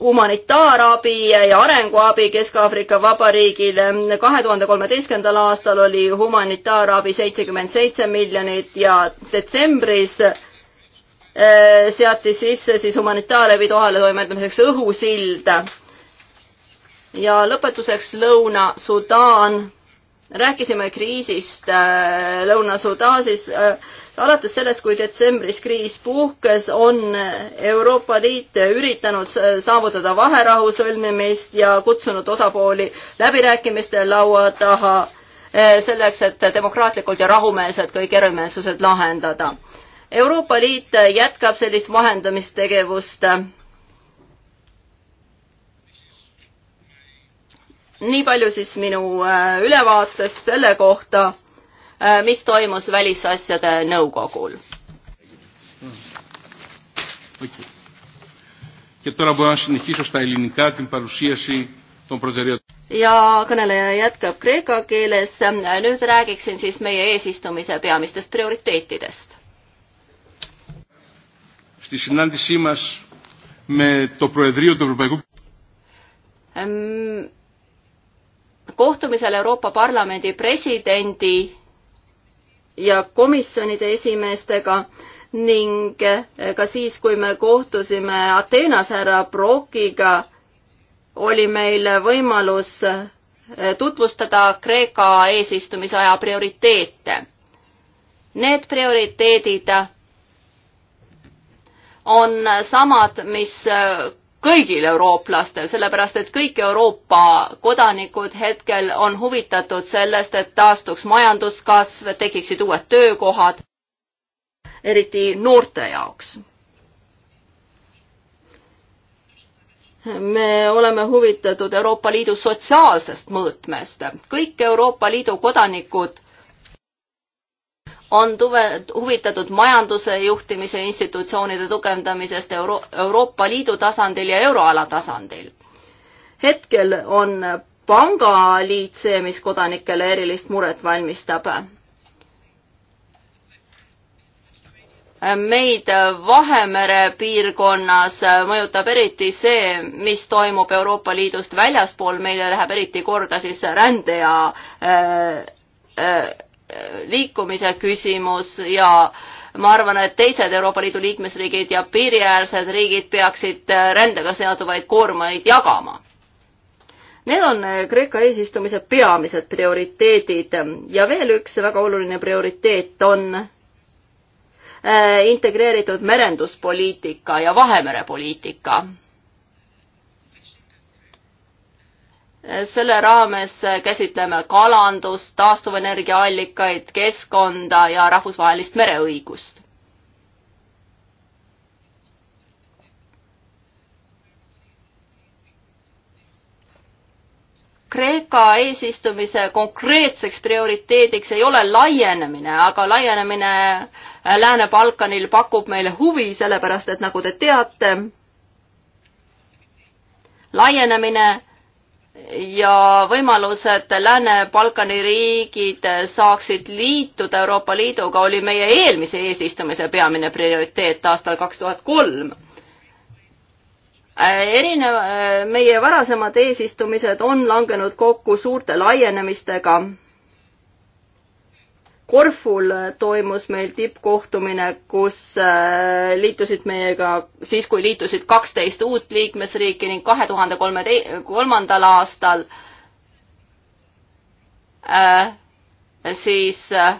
humanitaarabi ja arenguabi Kesk-Aafrika Vabariigile. kahe tuhande kolmeteistkümnendal aastal oli humanitaarabi seitsekümmend seitse miljonit ja detsembris seati sisse siis humanitaarabi toimetamiseks õhusild. ja lõpetuseks Lõuna-Sudaan. rääkisime kriisist Lõuna-Sudaanis alates sellest, kui detsembris kriis puhkes, on Euroopa Liit üritanud saavutada vaherahu sõlmimist ja kutsunud osapooli läbirääkimiste laua taha eh, selleks, et demokraatlikult ja rahumeelselt kõik erimeelsused lahendada. Euroopa Liit jätkab sellist vahendamistegevust eh, nii palju siis minu eh, ülevaatest selle kohta, Äh, mis toimus Välisasjade Nõukogul. ja kõneleja jätkab kreeka keeles. nüüd räägiksin siis meie eesistumise peamistest prioriteetidest. Στη συνάντησή μας με το Προεδρείο του Ευρωπαϊκού kohtumisel Euroopa Parlamendi presidendi ja komisjonide esimeestega ning eh, ka siis, kui me kohtusime Ateenas härra Brokiga, oli meil võimalus eh, tutvustada Kreeka eesistumise aja prioriteete. Need prioriteedid on samad, mis eh, kõigil eurooplastel, sellepärast et kõik Euroopa kodanikud hetkel on huvitatud sellest, et taastuks majanduskasv, tekiksid uued töökohad, eriti noorte jaoks. me oleme huvitatud Euroopa Liidu sotsiaalsest mõõtmest. kõik Euroopa Liidu kodanikud on tuve, huvitatud majanduse juhtimise institutsioonide tugevdamisest Euro Euroopa Liidu tasandil ja euroala tasandil. hetkel on pangaliit see, mis kodanikele erilist muret valmistab. meid Vahemere piirkonnas mõjutab eriti see, mis toimub Euroopa Liidust väljaspool, meile läheb eriti korda siis rände ja äh, äh, liikumise küsimus ja ma arvan, et teised Euroopa Liidu liikmesriigid ja piiriäärsed riigid peaksid äh, rändega seonduvaid koormaid jagama. Need on äh, Kreeka eesistumise peamised prioriteedid ja veel üks väga oluline prioriteet on äh, integreeritud merenduspoliitika ja Vahemere poliitika selle raames käsitleme kalandust, taastuvenergiaallikaid, keskkonda ja rahvusvahelist mereõigust. Kreeka eesistumise konkreetseks prioriteediks ei ole laienemine, aga laienemine Lääne-Balkanil pakub meile huvi, sellepärast et nagu te teate, laienemine ja võimalused Lääne-Balkani riigid saaksid liituda Euroopa Liiduga oli meie eelmise eesistumise peamine prioriteet aastal kaks tuhat kolm. erinev, meie varasemad eesistumised on langenud kokku suurte laienemistega Korful toimus meil tippkohtumine, kus äh, liitusid meiega, siis kui liitusid kaksteist uut liikmesriiki ning kahe tuhande kolmete-, kolmandal aastal äh, siis äh,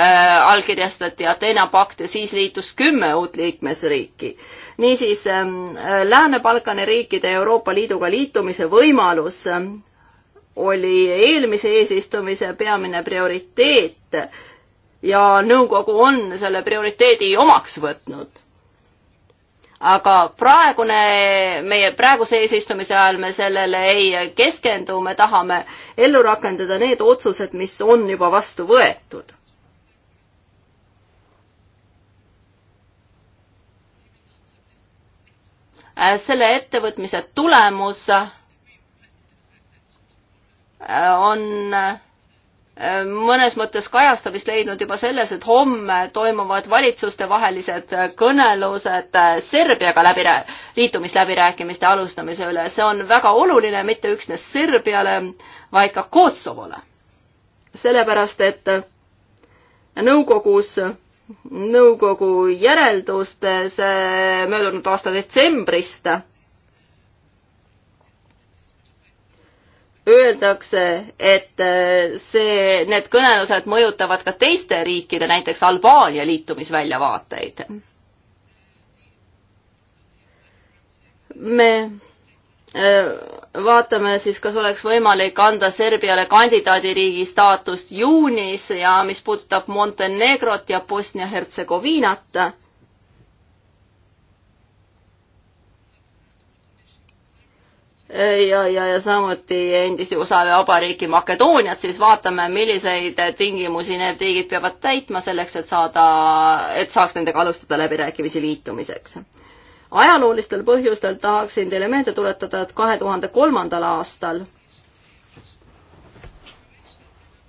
allkirjastati Ateena pakt ja siis liitus kümme uut liikmesriiki. niisiis ähm, äh, Lääne-Balkani riikide Euroopa Liiduga liitumise võimalus äh, oli eelmise eesistumise peamine prioriteet ja nõukogu on selle prioriteedi omaks võtnud aga praegune, meie praeguse eesistumise ajal me sellele ei keskendu, me tahame ellu rakendada need otsused, mis on juba vastu võetud. selle ettevõtmise tulemus on äh, mõnes mõttes kajastamist leidnud juba selles, et homme toimuvad valitsustevahelised kõnelused äh, Serbiaga läbi, liitumisläbirääkimiste alustamise üle. see on väga oluline mitte üksnes Serbiale, vaid ka Kosovole. sellepärast, et nõukogus, nõukogu järeldustes äh, möödunud aasta detsembrist öeldakse, et äh, see, need kõnelused mõjutavad ka teiste riikide, näiteks Albaania liitumisväljavaateid. me äh, vaatame siis, kas oleks võimalik anda Serbiale kandidaadiriigi staatust juunis ja mis puudutab Montenegrot ja Bosnia-Hertsegoviinat, ja, ja, ja samuti endise Jugoslaavia vabariiki Makedooniat, siis vaatame, milliseid tingimusi need riigid peavad täitma selleks, et saada, et saaks nendega alustada läbirääkimisi liitumiseks. ajaloolistel põhjustel tahaksin teile meelde tuletada, et kahe tuhande kolmandal aastal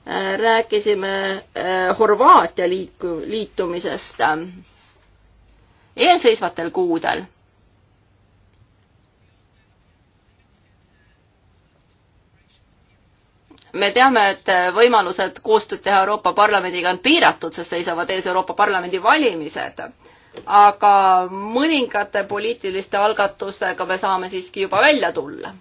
äh, rääkisime äh, Horvaatia liiku-, liitumisest äh, eelseisvatel kuudel me teame, et võimalused koostööd teha Euroopa Parlamendiga on piiratud, sest seisavad ees Euroopa Parlamendi valimised. aga mõningate poliitiliste algatustega me saame siiski juba välja tulla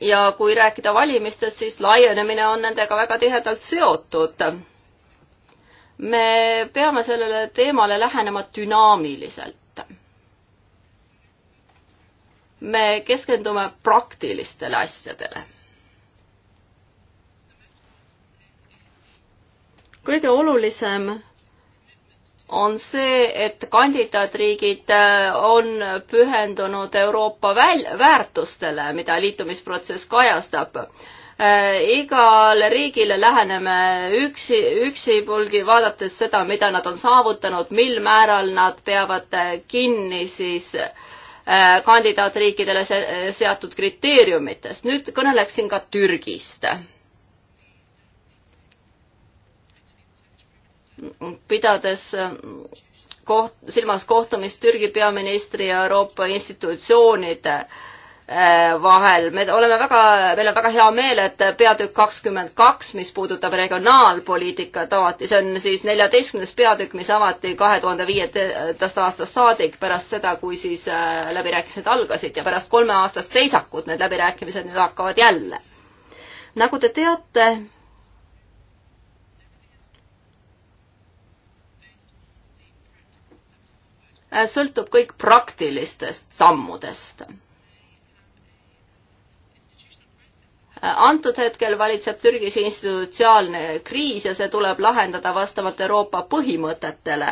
ja kui rääkida valimistest, siis laienemine on nendega väga tihedalt seotud. me peame sellele teemale lähenema dünaamiliselt me keskendume praktilistele asjadele. kõige olulisem on see, et kandidaatriigid äh, on pühendunud Euroopa väl-, väärtustele, mida liitumisprotsess kajastab äh, igale riigile läheneme üksi, üksipulgi, vaadates seda, mida nad on saavutanud, mil määral nad peavad kinni siis äh, Äh, kandidaatriikidele seatud kriteeriumitest. nüüd kõneleksin ka Türgist. pidades äh, koht, silmas kohtumist Türgi peaministri ja Euroopa institutsioonide äh, Äh, vahel. me oleme väga, meil on väga hea meel, et peatükk kakskümmend kaks, mis puudutab regionaalpoliitikat, avati, see on siis neljateistkümnes peatükk, mis avati kahe tuhande viiendast aastast saadik, pärast seda, kui siis äh, läbirääkimised algasid ja pärast kolmeaastast seisakut need läbirääkimised nüüd hakkavad jälle. nagu te teate, äh, sõltub kõik praktilistest sammudest antud hetkel valitseb Türgis institutsiaalne kriis ja see tuleb lahendada vastavalt Euroopa põhimõtetele.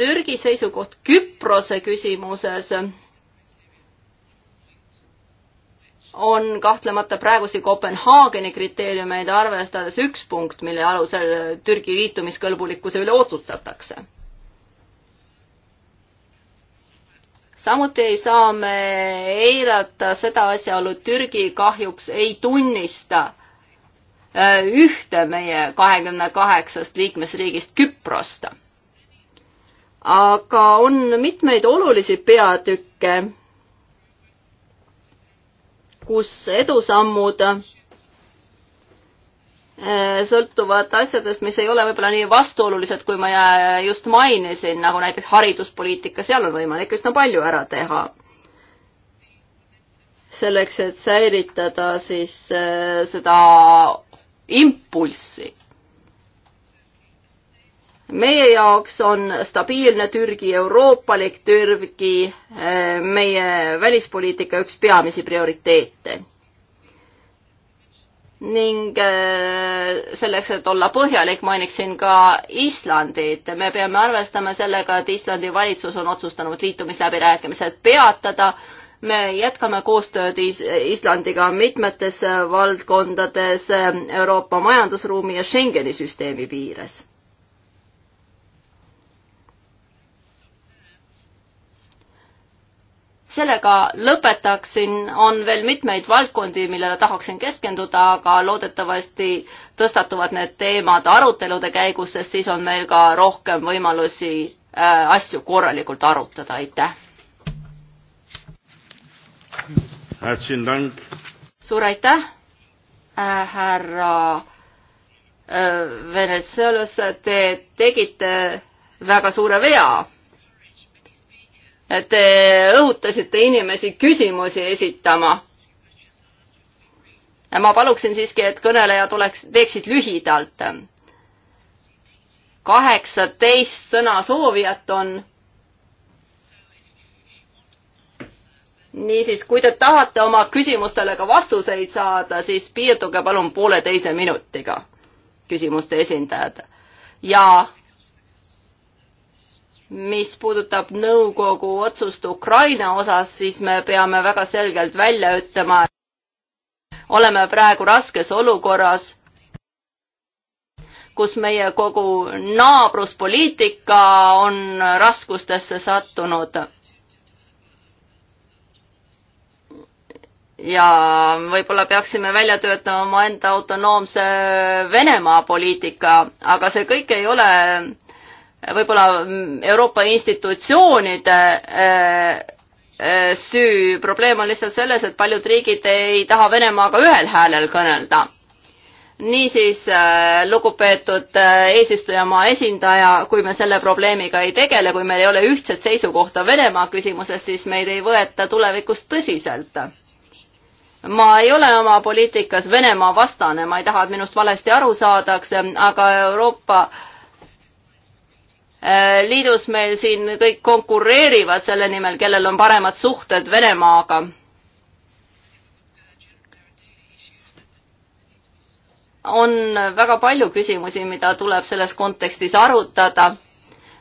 Türgi seisukoht Küprose küsimuses on kahtlemata praegusi Kopenhaageni kriteeriumeid arvestades üks punkt, mille alusel Türgi liitumiskõlbulikkuse üle otsustatakse. samuti ei saa me eirata seda asjaolu, et Türgi kahjuks ei tunnista äh, ühte meie kahekümne kaheksast liikmesriigist Küprost. aga on mitmeid olulisi peatükke, kus edusammud Äh, sõltuvad asjadest, mis ei ole võib-olla nii vastuolulised, kui ma äh, just mainisin, nagu näiteks hariduspoliitika, seal on võimalik üsna palju ära teha. selleks, et säilitada siis äh, seda impulssi. meie jaoks on stabiilne Türgi, euroopalik Türgi meie välispoliitika üks peamisi prioriteete ning äh, selleks, et olla põhjalik, mainiksin ka Islandit. me peame arvestama sellega, et Islandi valitsus on otsustanud liitumisläbirääkimised peatada. me jätkame koostööd Is Islandiga mitmetes valdkondades äh, Euroopa majandusruumi ja Schengeni süsteemi piires sellega lõpetaksin, on veel mitmeid valdkondi, millele tahaksin keskenduda, aga loodetavasti tõstatuvad need teemad arutelude käigus, sest siis on meil ka rohkem võimalusi äh, asju korralikult arutada, aitäh. suur aitäh, äh, härra äh, Venezuelas, te tegite väga suure vea Te õhutasite inimesi küsimusi esitama. ma paluksin siiski, et kõnelejad oleks, teeksid lühidalt. kaheksateist sõna soovijat on. niisiis, kui te tahate oma küsimustele ka vastuseid saada, siis piirduge palun pooleteise minutiga, küsimuste esindajad. ja mis puudutab nõukogu otsust Ukraina osas, siis me peame väga selgelt välja ütlema, et oleme praegu raskes olukorras, kus meie kogu naabruspoliitika on raskustesse sattunud. ja võib-olla peaksime välja töötama omaenda autonoomse Venemaa poliitika, aga see kõik ei ole võib-olla mm, Euroopa institutsioonide äh, äh, süü, probleem on lihtsalt selles, et paljud riigid ei taha Venemaaga ühel häälel kõnelda. niisiis, äh, lugupeetud eesistujamaa esindaja, kui me selle probleemiga ei tegele, kui meil ei ole ühtset seisukohta Venemaa küsimuses, siis meid ei võeta tulevikus tõsiselt ma ei ole oma poliitikas Venemaa vastane, ma ei taha, et minust valesti aru saadakse, aga Euroopa Äh, liidus meil siin kõik konkureerivad selle nimel, kellel on paremad suhted Venemaaga. on väga palju küsimusi, mida tuleb selles kontekstis arutada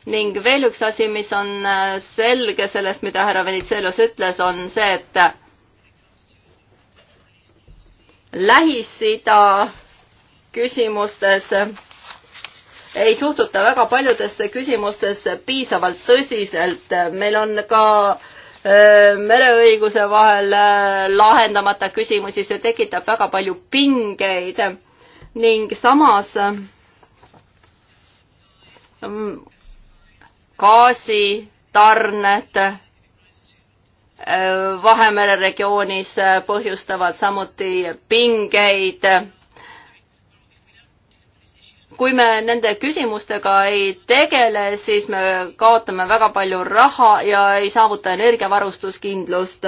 ning veel üks asi, mis on äh, selge sellest, mida härra Venizelos ütles, on see, et äh, Lähis-Ida küsimustes ei suhtuta väga paljudesse küsimustesse piisavalt tõsiselt. meil on ka äh, mereõiguse vahel äh, lahendamata küsimusi, see tekitab väga palju pingeid ning samas mm, gaasitarned äh, Vahemere regioonis põhjustavad samuti pingeid kui me nende küsimustega ei tegele, siis me kaotame väga palju raha ja ei saavuta energiavarustuskindlust.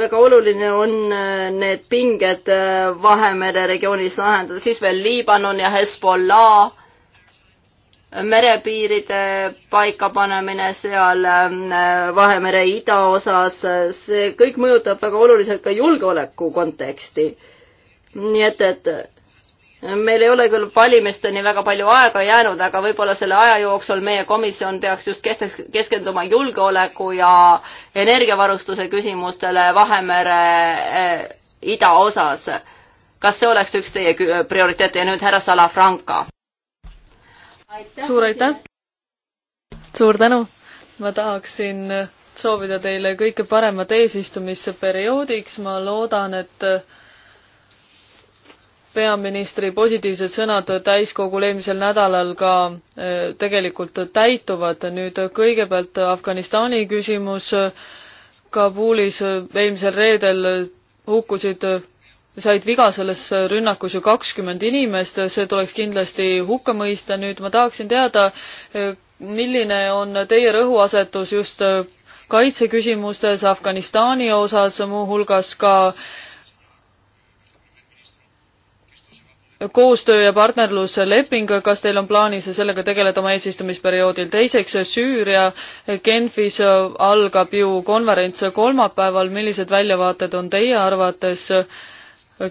väga oluline on äh, need pinged äh, Vahemere regioonis lahendada, siis veel Liibanon ja Hezbollah, merepiiride paikapanemine seal äh, Vahemere idaosas, see kõik mõjutab väga oluliselt ka julgeoleku konteksti nii et, et äh, meil ei ole küll valimisteni väga palju aega jäänud, aga võib-olla selle aja jooksul meie komisjon peaks just keskenduma julgeoleku ja energiavarustuse küsimustele Vahemere äh, idaosas. kas see oleks üks teie prioriteete ja nüüd härra Salafranca? suur aitäh! suur tänu! ma tahaksin äh, soovida teile kõike paremat eesistumise perioodiks, ma loodan, et peaministri positiivsed sõnad täiskogul eelmisel nädalal ka äh, tegelikult täituvad. nüüd kõigepealt Afganistani küsimus. Kabulis eelmisel reedel hukkusid, said viga selles rünnakus ju kakskümmend inimest, see tuleks kindlasti hukka mõista. nüüd ma tahaksin teada, äh, milline on teie rõhuasetus just kaitseküsimustes Afganistani osas, muuhulgas ka äh, koostöö ja partnerlusleping, kas teil on plaanis sellega tegeleda oma eesistumisperioodil? teiseks, Süüria Genfis algab ju konverents kolmapäeval, millised väljavaated on teie arvates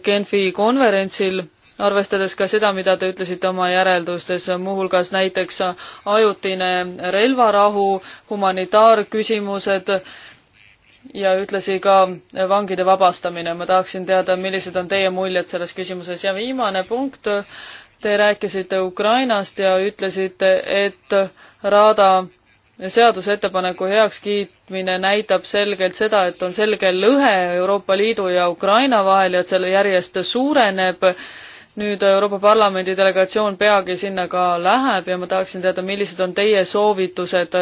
Genfi konverentsil? arvestades ka seda, mida te ütlesite oma järeldustes, muuhulgas näiteks ajutine relvarahu, humanitaarküsimused äh,, ja ühtlasi ka vangide vabastamine. ma tahaksin teada, millised on teie muljed selles küsimuses ja viimane punkt. Te rääkisite Ukrainast ja ütlesite, et Rada seadusettepaneku heakskiitmine näitab selgelt seda, et on selge lõhe Euroopa Liidu ja Ukraina vahel ja et selle järjest suureneb nüüd Euroopa Parlamendi delegatsioon peagi sinna ka läheb ja ma tahaksin teada, millised on teie soovitused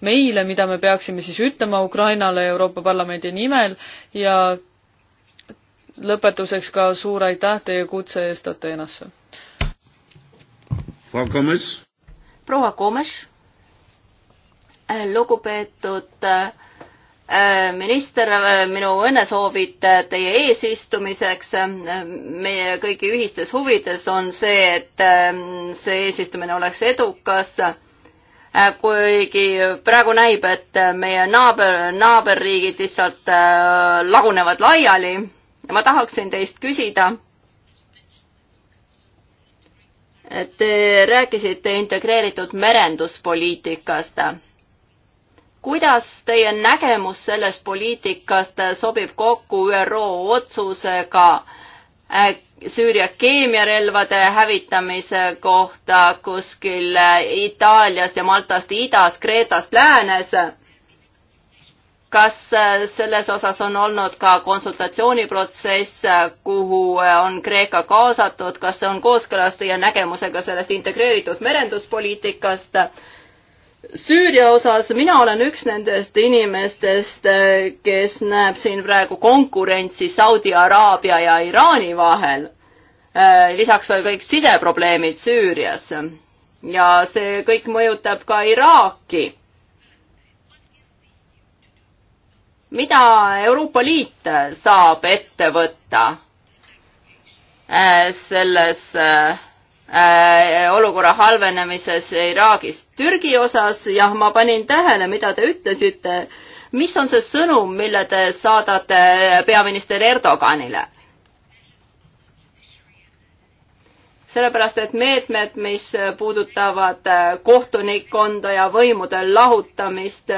meile, mida me peaksime siis ütlema Ukrainale Euroopa Parlamendi nimel ja lõpetuseks ka suur aitäh teie kutse eest Ateenasse. proua Komes, lugupeetud äh, Äh, minister, äh, minu õnnesoovid äh, teie eesistumiseks. meie kõigi ühistes huvides on see, et see eesistumine oleks edukas. kuigi praegu näib, et meie naaber, naaberriigid lihtsalt lagunevad laiali ja ma tahaksin teist küsida. Te rääkisite integreeritud merenduspoliitikast kuidas teie nägemus sellest poliitikast sobib kokku ÜRO otsusega äh, Süüria keemiarelvade hävitamise kohta kuskil äh, Itaaliast ja Maltast idas, Kreetast läänes? kas äh, selles osas on olnud ka konsultatsiooniprotsess, kuhu on Kreeka kaasatud, kas see on kooskõlas teie nägemusega sellest integreeritud merenduspoliitikast? Süüria osas mina olen üks nendest inimestest, kes näeb siin praegu konkurentsi Saudi Araabia ja Iraani vahel. Äh, lisaks veel kõik siseprobleemid Süürias ja see kõik mõjutab ka Iraaki. mida Euroopa Liit saab ette võtta äh, selles äh, Äh, olukorra halvenemises Iraagis. Türgi osas, jah, ma panin tähele, mida te ütlesite. mis on see sõnum, mille te saadate peaminister Erdoganile? sellepärast, et meetmed, mis puudutavad kohtunikkonda ja võimude lahutamist,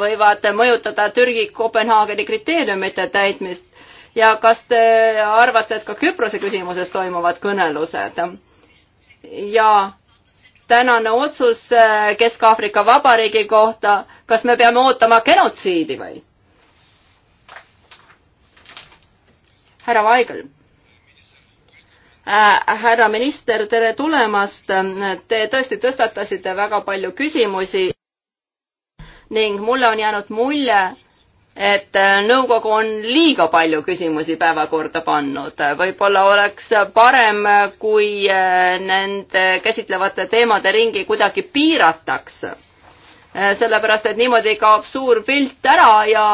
võivad mõjutada Türgi Kopenhaageni kriteeriumite täitmist ja kas te arvate, et ka Küprose küsimuses toimuvad kõnelused? ja tänane otsus äh, Kesk-Aafrika Vabariigi kohta, kas me peame ootama genotsiidi või? härra Vaigel äh, härra minister, tere tulemast. Te tõesti tõstatasite väga palju küsimusi ning mulle on jäänud mulje, et äh, nõukogu on liiga palju küsimusi päevakorda pannud. võib-olla oleks parem, kui äh, nende käsitlevate teemade ringi kuidagi piirataks äh, sellepärast et niimoodi kaob suur pilt ära ja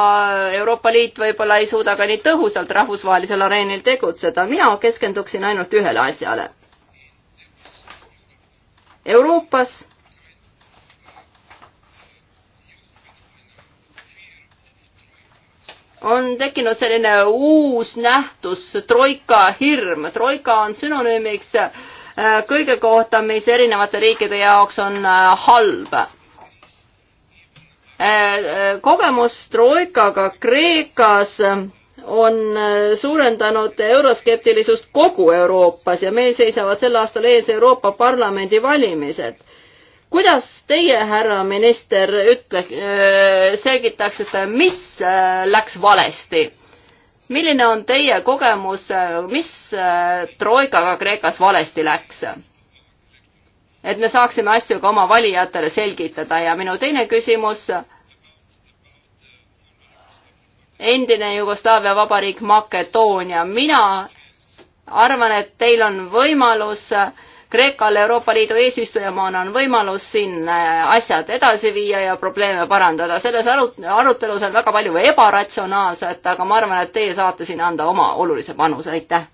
Euroopa Liit võib-olla ei suuda ka nii tõhusalt rahvusvahelisel areenil tegutseda. mina keskenduksin ainult ühele asjale. Euroopas on tekkinud selline uus nähtus, troika hirm. troika on sünonüümiks äh, kõige kohta, mis erinevate riikide jaoks on äh, halb. Äh, kogemus troikaga Kreekas on suurendanud euroskeptilisust kogu Euroopas ja meil seisavad sel aastal ees Euroopa Parlamendi valimised kuidas teie, härra minister, ütle, äh, selgitaksite, mis äh, läks valesti? milline on teie kogemus, äh, mis troikaga Kreekas valesti läks? et me saaksime asju ka oma valijatele selgitada ja minu teine küsimus. endine Jugoslaavia vabariik Makedoonia, mina arvan, et teil on võimalus äh, Kreekal Euroopa Liidu eesistujamaana on võimalus siin äh, asjad edasi viia ja probleeme parandada. selles arutelus on väga palju ebaratsionaalset, aga ma arvan, et teie saate siin anda oma olulise panuse, aitäh.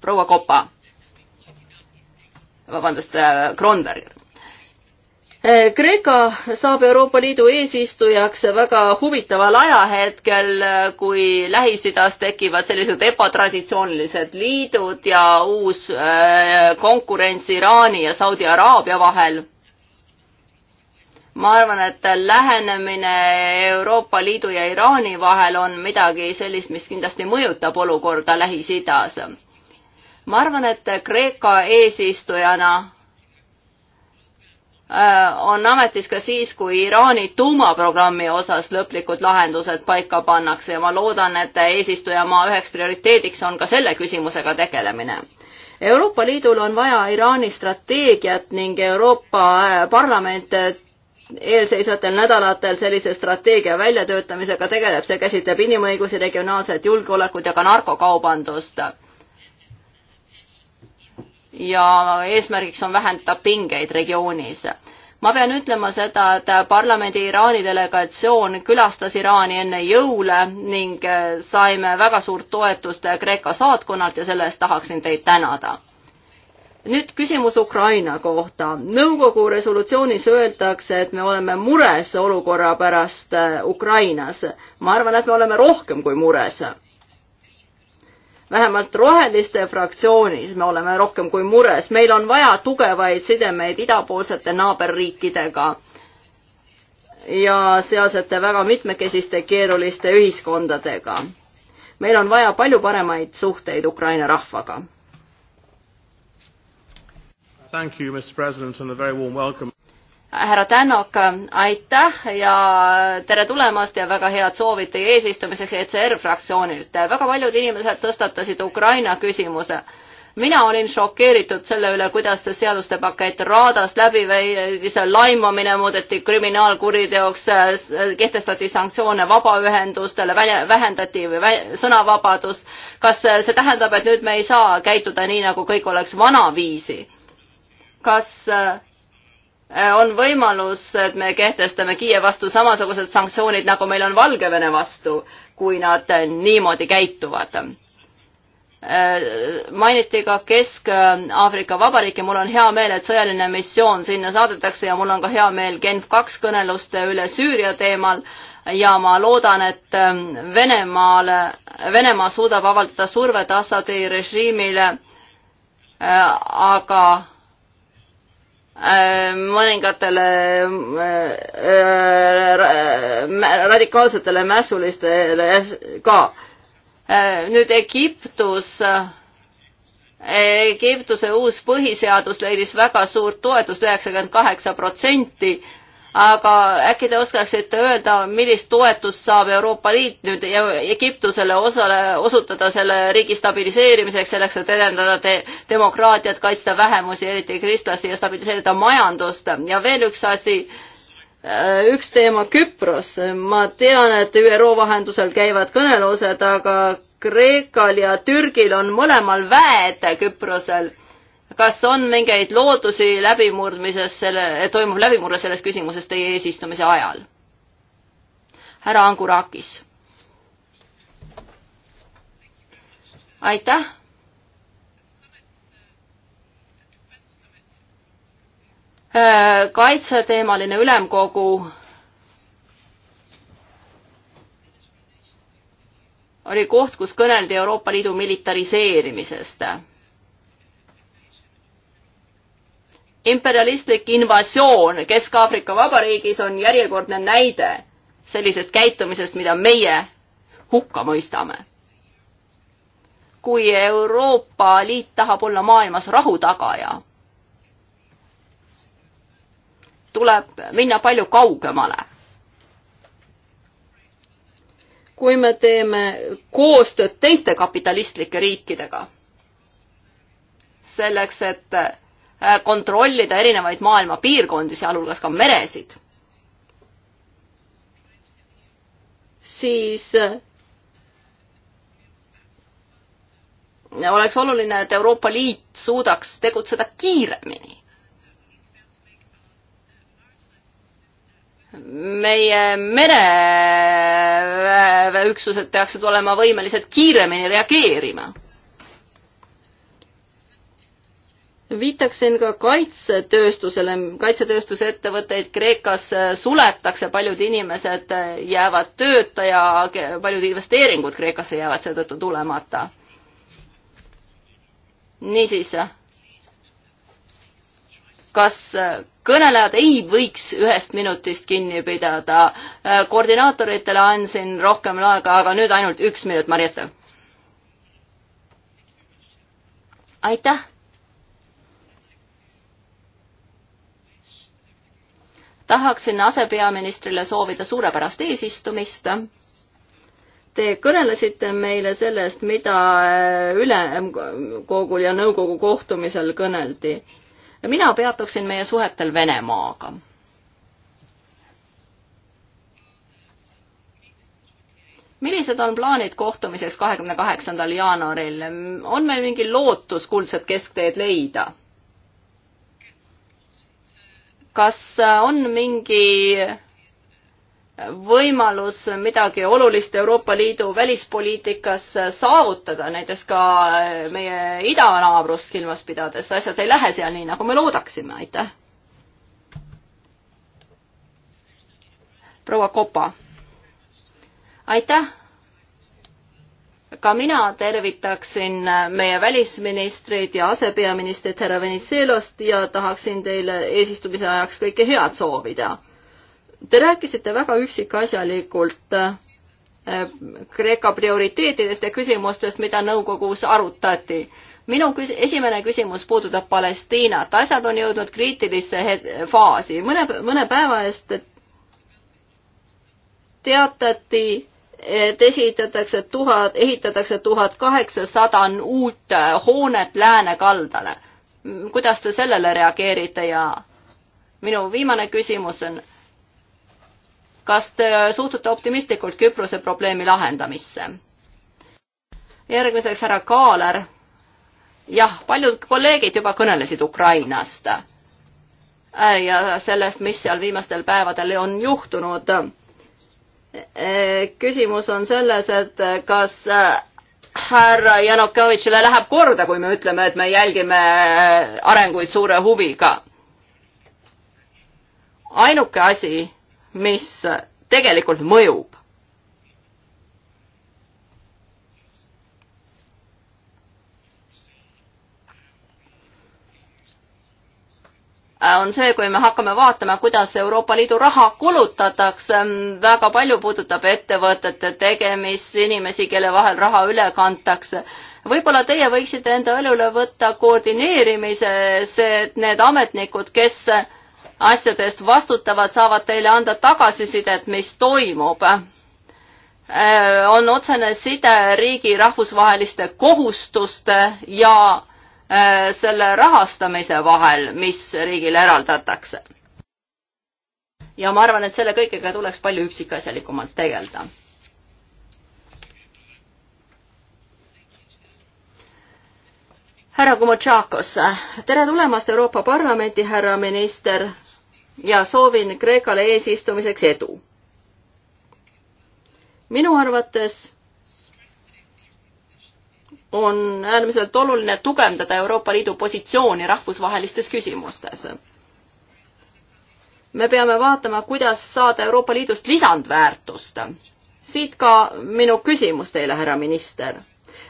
proua Kopa. vabandust, äh, Kronberg Kreeka saab Euroopa Liidu eesistujaks väga huvitaval ajahetkel, kui Lähis-Idas tekivad sellised ebatraditsioonilised liidud ja uus äh, konkurents Iraani ja Saudi Araabia vahel. ma arvan, et lähenemine Euroopa Liidu ja Iraani vahel on midagi sellist, mis kindlasti mõjutab olukorda Lähis-Idas. ma arvan, et Kreeka eesistujana Äh, on ametis ka siis, kui Iraani tuumaprogrammi osas lõplikud lahendused paika pannakse ja ma loodan, et eesistujamaa üheks prioriteediks on ka selle küsimusega tegelemine. Euroopa Liidul on vaja Iraani strateegiat ning Euroopa äh, Parlament äh, eelseisvatel nädalatel sellise strateegia väljatöötamisega tegeleb, see käsitleb inimõigusi, regionaalset julgeolekut ja ka narkokaubandust ja eesmärgiks on vähendada pingeid regioonis. ma pean ütlema seda, et parlamendi Iraani delegatsioon külastas Iraani enne jõule ning äh, saime väga suurt toetust Kreeka saatkonnalt ja selle eest tahaksin teid tänada nüüd küsimus Ukraina kohta. nõukogu resolutsioonis öeldakse, et me oleme mures olukorra pärast äh, Ukrainas. ma arvan, et me oleme rohkem kui mures vähemalt Roheliste fraktsioonis me oleme rohkem kui mures, meil on vaja tugevaid sidemeid idapoolsete naaberriikidega ja sealsete väga mitmekesiste keeruliste ühiskondadega. meil on vaja palju paremaid suhteid Ukraina rahvaga härra Tänok, aitäh ja tere tulemast ja väga head soovid teie eesistumiseks ECR fraktsioonilt. väga paljud inimesed tõstatasid Ukraina küsimuse mina olin šokeeritud selle üle, kuidas see seaduste pakett raadast läbi veidi, see laimamine muudeti kriminaalkuriteoks, kehtestati sanktsioone vabaühendustele, vähendati sõnavabadus. kas see tähendab, et nüüd me ei saa käituda nii, nagu kõik oleks vanaviisi? kas äh, Äh, on võimalus, et me kehtestame Kiie vastu samasugused sanktsioonid, nagu meil on Valgevene vastu, kui nad niimoodi käituvad. Äh, mainiti ka Kesk-Aafrika Vabariiki, mul on hea meel, et sõjaline missioon sinna saadetakse ja mul on ka hea meel Genf kaks kõneluste üle Süüria teemal ja ma loodan, et ähm, Venemaale, Venemaa suudab avaldada survet Assadi režiimile, äh, aga Äh, mõningatele äh, äh, radikaalsetele mässulistele ka. nüüd Egiptus Egiptuse uus põhiseadus leidis väga suurt toetust, üheksakümmend kaheksa protsenti aga äkki te oskaksite öelda, millist toetust saab Euroopa Liit nüüd Egiptusele osale, osutada selle riigi stabiliseerimiseks, selleks, et edendada de demokraatiat, kaitsta vähemusi, eriti kristlasi ja stabiliseerida majandust ja veel üks asi, äh, üks teema Küpros, ma tean, et ÜRO vahendusel käivad kõnelused, aga Kreekal ja Türgil on mõlemal väed Küprosel kas on mingeid lootusi läbimurdmises selle, toimub läbimurre selles küsimuses teie eesistumise ajal? härra Angurakis. aitäh äh, kaitseteemaline ülemkogu oli koht, kus kõneldi Euroopa Liidu militariseerimisest. imperialistlik invasioon Kesk-Aafrika Vabariigis on järjekordne näide sellisest käitumisest, mida meie hukka mõistame. kui Euroopa Liit tahab olla maailmas rahu tagaja, tuleb minna palju kaugemale. kui me teeme koostööd teiste kapitalistlike riikidega, selleks et Äh, kontrollida erinevaid maailma piirkondi, sealhulgas ka meresid, siis äh, oleks oluline, et Euroopa Liit suudaks tegutseda kiiremini. meie mereüksused peaksid olema võimelised kiiremini reageerima viitaksin ka kaitsetööstusele, kaitsetööstuse ettevõtteid Kreekas suletakse, paljud inimesed jäävad tööta ja paljud investeeringud Kreekasse jäävad seetõttu tulemata. niisiis, kas kõnelejad ei võiks ühest minutist kinni pidada? koordinaatoritele andsin rohkem aega, aga nüüd ainult üks minut, Mariette. aitäh tahaksin asepeaministrile soovida suurepärast eesistumist. Te kõnelesite meile sellest, mida äh, ülemkogul ja nõukogu kohtumisel kõneldi. mina peatuksin meie suhetel Venemaaga. millised on plaanid kohtumiseks kahekümne kaheksandal jaanuaril? on meil mingi lootus kuldset keskteed leida? kas on mingi võimalus midagi olulist Euroopa Liidu välispoliitikas saavutada, näiteks ka meie idanaabrust silmas pidades, asjad ei lähe seal nii, nagu me loodaksime, aitäh. proua Kopa. aitäh ka mina tervitaksin äh, meie välisministrit ja asepeaministrit härra Venizelost ja tahaksin teile eesistumise ajaks kõike head soovida. Te rääkisite väga üksikasjalikult äh, Kreeka prioriteetidest ja küsimustest, mida nõukogus arutati. minu küs-, esimene küsimus puudutab Palestiinat. asjad on jõudnud kriitilisse faasi. mõne, mõne päeva eest teatati et esitatakse tuhat, ehitatakse tuhat kaheksasada uut hoonet läänekaldale. kuidas te sellele reageerite ja minu viimane küsimus on, kas te suhtute optimistlikult Küprose probleemi lahendamisse? järgmiseks härra Kaaler. jah, paljud kolleegid juba kõnelesid Ukrainast äh, ja sellest, mis seal viimastel päevadel on juhtunud Eh, küsimus on selles, et eh, kas eh, härra Janukovitšile läheb korda, kui me ütleme, et me jälgime arenguid suure huviga. ainuke asi, mis tegelikult mõjub, on see, kui me hakkame vaatama, kuidas Euroopa Liidu raha kulutatakse. väga palju puudutab ettevõtete tegemist, inimesi, kelle vahel raha üle kantakse. võib-olla teie võiksite enda õlule võtta koordineerimise, see, et need ametnikud, kes asjade eest vastutavad, saavad teile anda tagasisidet, mis toimub. Äh, on otsene side riigi rahvusvaheliste kohustuste ja Äh, selle rahastamise vahel, mis riigile eraldatakse. ja ma arvan, et selle kõigega tuleks palju üksikasjalikumalt tegeleda. härra Komotšakos, tere tulemast Euroopa Parlamenti, härra minister, ja soovin Kreekale eesistumiseks edu. minu arvates on äärmiselt oluline tugevdada Euroopa Liidu positsiooni rahvusvahelistes küsimustes. me peame vaatama, kuidas saada Euroopa Liidust lisandväärtust. siit ka minu küsimus teile, härra minister.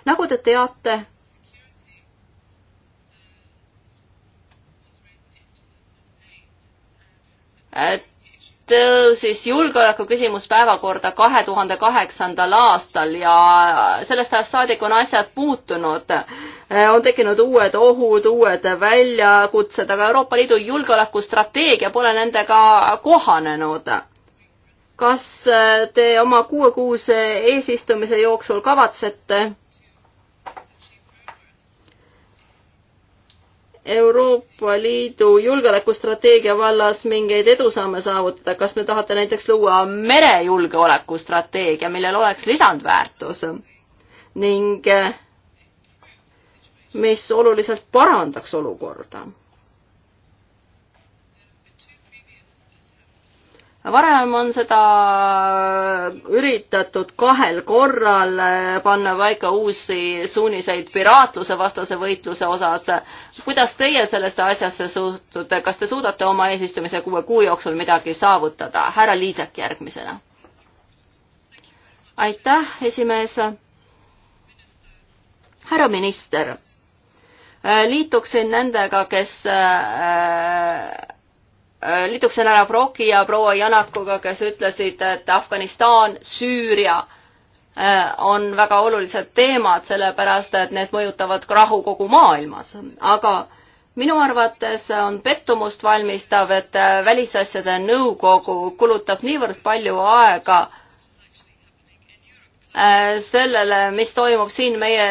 nagu te teate, tõusis julgeoleku küsimus päevakorda kahe tuhande kaheksandal aastal ja sellest ajast saadik on asjad muutunud. on tekkinud uued ohud, uued väljakutsed, aga Euroopa Liidu julgeolekustrateegia pole nendega kohanenud. kas te oma kuue kuuse eesistumise jooksul kavatsete Euroopa Liidu julgeolekustrateegia vallas mingeid edusamme saavutada, kas me tahate näiteks luua merejulgeolekustrateegia, millel oleks lisandväärtus ning eh, mis oluliselt parandaks olukorda? varem on seda üritatud kahel korral panna paika uusi suuniseid piraatluse vastase võitluse osas. kuidas teie sellesse asjasse suhtute, kas te suudate oma eesistumise kuue kuu jooksul midagi saavutada? härra Liisek järgmisena. aitäh, esimees. härra minister, liituksin nendega, kes äh, Äh, liituksin ära Broki ja proua Janakuga, kes ütlesid, et Afganistan, Süüria äh, on väga olulised teemad, sellepärast et need mõjutavad rahu kogu maailmas, aga minu arvates on pettumust valmistav, et äh, Välisasjade Nõukogu kulutab niivõrd palju aega sellele, mis toimub siin meie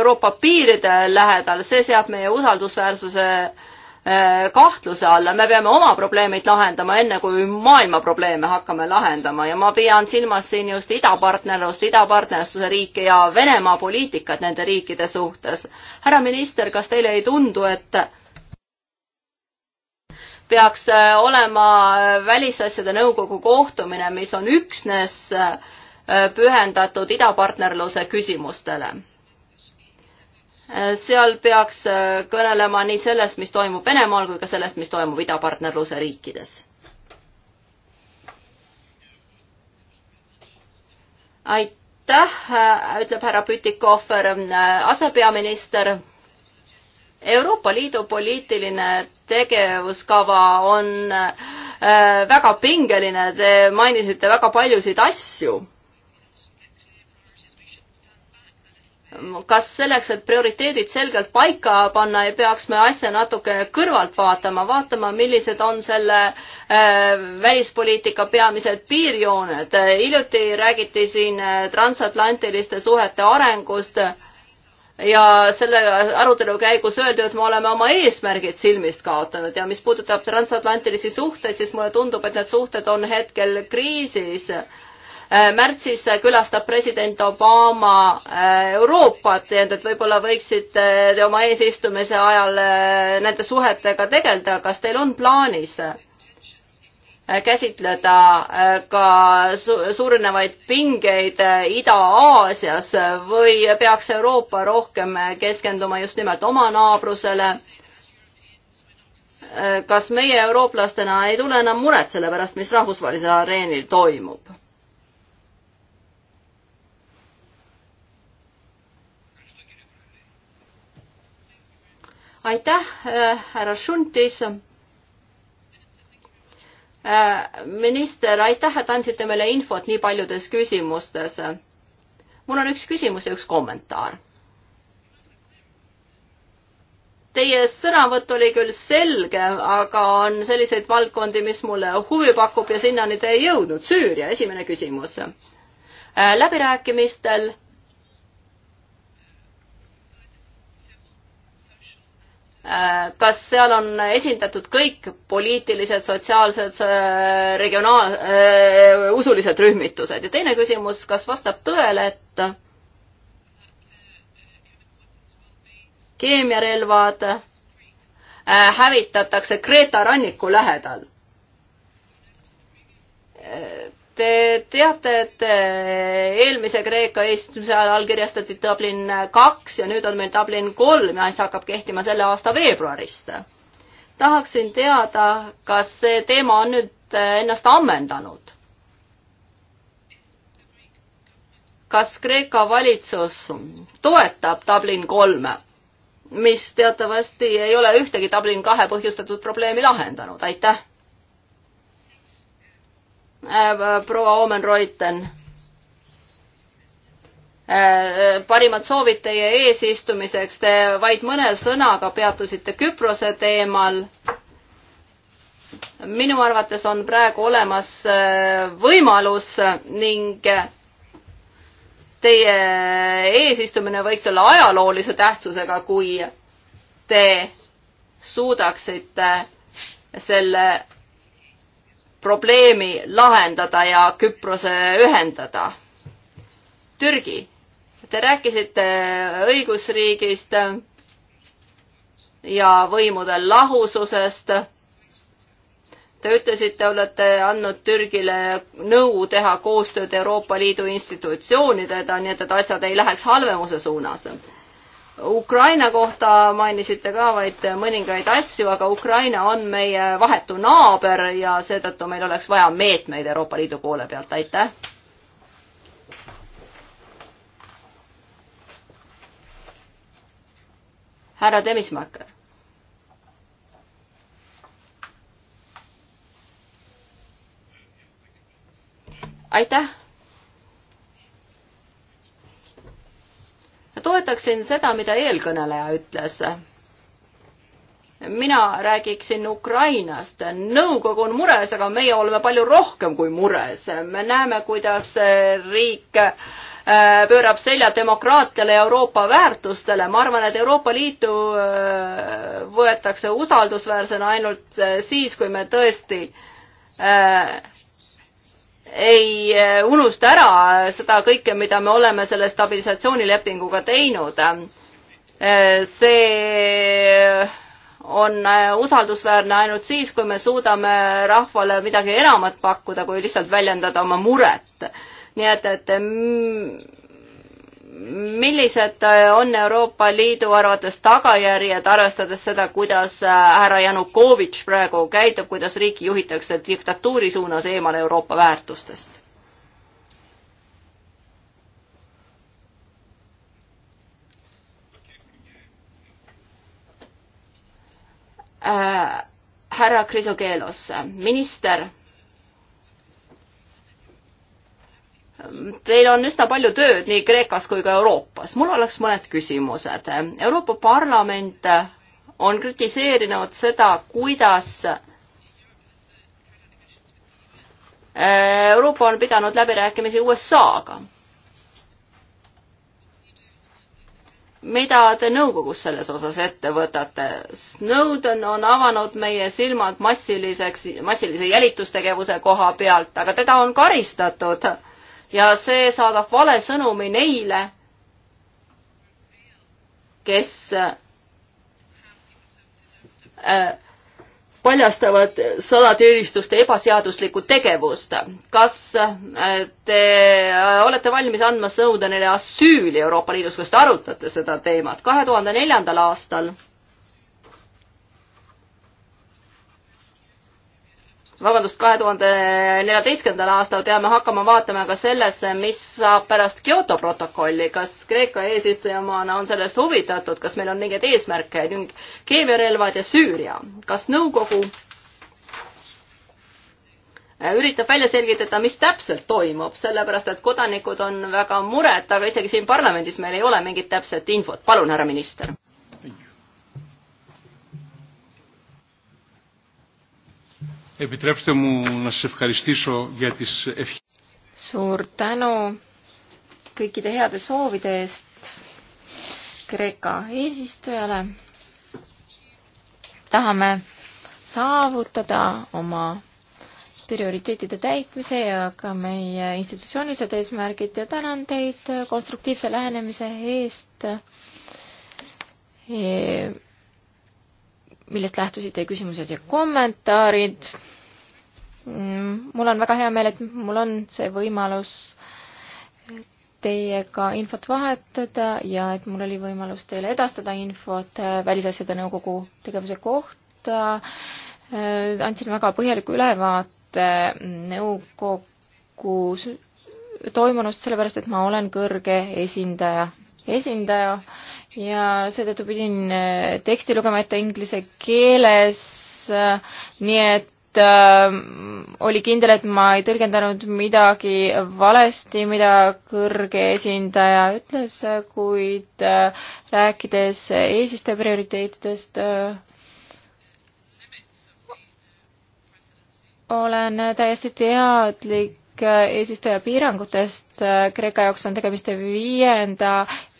Euroopa piiride lähedal, see seab meie usaldusväärsuse äh, Äh, kahtluse alla, me peame oma probleemid lahendama, enne kui maailma probleeme hakkame lahendama ja ma pean silmas siin just idapartnerlust, idapartnerluse riike ja Venemaa poliitikat nende riikide suhtes. härra minister, kas teile ei tundu, et peaks äh, olema äh, Välisasjade Nõukogu kohtumine, mis on üksnes pühendatud idapartnerluse küsimustele? Äh, seal peaks äh, kõnelema nii sellest, mis toimub Venemaal kui ka sellest, mis toimub idapartnerluse riikides. aitäh, äh, ütleb härra Pütikohver, asepeaminister. Euroopa Liidu poliitiline tegevuskava on väga pingeline, te mainisite väga paljusid asju kas selleks, et prioriteedid selgelt paika panna, ei peaks me asja natuke kõrvalt vaatama, vaatama, millised on selle äh, välispoliitika peamised piirjooned. hiljuti räägiti siin äh, transatlantiliste suhete arengust ja selle arutelu käigus öeldi, et me oleme oma eesmärgid silmist kaotanud ja mis puudutab transatlantilisi suhteid, siis mulle tundub, et need suhted on hetkel kriisis Äh, märtsis äh, külastab president Obama äh, Euroopat, nii et võib-olla võiksite te oma eesistumise ajal nende suhetega tegeleda, kas teil on plaanis käsitleda ka suurenevaid pingeid Ida-Aasias või peaks Euroopa rohkem keskenduma just nimelt oma naabrusele? kas meie eurooplastena ei tule enam muret selle pärast, mis rahvusvahelisel areenil toimub? aitäh, äh, härra Šuntis. Äh, minister, aitäh, et andsite meile infot nii paljudes küsimustes. mul on üks küsimus ja üks kommentaar. Teie sõnavõtt oli küll selge, aga on selliseid valdkondi, mis mulle huvi pakub ja sinnani te ei jõudnud. Süüria, esimene küsimus. Äh, läbirääkimistel kas seal on esindatud kõik poliitilised, sotsiaalsed, regionaal-, äh, usulised rühmitused ja teine küsimus, kas vastab tõele, et keemiarelvad äh, hävitatakse Kreeta ranniku lähedal? Äh, Te teate, et eh, eelmise Kreeka eesistumise ajal allkirjastati Dublin eh, kaks ja nüüd on meil Dublin kolm ja see hakkab kehtima selle aasta veebruarist. tahaksin teada, kas see teema on nüüd eh, ennast ammendanud? kas Kreeka valitsus toetab Dublin kolme, mis teatavasti ei ole ühtegi Dublin kahe põhjustatud probleemi lahendanud, aitäh Äh, proua Omen-Reuten. Äh, parimad soovid teie eesistumiseks, te vaid mõne sõnaga peatusite Küprose teemal. minu arvates on praegu olemas äh, võimalus ning teie eesistumine võiks olla ajaloolise tähtsusega, kui te suudaksite selle probleemi lahendada ja Küprose ühendada. Türgi, te rääkisite õigusriigist ja võimude lahususest. Te ütlesite, olete andnud Türgile nõu teha koostööd Euroopa Liidu institutsioonidega, nii et, et asjad ei läheks halvemuse suunas Ukraina kohta mainisite ka vaid mõningaid asju, aga Ukraina on meie vahetu naaber ja seetõttu meil oleks vaja meetmeid Euroopa Liidu poole pealt, aitäh. härra Demismaker. aitäh toetaksin seda, mida eelkõneleja ütles. mina räägiksin Ukrainast. nõukogu on mures, aga meie oleme palju rohkem kui mures. me näeme, kuidas riik äh, pöörab selja demokraatiale ja Euroopa väärtustele. ma arvan, et Euroopa Liitu äh, võetakse usaldusväärsena ainult äh, siis, kui me tõesti ei äh, unusta ära seda kõike, mida me oleme selle stabilisatsioonilepinguga teinud. Äh, see on äh, usaldusväärne ainult siis, kui me suudame rahvale midagi enamat pakkuda, kui lihtsalt väljendada oma muret. nii et, et mm, millised äh, on Euroopa Liidu arvates tagajärjed, arvestades seda, kuidas äh, härra Janukovitš praegu käitub, kuidas riiki juhitakse diktatuuri suunas eemale Euroopa väärtustest? Äh, härra Krisokeelos, minister Teil on üsna palju tööd nii Kreekas kui ka Euroopas. mul oleks mõned küsimused. Euroopa Parlament on kritiseerinud seda, kuidas äh, Euroopa on pidanud läbirääkimisi USA-ga. mida te nõukogus selles osas ette võtate? Snowden on avanud meie silmad massiliseks, massilise jälitustegevuse koha pealt, aga teda on karistatud äh, ja see saadab vale sõnumi neile, kes äh, paljastavad salateenistuste ebaseaduslikku tegevust. kas äh, te äh, olete valmis andma nõuda neile asüüli Euroopa Liidus, kas te arutate seda teemat? kahe tuhande neljandal aastal vabandust, kahe tuhande neljateistkümnendal aastal peame hakkama vaatama ka sellesse, mis saab pärast Kyoto protokolli, kas Kreeka eesistujamaana on sellest huvitatud, kas meil on mingeid eesmärke ning keemiarelvad ja Süüria, kas nõukogu äh, üritab välja selgitada, mis täpselt toimub, sellepärast et kodanikud on väga muret, aga isegi siin parlamendis meil ei ole mingit täpset infot. palun, härra minister Επιτρέψτε μου να σας ευχαριστήσω για τις ευχές. Suur tänu kõikide heade soovide eest Kreeka eesistujale. Tahame saavutada oma prioriteetide täitmise ja ka meie institutsioonilised eesmärgid ja tänan teid konstruktiivse lähenemise eest e millest lähtusid teie küsimused ja kommentaarid. Mm, mul on väga hea meel, et mul on see võimalus teiega infot vahetada ja et mul oli võimalus teile edastada infot äh, Välisasjade Nõukogu tegevuse kohta. Äh, andsin väga põhjaliku ülevaate mm, nõukogu toimunust, sellepärast et ma olen kõrge esindaja, esindaja ja seetõttu pidin äh, teksti lugema ette inglise keeles, äh, nii et äh, oli kindel, et ma ei tõlgendanud midagi valesti, mida kõrge esindaja ütles, kuid äh, rääkides eesistuja prioriteetidest äh,, olen täiesti teadlik Äh, eesistuja piirangutest. Äh, Kreeka jaoks on tegemist viienda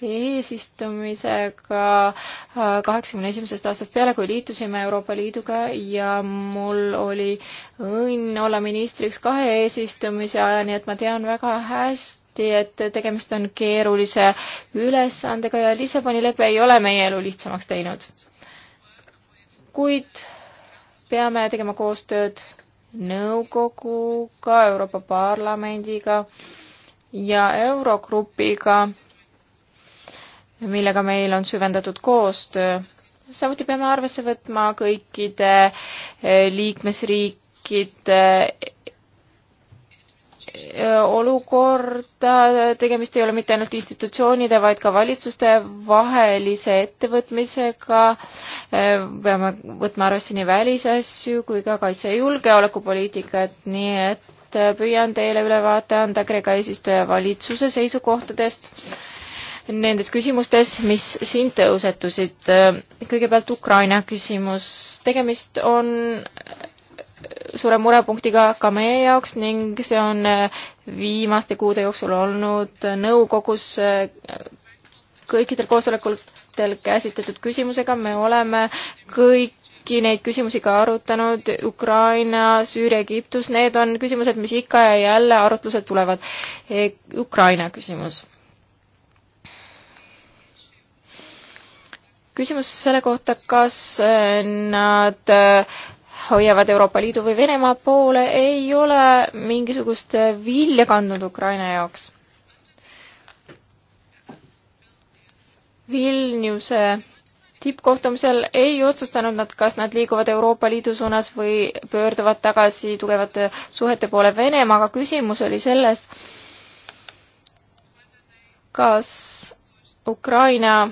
eesistumisega äh, kaheksakümne esimesest aastast peale, kui liitusime Euroopa Liiduga ja mul oli õnn olla ministriks kahe eesistumise ajal, nii et ma tean väga hästi, et tegemist on keerulise ülesandega ja Lissaboni lepe ei ole meie elu lihtsamaks teinud. kuid peame tegema koostööd nõukoguga, Euroopa Parlamendiga ja Eurogrupiga, millega meil on süvendatud koostöö. samuti peame arvesse võtma kõikide eh, liikmesriikide Äh, olukorda, tegemist ei ole mitte ainult institutsioonide, vaid ka valitsuste vahelise ettevõtmisega. Äh, peame võtma arvesse nii välisasju kui ka kaitse- ja julgeolekupoliitikat, nii et äh, püüan teile ülevaate anda Kreeka eesistuja valitsuse seisukohtadest nendes küsimustes, mis siin tõusetusid. kõigepealt Ukraina küsimus. tegemist on suure murepunktiga ka meie jaoks ning see on äh, viimaste kuude jooksul olnud äh, nõukogus äh, kõikidel koosolekutel käsitletud küsimusega, me oleme kõiki neid küsimusi ka arutanud, Ukraina, Süüria, Egiptus, need on küsimused, mis ikka ja jälle arutlused tulevad. E, Ukraina küsimus. küsimus selle kohta, kas nad äh, hoiavad Euroopa Liidu või Venemaa poole, ei ole mingisugust vilja kandnud Ukraina jaoks. Vilniuse tippkohtumisel ei otsustanud nad, kas nad liiguvad Euroopa Liidu suunas või pöörduvad tagasi tugevate suhete poole Venemaaga. küsimus oli selles, kas Ukraina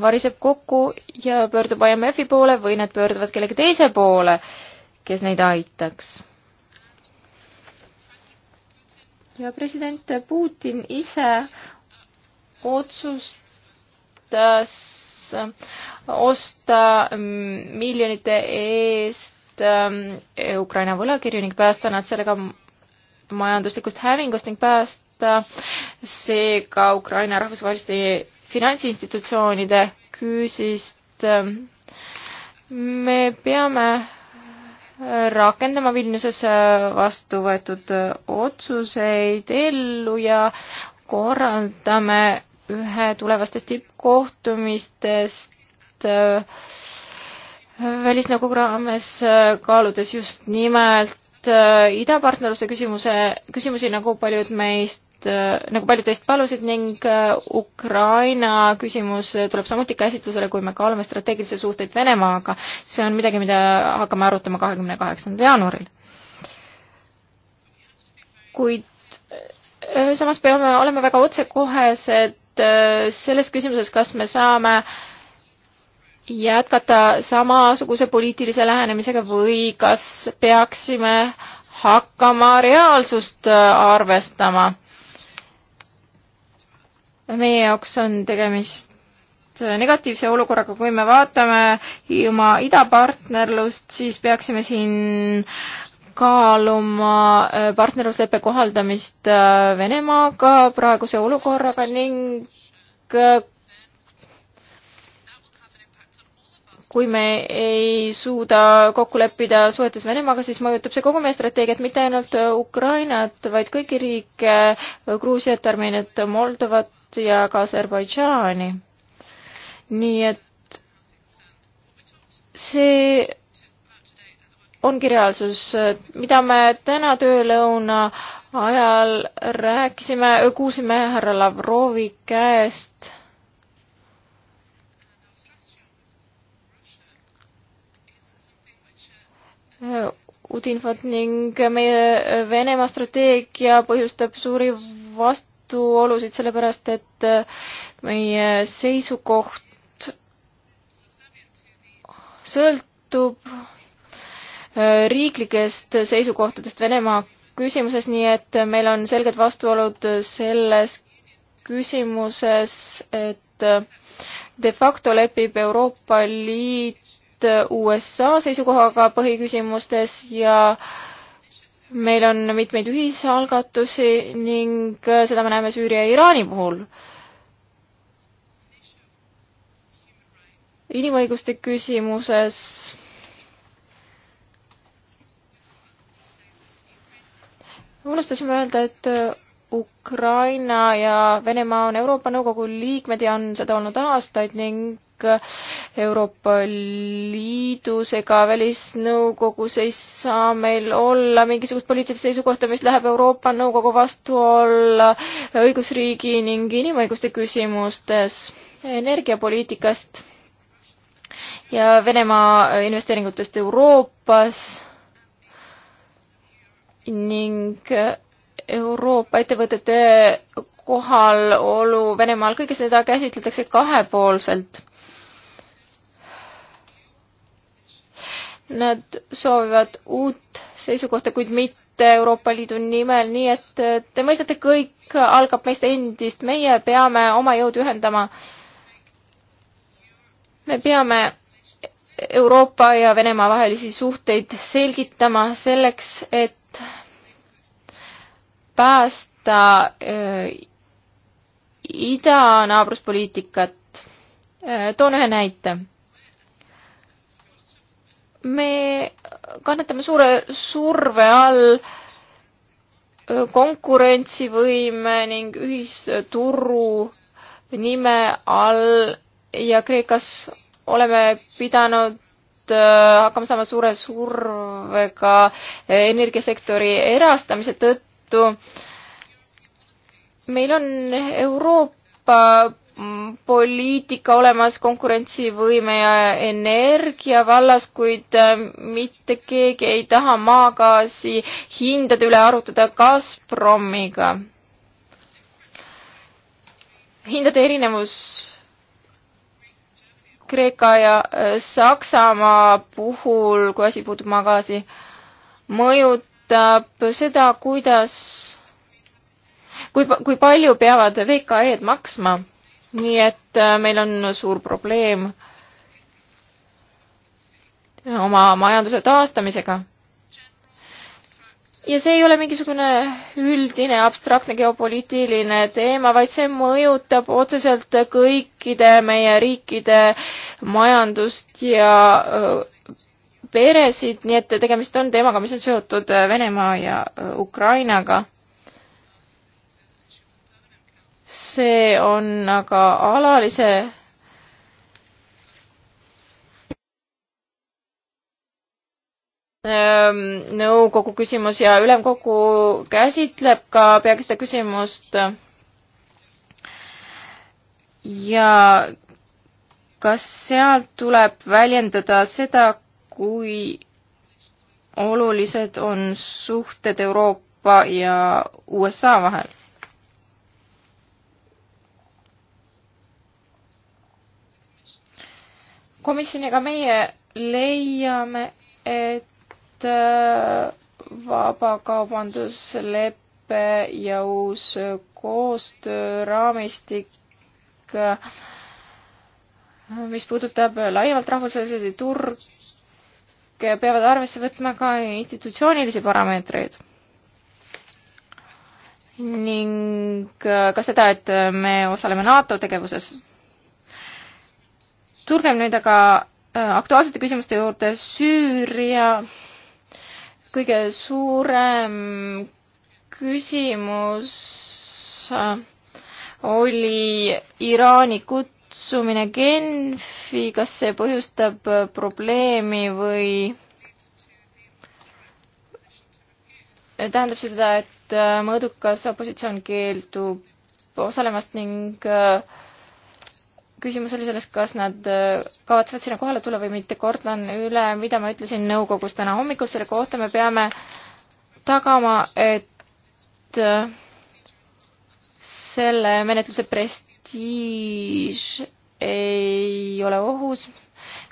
variseb kokku ja pöördub IMF-i poole või nad pöörduvad kellegi teise poole, kes neid aitaks. ja president Putin ise otsustas osta miljonite eest ähm, Ukraina võlakirju ning päästa nad sellega majanduslikust hävingust ning päästa seega Ukraina rahvusvaheliste finantsinstitutsioonide küüsist. me peame rakendama Vilniuses vastu võetud otsuseid ellu ja korraldame ühe tulevastest tippkohtumistest välisnõukogu raames, kaaludes just nimelt idapartnerluse küsimuse, küsimusi, nagu paljud meist Äh, nagu paljud teist palusid ning äh, Ukraina küsimus tuleb samuti käsitlusele, kui me kaalume strateegilisi suhteid Venemaaga. see on midagi, mida hakkame arutama kahekümne kaheksandal jaanuaril. kuid äh, samas peame olema väga otsekohesed selles küsimuses, kas me saame jätkata samasuguse poliitilise lähenemisega või kas peaksime hakkama reaalsust arvestama meie jaoks on tegemist äh, negatiivse olukorraga, kui me vaatame oma idapartnerlust, siis peaksime siin kaaluma äh, partnerlusleppe kohaldamist äh, Venemaaga praeguse olukorraga ning kui me ei suuda kokku leppida suhetes Venemaaga, siis mõjutab see kogu meie strateegiat, mitte ainult Ukrainat, vaid kõiki riike, Gruusiat, Armeeniat, Moldovat, ja ka Aserbaidžaani. nii et see ongi reaalsus, mida me täna töölõuna ajal rääkisime, kuulsime härra Lavrovi käest uut infot ning meie Venemaa strateegia põhjustab suuri vast-, vastuolusid, sellepärast et äh, meie seisukoht sõltub äh, riiklikest seisukohtadest Venemaa küsimuses, nii et meil on selged vastuolud selles küsimuses, et äh, de facto lepib Euroopa Liit USA seisukohaga põhiküsimustes ja äh, meil on mitmeid ühisalgatusi ning äh, seda me näeme Süüria ja Iraani puhul. inimõiguste küsimuses unustasime öelda, et äh, Ukraina ja Venemaa on Euroopa Nõukogu liikmed ja on seda olnud aastaid ning Euroopa Liidus ega Välisnõukogus ei saa meil olla mingisugust poliitilist seisukohta, mis läheb Euroopa Nõukogu vastu olla õigusriigi ning inimõiguste küsimustes, energiapoliitikast ja Venemaa investeeringutest Euroopas ning Euroopa ettevõtete kohalolu Venemaal, kõike seda käsitletakse kahepoolselt. Nad soovivad uut seisukohta, kuid mitte Euroopa Liidu nimel, nii et äh, te mõistate, kõik algab meist endist, meie peame oma jõud ühendama. me peame Euroopa ja Venemaa vahelisi suhteid selgitama selleks, et päästa äh, idanaabruspoliitikat. Äh, toon ühe näite me kannatame suure surve all konkurentsivõime ning ühisturu nime all ja Kreekas oleme pidanud hakkama saama suure survega energiasektori erastamise tõttu. meil on Euroopa Mm, poliitika olemas konkurentsivõime ja energia vallas, kuid ähm, mitte keegi ei taha maagaasi hindade üle arutada Gazpromiga. hindade erinevus Kreeka ja äh, Saksamaa puhul, kui asi puutub maagaasi, mõjutab seda, kuidas, kui, kui palju peavad VKE-d maksma nii et äh, meil on suur probleem oma majanduse taastamisega. ja see ei ole mingisugune üldine abstraktne geopoliitiline teema, vaid see mõjutab otseselt kõikide meie riikide majandust ja äh, peresid, nii et tegemist on teemaga, mis on seotud äh, Venemaa ja Ukrainaga see on aga alalise ähm, nõukogu küsimus ja ülemkogu käsitleb ka peagi seda küsimust. ja kas sealt tuleb väljendada seda, kui olulised on suhted Euroopa ja USA vahel? komisjoniga meie leiame, et äh, vabakaubandusleppe ja uus koostööraamistik, äh, mis puudutab laiemalt rahvusvahelisi turge, peavad arvesse võtma ka institutsioonilisi parameetreid ning äh, ka seda, et me osaleme NATO tegevuses tulgem nüüd aga äh, aktuaalsete küsimuste juurde. Süüria kõige suurem küsimus äh, oli Iraani kutsumine Genfi, kas see põhjustab äh, probleemi või tähendab see seda, et mõõdukas opositsioon keeldub osalemast ning äh, küsimus oli selles, kas nad äh, kavatsevad sinna kohale tulla või mitte. kordan üle, mida ma ütlesin nõukogus täna hommikul selle kohta. me peame tagama, et äh, selle menetluse prestiiž ei ole ohus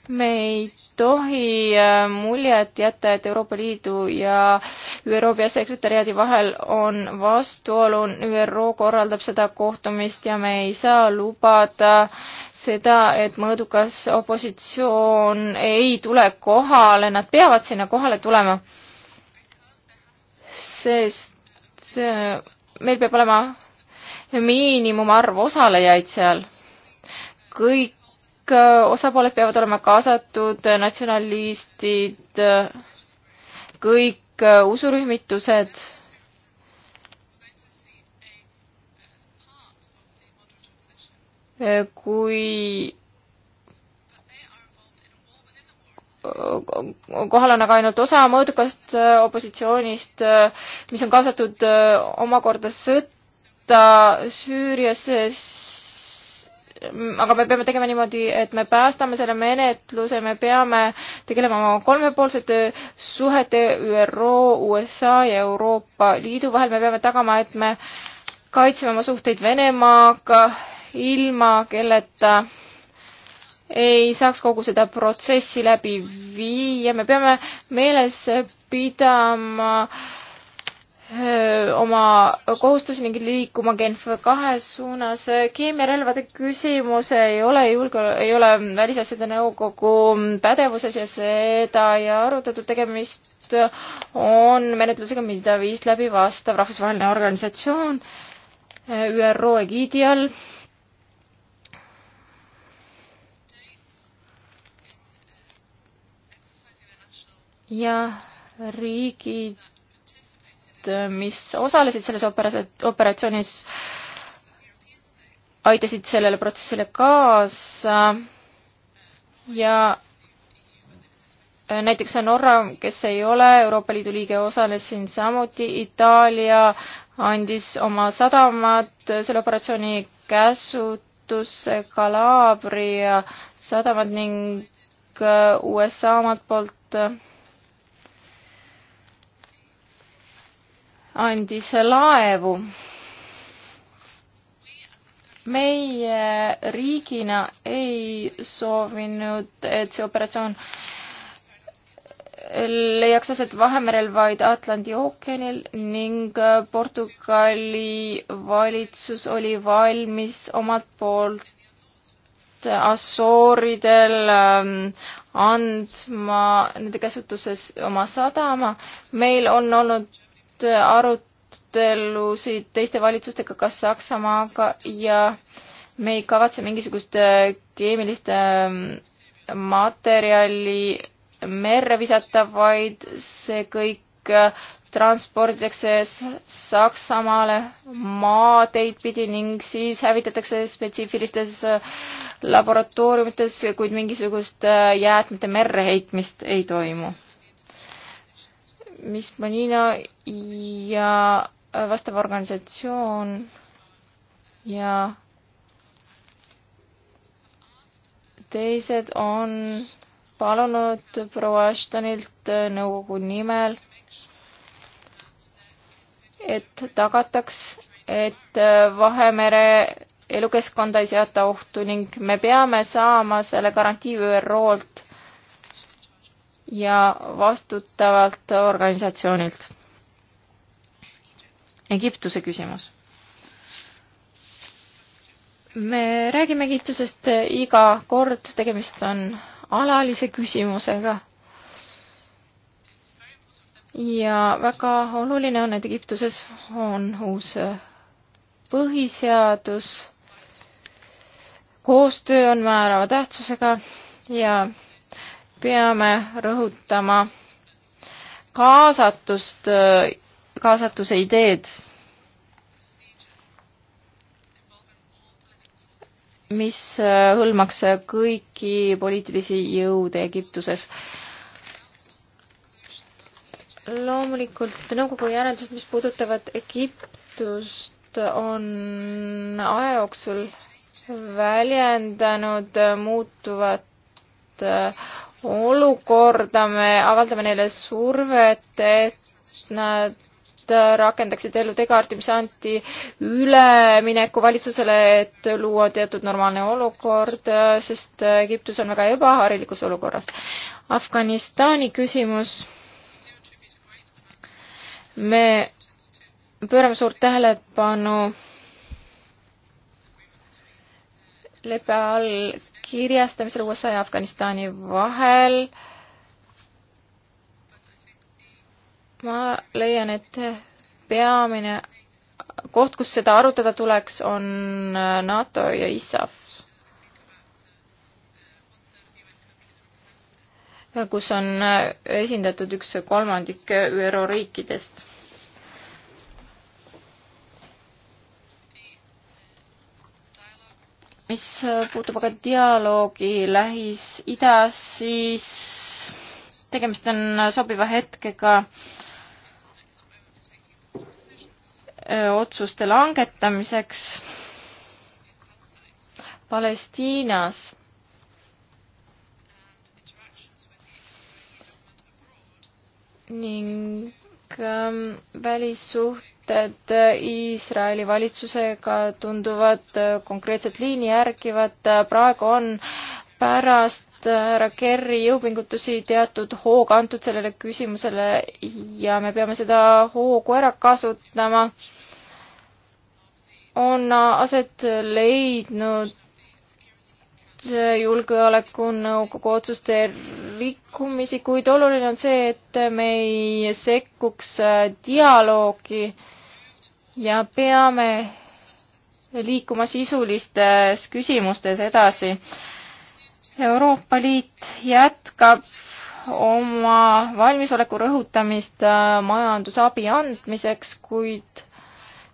me ei tohi äh, muljet jätta, et Euroopa Liidu ja ÜRO peasekretäriaadi vahel on vastuolu. ÜRO korraldab seda kohtumist ja me ei saa lubada seda, et mõõdukas opositsioon ei tule kohale, nad peavad sinna kohale tulema. sest äh, meil peab olema miinimumarv osalejaid seal. kõik kõik äh, osapooled peavad olema kaasatud, äh, natsionalistid, äh, kõik usurühmitused. kui kohal on aga ainult osa mõõdukast opositsioonist, mis on kaasatud omakorda sõtta Süüriasse, Mm, aga me peame tegema niimoodi, et me päästame selle menetluse, me peame tegelema oma kolmepoolsete suhete ÜRO, USA ja Euroopa Liidu vahel, me peame tagama, et me kaitseme oma suhteid Venemaaga, ilma kelleta ei saaks kogu seda protsessi läbi viia, me peame meeles pidama äh, oma kohustusi ning liikuma Genf kahe suunas. keemiarelvade küsimus ei ole julgeole-, ei ole Välisasjade Nõukogu pädevuses ja seda ei arutatud, tegemist on menetlusega, mida viis läbi vastav rahvusvaheline organisatsioon ÜRO egiidi all. ja riigid Äh, mis osalesid selles operas-, operatsioonis, aitasid sellele protsessile kaasa ja äh, näiteks Norra, kes ei ole Euroopa Liidu liige, osales siin samuti, Itaalia andis oma sadamad äh, selle operatsiooni käsutusse, Calabria sadamad ning USA omalt poolt andis laevu. meie riigina ei soovinud, et see operatsioon leiaks aset Vahemerel, vaid Atlandi ookeanil ning Portugali valitsus oli valmis omalt poolt Assooridel ähm, andma nende käsutuses oma sadama. meil on olnud arutelusid teiste valitsustega, kas Saksamaaga ja me ei kavatse mingisugust äh, keemilist ähm, materjali merre visata, vaid see kõik äh, transporditakse Saksamaale maateid pidi ning siis hävitatakse spetsiifilistes äh, laboratooriumites, kuid mingisugust jäätmete merre heitmist ei toimu mis Bonino ja vastav organisatsioon ja teised on palunud proua Ashtonilt nõukogu nimel, et tagataks, et Vahemere elukeskkonda ei seata ohtu ning me peame saama selle garantii ÜRO-lt, ja vastutavalt organisatsioonilt. Egiptuse küsimus. me räägime Egiptusest iga kord, tegemist on alalise küsimusega. ja väga oluline on, et Egiptuses on uus põhiseadus, koostöö on määrava tähtsusega ja peame rõhutama kaasatust, kaasatuse ideed, mis hõlmaks kõiki poliitilisi jõude Egiptuses. loomulikult nõukogu järeldused, mis puudutavad Egiptust, on aja jooksul väljendanud muutuvat olukorda, me avaldame neile survet, et nad rakendaksid ellu teekaarti, mis anti ülemineku valitsusele, et luua teatud normaalne olukord, sest Egiptus on väga ebaharilikus olukorras. Afganistani küsimus. me pöörame suurt tähelepanu leppe all kirjastamisel USA ja Afganistani vahel. ma leian, et peamine koht, kus seda arutada tuleks, on äh, NATO ja ISAF, kus on äh, esindatud üks kolmandik äh, ÜRO riikidest mis äh, puutub aga dialoogi Lähis-Idas, siis tegemist on äh, sobiva hetkega äh, otsuste langetamiseks Palestiinas. ning ähm, välissuht-, suhted Iisraeli valitsusega tunduvad konkreetset liini järgivat, praegu on pärast härra Kerri jõupingutusi teatud hoog antud sellele küsimusele ja me peame seda hoogu ära kasutama. on aset leidnud julgeolekunõukogu otsuste rikkumisi, kuid oluline on see, et me ei sekkuks dialoogi äh, ja peame liikuma sisulistes küsimustes edasi. Euroopa Liit jätkab oma valmisoleku rõhutamist äh, majandusabi andmiseks, kuid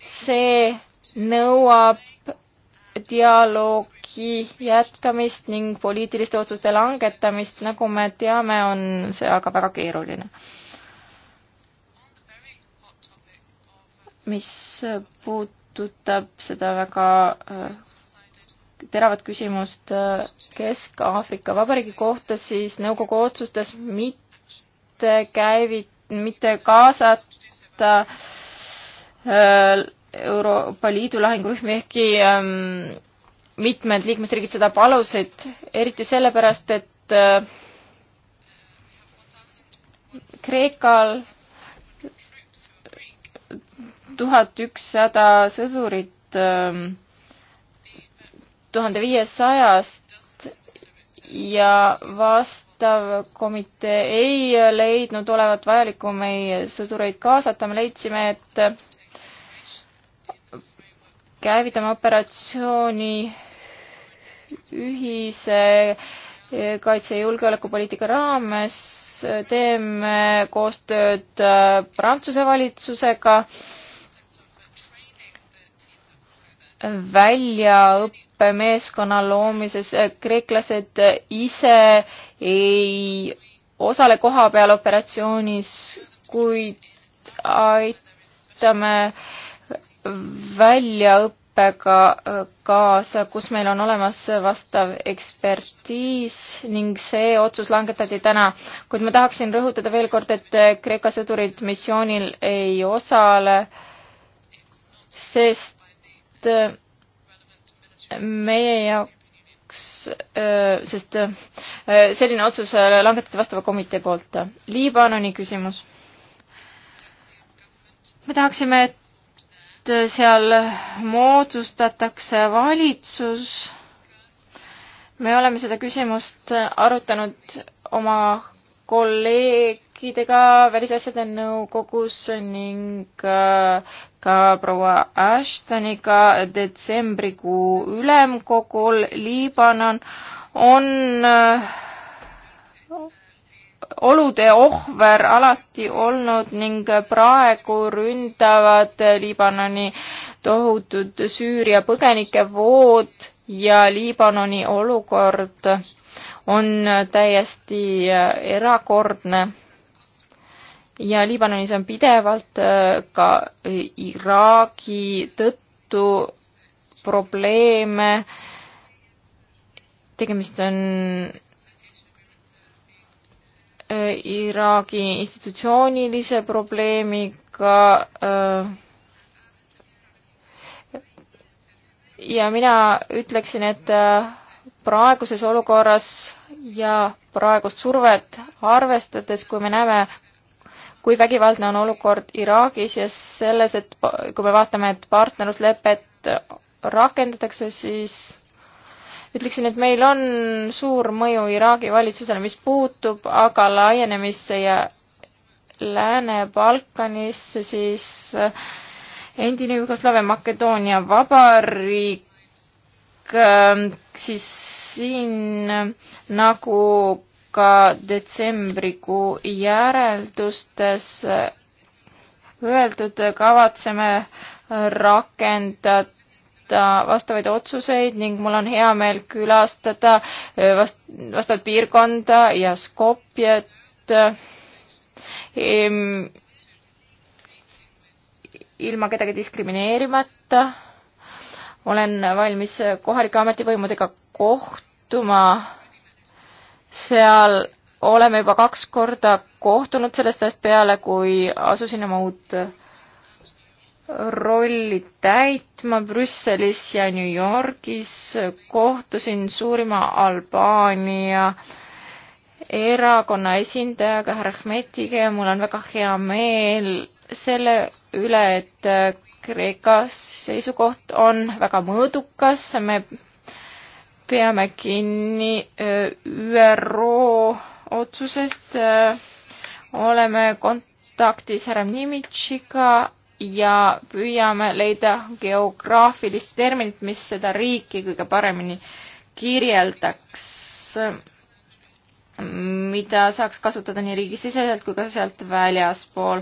see nõuab dialoogi jätkamist ning poliitiliste otsuste langetamist, nagu me teame, on see aga väga keeruline mis puudutab seda väga äh, teravat küsimust äh, Kesk-Aafrika Vabariigi kohta, siis nõukogu otsustas mitte käivit-, mitte kaasata äh, Euroopa Liidu lahingurühmi, ehkki ähm, mitmed liikmesriigid seda palusid, eriti sellepärast, et Kreekal tuhat ükssada sõdurit ähm, tuhande viiesajast ja vastav komitee ei leidnud olevat vajalikku meie sõdureid kaasata, me leidsime, et käivitame operatsiooni ühise kaitse- ja julgeolekupoliitika raames, teeme koostööd Prantsuse valitsusega äh, väljaõppemeeskonna loomises, äh, kreeklased ise ei osale kohapeal operatsioonis, kuid aitame väljaõppega äh, kaasa, kus meil on olemas vastav ekspertiis ning see otsus langetati täna. kuid ma tahaksin rõhutada veel kord, et äh, Kreeka sõdurid missioonil ei osale, sest sest äh, meie jaoks, äh, sest äh, selline otsus langetati vastava komitee poolt. Liibanoni küsimus. me tahaksime, et seal moodustatakse valitsus. me oleme seda küsimust arutanud oma kolleeg-, riikidega välisasjade nõukogus ning äh, ka proua Ashtoniga detsembrikuu ülemkogul Liibanon on äh, olude ohver alati olnud ning praegu ründavad Liibanoni tohutud Süüria põgenikevood ja Liibanoni olukord on täiesti äh, erakordne ja Liibanonis on pidevalt äh, ka Iraagi tõttu probleeme. tegemist on äh, Iraagi institutsioonilise probleemiga. Äh, ja mina ütleksin, et praeguses olukorras ja praegust survet arvestades, kui me näeme, kui vägivaldne on olukord Iraagis ja selles, et kui me vaatame, et partnerluslepet rakendatakse, siis ütleksin, et meil on suur mõju Iraagi valitsusele, mis puutub aga laienemisse ja Lääne-Balkanisse, siis endine Jugoslaavia Makedoonia vabariik, ähm, siis siin äh, nagu ka detsembrikuu järeldustes öeldud, kavatseme rakendada vastavaid otsuseid ning mul on hea meel külastada äh, vast-, vastavat piirkonda ja Skopjet. Ehm, ilma kedagi diskrimineerimata olen valmis kohalike ametivõimudega kohtuma seal oleme juba kaks korda kohtunud sellest ajast peale, kui asusin oma uut rolli täitma Brüsselis ja New Yorgis, kohtusin suurima Albaania erakonna esindajaga härra Hmetiga ja mul on väga hea meel selle üle, et Kreeka seisukoht on väga mõõdukas, me peame kinni ÜRO otsusest, oleme kontaktis härra Nimitšiga ja püüame leida geograafilist terminit, mis seda riiki kõige paremini kirjeldaks, mida saaks kasutada nii riigisiseselt kui ka sealt väljaspool.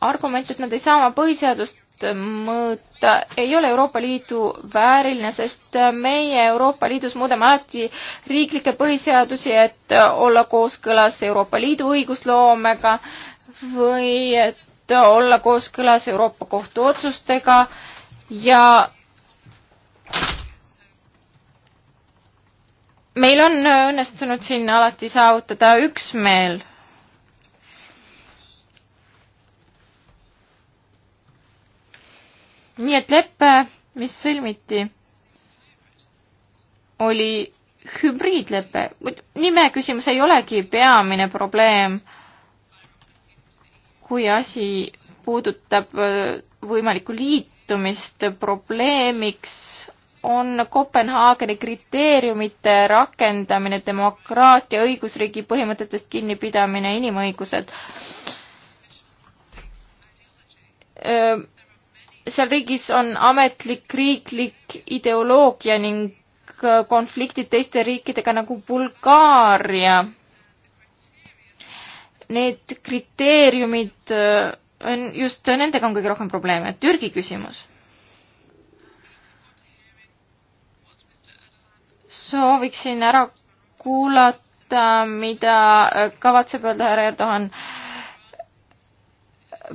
argument, et nad ei saa oma põhiseadust mõõta ei ole Euroopa Liidu vääriline, sest meie Euroopa Liidus muudame alati riiklikke põhiseadusi, et olla kooskõlas Euroopa Liidu õigusloomega või et olla kooskõlas Euroopa Kohtu otsustega ja meil on õnnestunud siin alati saavutada üksmeel nii et lepe, mis sõlmiti, oli hübriidlepe. nime küsimus ei olegi peamine probleem, kui asi puudutab äh, võimalikku liitumist probleemiks, on Kopenhaageni kriteeriumite rakendamine, demokraatia, õigusriigi põhimõtetest kinnipidamine, inimõigused äh, seal riigis on ametlik riiklik ideoloogia ning äh, konfliktid teiste riikidega nagu Bulgaaria. Need kriteeriumid äh, on, just nendega on kõige rohkem probleeme. Türgi küsimus sooviksin ära kuulata, mida äh, kavatseb öelda härra Erdoğan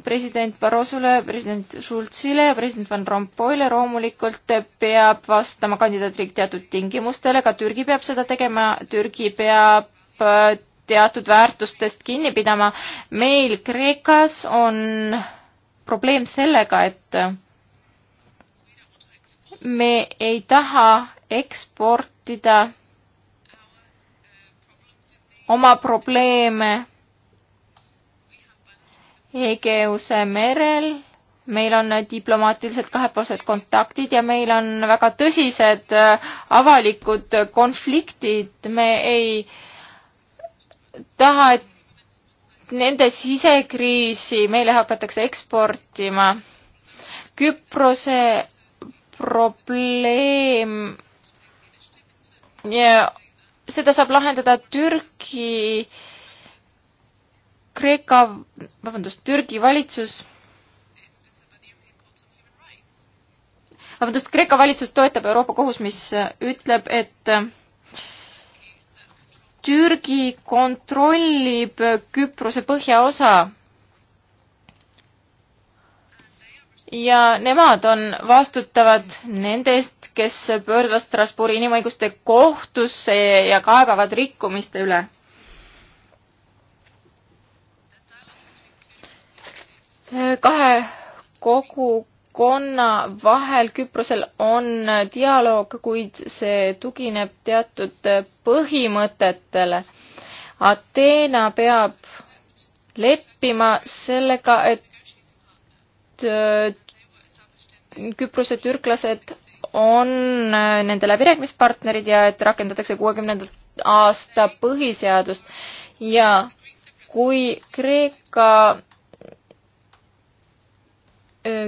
president Barrosole, president Schulzile ja president Van Rompuyle loomulikult peab vastama kandidaatriik teatud tingimustele, ka Türgi peab seda tegema, Türgi peab äh, teatud väärtustest kinni pidama. meil Kreekas on probleem sellega, et me ei taha eksportida oma probleeme Egeuse merel. meil on diplomaatilised kahepoolsed kontaktid ja meil on väga tõsised äh, avalikud konfliktid. me ei taha, et nende sisekriisi meile hakatakse eksportima. Küprose probleem ja seda saab lahendada Türgi äh, Kreeka, vabandust, Türgi valitsus, vabandust, Kreeka valitsus toetab Euroopa Kohus, mis äh, ütleb, et äh, Türgi kontrollib äh, Küprose põhjaosa ja nemad on vastutavad nende eest, kes pöörduvad Strasbourgi inimõiguste kohtusse ja kaebavad rikkumiste üle kahe kogukonna vahel Küprosel on dialoog, kuid see tugineb teatud põhimõtetele. Ateena peab leppima sellega, et äh, Küprose türklased on äh, nende läbirääkimispartnerid ja et rakendatakse kuuekümnendat aasta põhiseadust ja kui Kreeka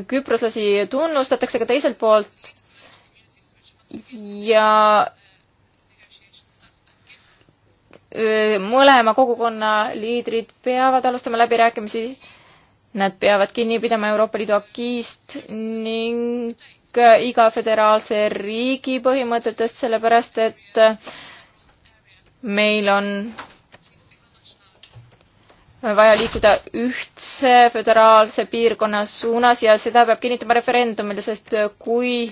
küproslasi tunnustatakse, aga teiselt poolt ja mõlema kogukonna liidrid peavad alustama läbirääkimisi. Nad peavad kinni pidama Euroopa Liidu akiist ning iga föderaalse riigi põhimõtetest, sellepärast et meil on vaja liikuda ühtse föderaalse piirkonna suunas ja seda peab kinnitama referendumil, sest kui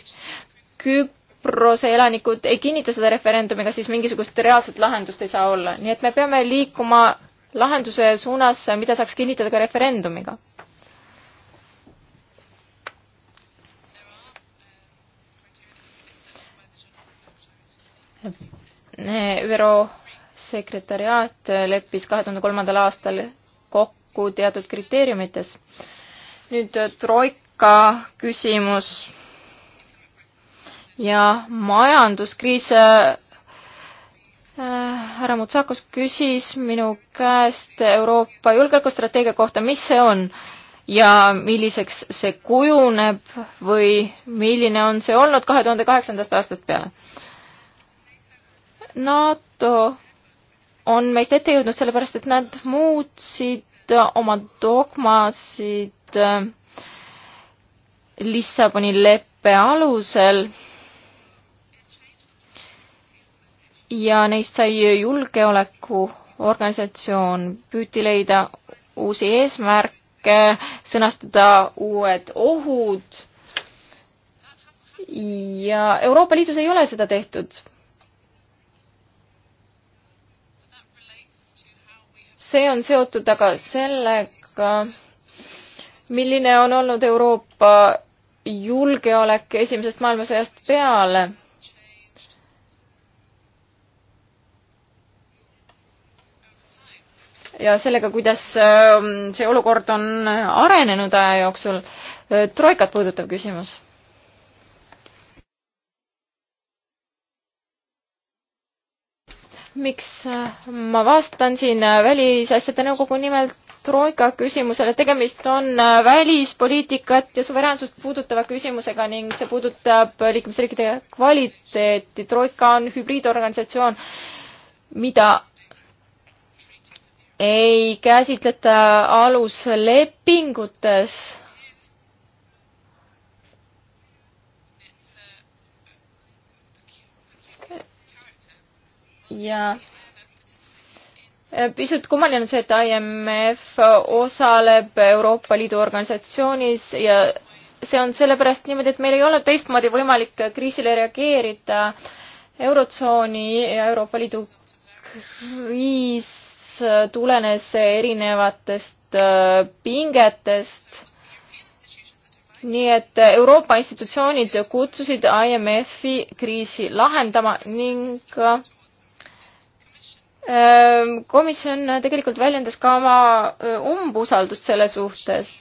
Küprose elanikud ei kinnita seda referendumiga, siis mingisugust reaalset lahendust ei saa olla. nii et me peame liikuma lahenduse suunas, mida saaks kinnitada ka referendumiga. ÜRO sekretariaat leppis kahe tuhande kolmandal aastal kokku teatud kriteeriumites. nüüd äh, troika küsimus ja majanduskriis. Äh, härra Mutsakos küsis minu käest Euroopa julgeolekustrateegia kohta, mis see on ja milliseks see kujuneb või milline on see olnud kahe tuhande kaheksandast aastast peale. NATO on meist ette jõudnud, sellepärast et nad muutsid oma dogmasid äh, Lissaboni leppe alusel ja neist sai julgeolekuorganisatsioon, püüti leida uusi eesmärke, sõnastada uued ohud ja Euroopa Liidus ei ole seda tehtud see on seotud aga sellega, milline on olnud Euroopa julgeolek esimesest maailmasõjast peale. ja sellega, kuidas ähm, see olukord on arenenud aja jooksul. Äh, troikat puudutav küsimus miks äh, ma vastan siin äh, Välisasjade Nõukogu nimel Troika küsimusele, tegemist on äh, välispoliitikat ja suveräänsust puudutava küsimusega ning see puudutab liikmesriikide kvaliteeti. Troika on hübriidorganisatsioon, mida ei käsitleta aluslepingutes ja eh, pisut kummaline on see, et IMF osaleb Euroopa Liidu organisatsioonis ja see on sellepärast niimoodi, et meil ei olnud teistmoodi võimalik kriisile reageerida. eurotsooni ja Euroopa Liidu kriis tulenes erinevatest eh, pingetest. nii et Euroopa institutsioonid kutsusid IMF-i kriisi lahendama ning eh, Ehm, komisjon tegelikult väljendas ka oma umbusaldust selle suhtes.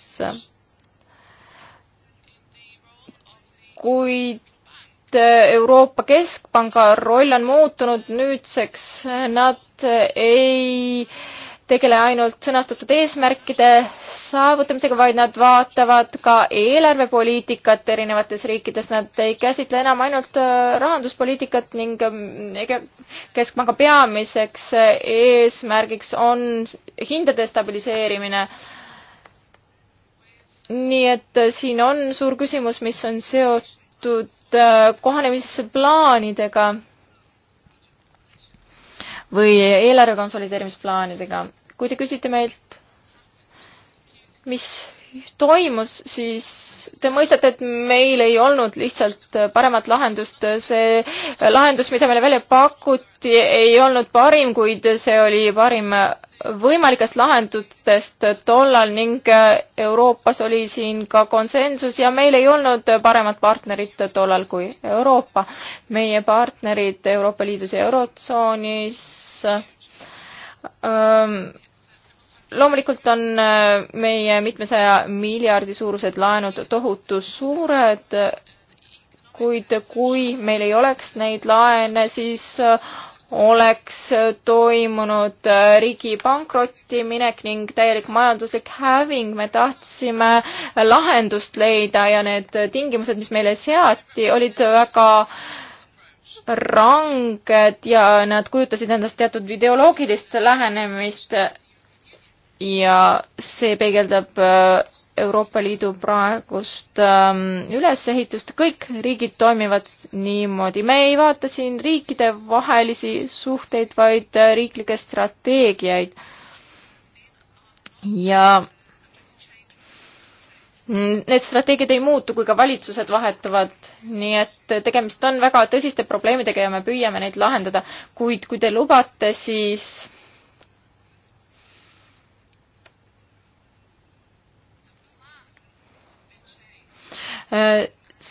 kuid Euroopa Keskpanga roll on muutunud nüüdseks, nad ei äh, tegele ainult sõnastatud eesmärkide saavutamisega, vaid nad vaatavad ka eelarvepoliitikat erinevates riikides, nad ei käsitle enam ainult äh, rahanduspoliitikat ning ähm, keskpanga peamiseks äh, eesmärgiks on hindade stabiliseerimine. nii et äh, siin on suur küsimus, mis on seotud kohanemisplaanidega või eelarve konsolideerimisplaanidega. kui te küsite meilt, mis toimus, siis te mõistate, et meil ei olnud lihtsalt paremat lahendust. see lahendus, mida meile välja pakuti, ei olnud parim, kuid see oli parim võimalikest lahendustest tollal ning äh, Euroopas oli siin ka konsensus ja meil ei olnud paremat partnerit tollal kui Euroopa. meie partnerid Euroopa Liidus ja Eurotsoonis ähm, loomulikult on äh, meie mitmesaja miljardi suurused laenud tohutu suured, kuid kui meil ei oleks neid laene, siis äh, oleks toimunud riigi pankrotti minek ning täielik majanduslik häving. me tahtsime lahendust leida ja need tingimused, mis meile seati, olid väga ranged ja nad kujutasid endast teatud ideoloogilist lähenemist. ja see peegeldab Euroopa Liidu praegust ähm, ülesehitust, kõik riigid toimivad niimoodi. me ei vaata siin riikidevahelisi suhteid, vaid äh, riiklikke strateegiaid. ja mm, need strateegiad ei muutu, kui ka valitsused vahetuvad, nii et tegemist on väga tõsiste probleemidega ja me püüame neid lahendada, kuid kui te lubate, siis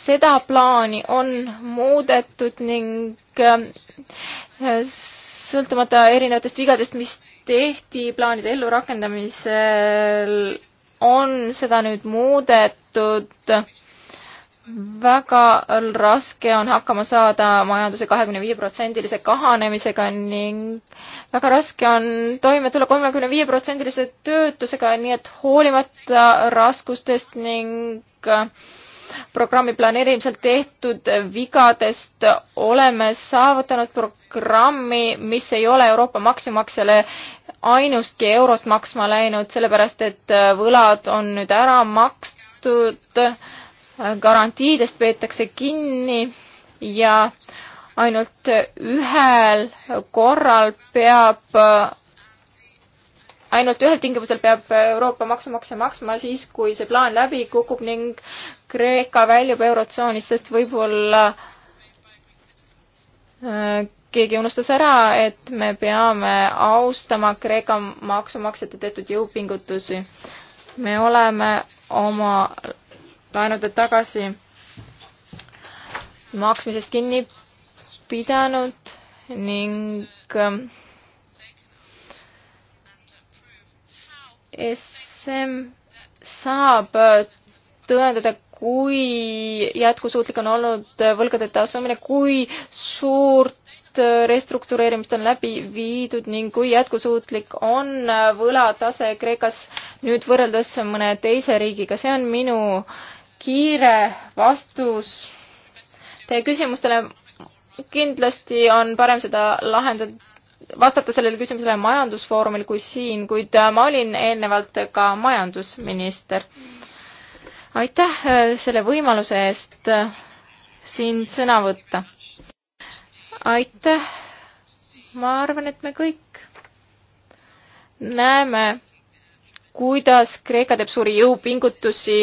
seda plaani on muudetud ning äh, sõltumata erinevatest vigadest, mis tehti plaanide ellurakendamisel, on seda nüüd muudetud. väga raske on hakkama saada majanduse kahekümne viie protsendilise kahanemisega ning väga raske on toime tulla kolmekümne viie protsendilise töötusega, nii et hoolimata raskustest ning äh, programmi planeerimisel tehtud vigadest oleme saavutanud programmi, mis ei ole Euroopa maksumaksjale ainustki eurot maksma läinud, sellepärast et äh, võlad on nüüd ära makstud, garantiidest peetakse kinni ja ainult ühel korral peab, äh, ainult ühel tingimusel peab Euroopa maksumaksja maksma siis, kui see plaan läbi kukub ning Kreeka väljub eurotsoonist, sest võib-olla äh, keegi unustas ära, et me peame austama Kreeka maksumaksjate tehtud jõupingutusi. me oleme oma laenude tagasi maksmisest kinni pidanud ning äh, SM saab tõendada, kui jätkusuutlik on olnud võlgade tasumine, kui suurt restruktureerimist on läbi viidud ning kui jätkusuutlik on võlatase Kreekas nüüd võrreldes mõne teise riigiga, see on minu kiire vastus teie küsimustele. kindlasti on parem seda lahendada vastata sellele küsimusele majandusfoorumil kui siin, kuid ma olin eelnevalt ka majandusminister mm aitäh äh, selle võimaluse eest äh, siin sõna võtta. aitäh. ma arvan, et me kõik näeme, kuidas Kreeka teeb suuri jõupingutusi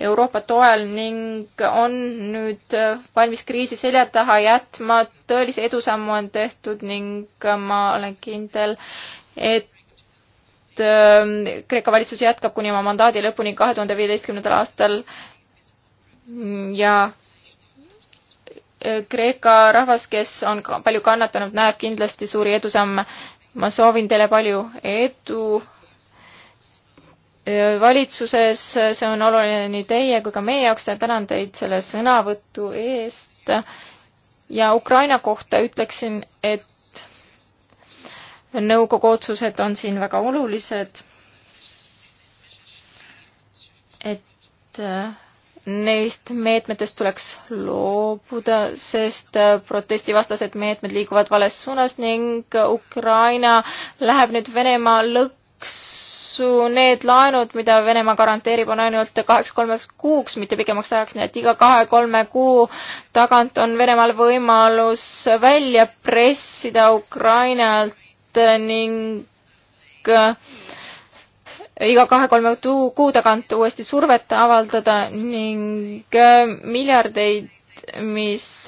Euroopa toel ning on nüüd äh, valmis kriisi selja taha jätma. tõelise edusammu on tehtud ning ma olen kindel, et Ähm, Kreeka valitsus jätkab kuni oma mandaadi lõpuni kahe tuhande viieteistkümnendal aastal ja äh, Kreeka rahvas, kes on palju kannatanud, näeb kindlasti suuri edusamme. ma soovin teile palju edu äh, valitsuses, see on oluline nii teie kui ka meie jaoks ja tänan teid selle sõnavõtu eest. ja Ukraina kohta ütleksin, et nõukogu otsused on siin väga olulised, et äh, neist meetmetest tuleks loobuda, sest äh, protestivastased meetmed liiguvad vales suunas ning Ukraina läheb nüüd Venemaa lõksu. Need laenud, mida Venemaa garanteerib, on ainult kaheks-kolmeks kuuks, mitte pikemaks ajaks, nii et iga kahe-kolme kuu tagant on Venemaal võimalus välja pressida Ukrainalt Äh, ning äh, iga kahe-kolme kuu tagant uuesti survet avaldada ning äh, miljardeid, mis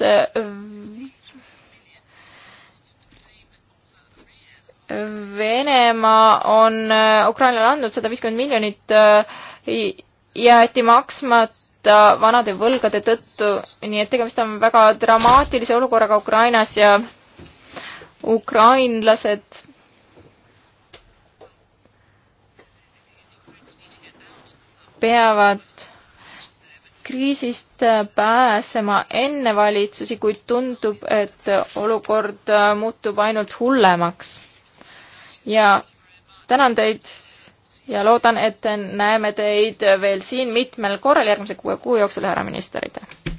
Venemaa on Ukrainale andnud sada viiskümmend miljonit, jäeti maksmata vanade võlgade tõttu, nii et tegemist on väga dramaatilise olukorraga Ukrainas ja ukrainlased peavad kriisist pääsema enne valitsusi, kuid tundub, et olukord muutub ainult hullemaks. ja tänan teid ja loodan, et näeme teid veel siin mitmel korral järgmise kuue kuu jooksul, härra minister, aitäh!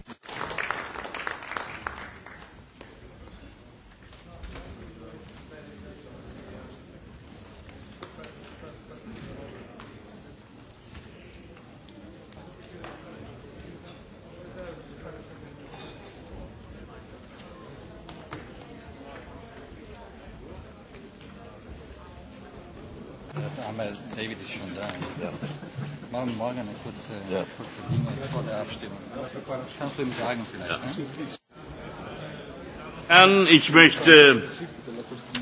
Morgen, morgen eine kurze, ja. kurze Dinge vor der Abstimmung. Kannst du ihm sagen vielleicht? Ja. Ne? Herren, ich möchte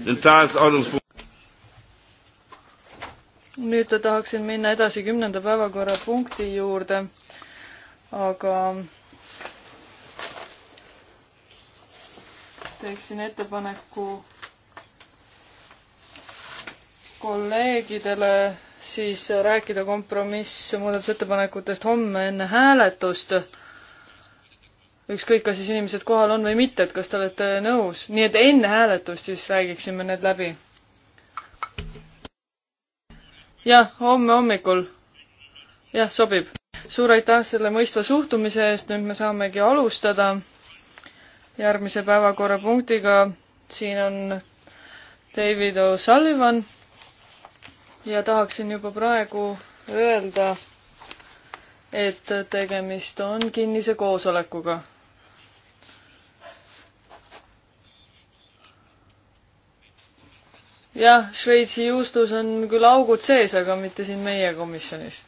den Tagesordnungspunkt. nüüd tahaksin minna edasi kümnenda päevakorrapunkti juurde, aga teeksin ettepaneku kolleegidele siis rääkida kompromissmuudatusettepanekutest homme enne hääletust. ükskõik, kas siis inimesed kohal on või mitte, et kas te olete nõus, nii et enne hääletust siis räägiksime need läbi. jah, homme hommikul. jah, sobib. suur aitäh selle mõistva suhtumise eest, nüüd me saamegi alustada järgmise päevakorrapunktiga. siin on David O'Sullivan ja tahaksin juba praegu öelda, et tegemist on kinnise koosolekuga. jah, Šveitsi juustus on küll augud sees, aga mitte siin meie komisjonis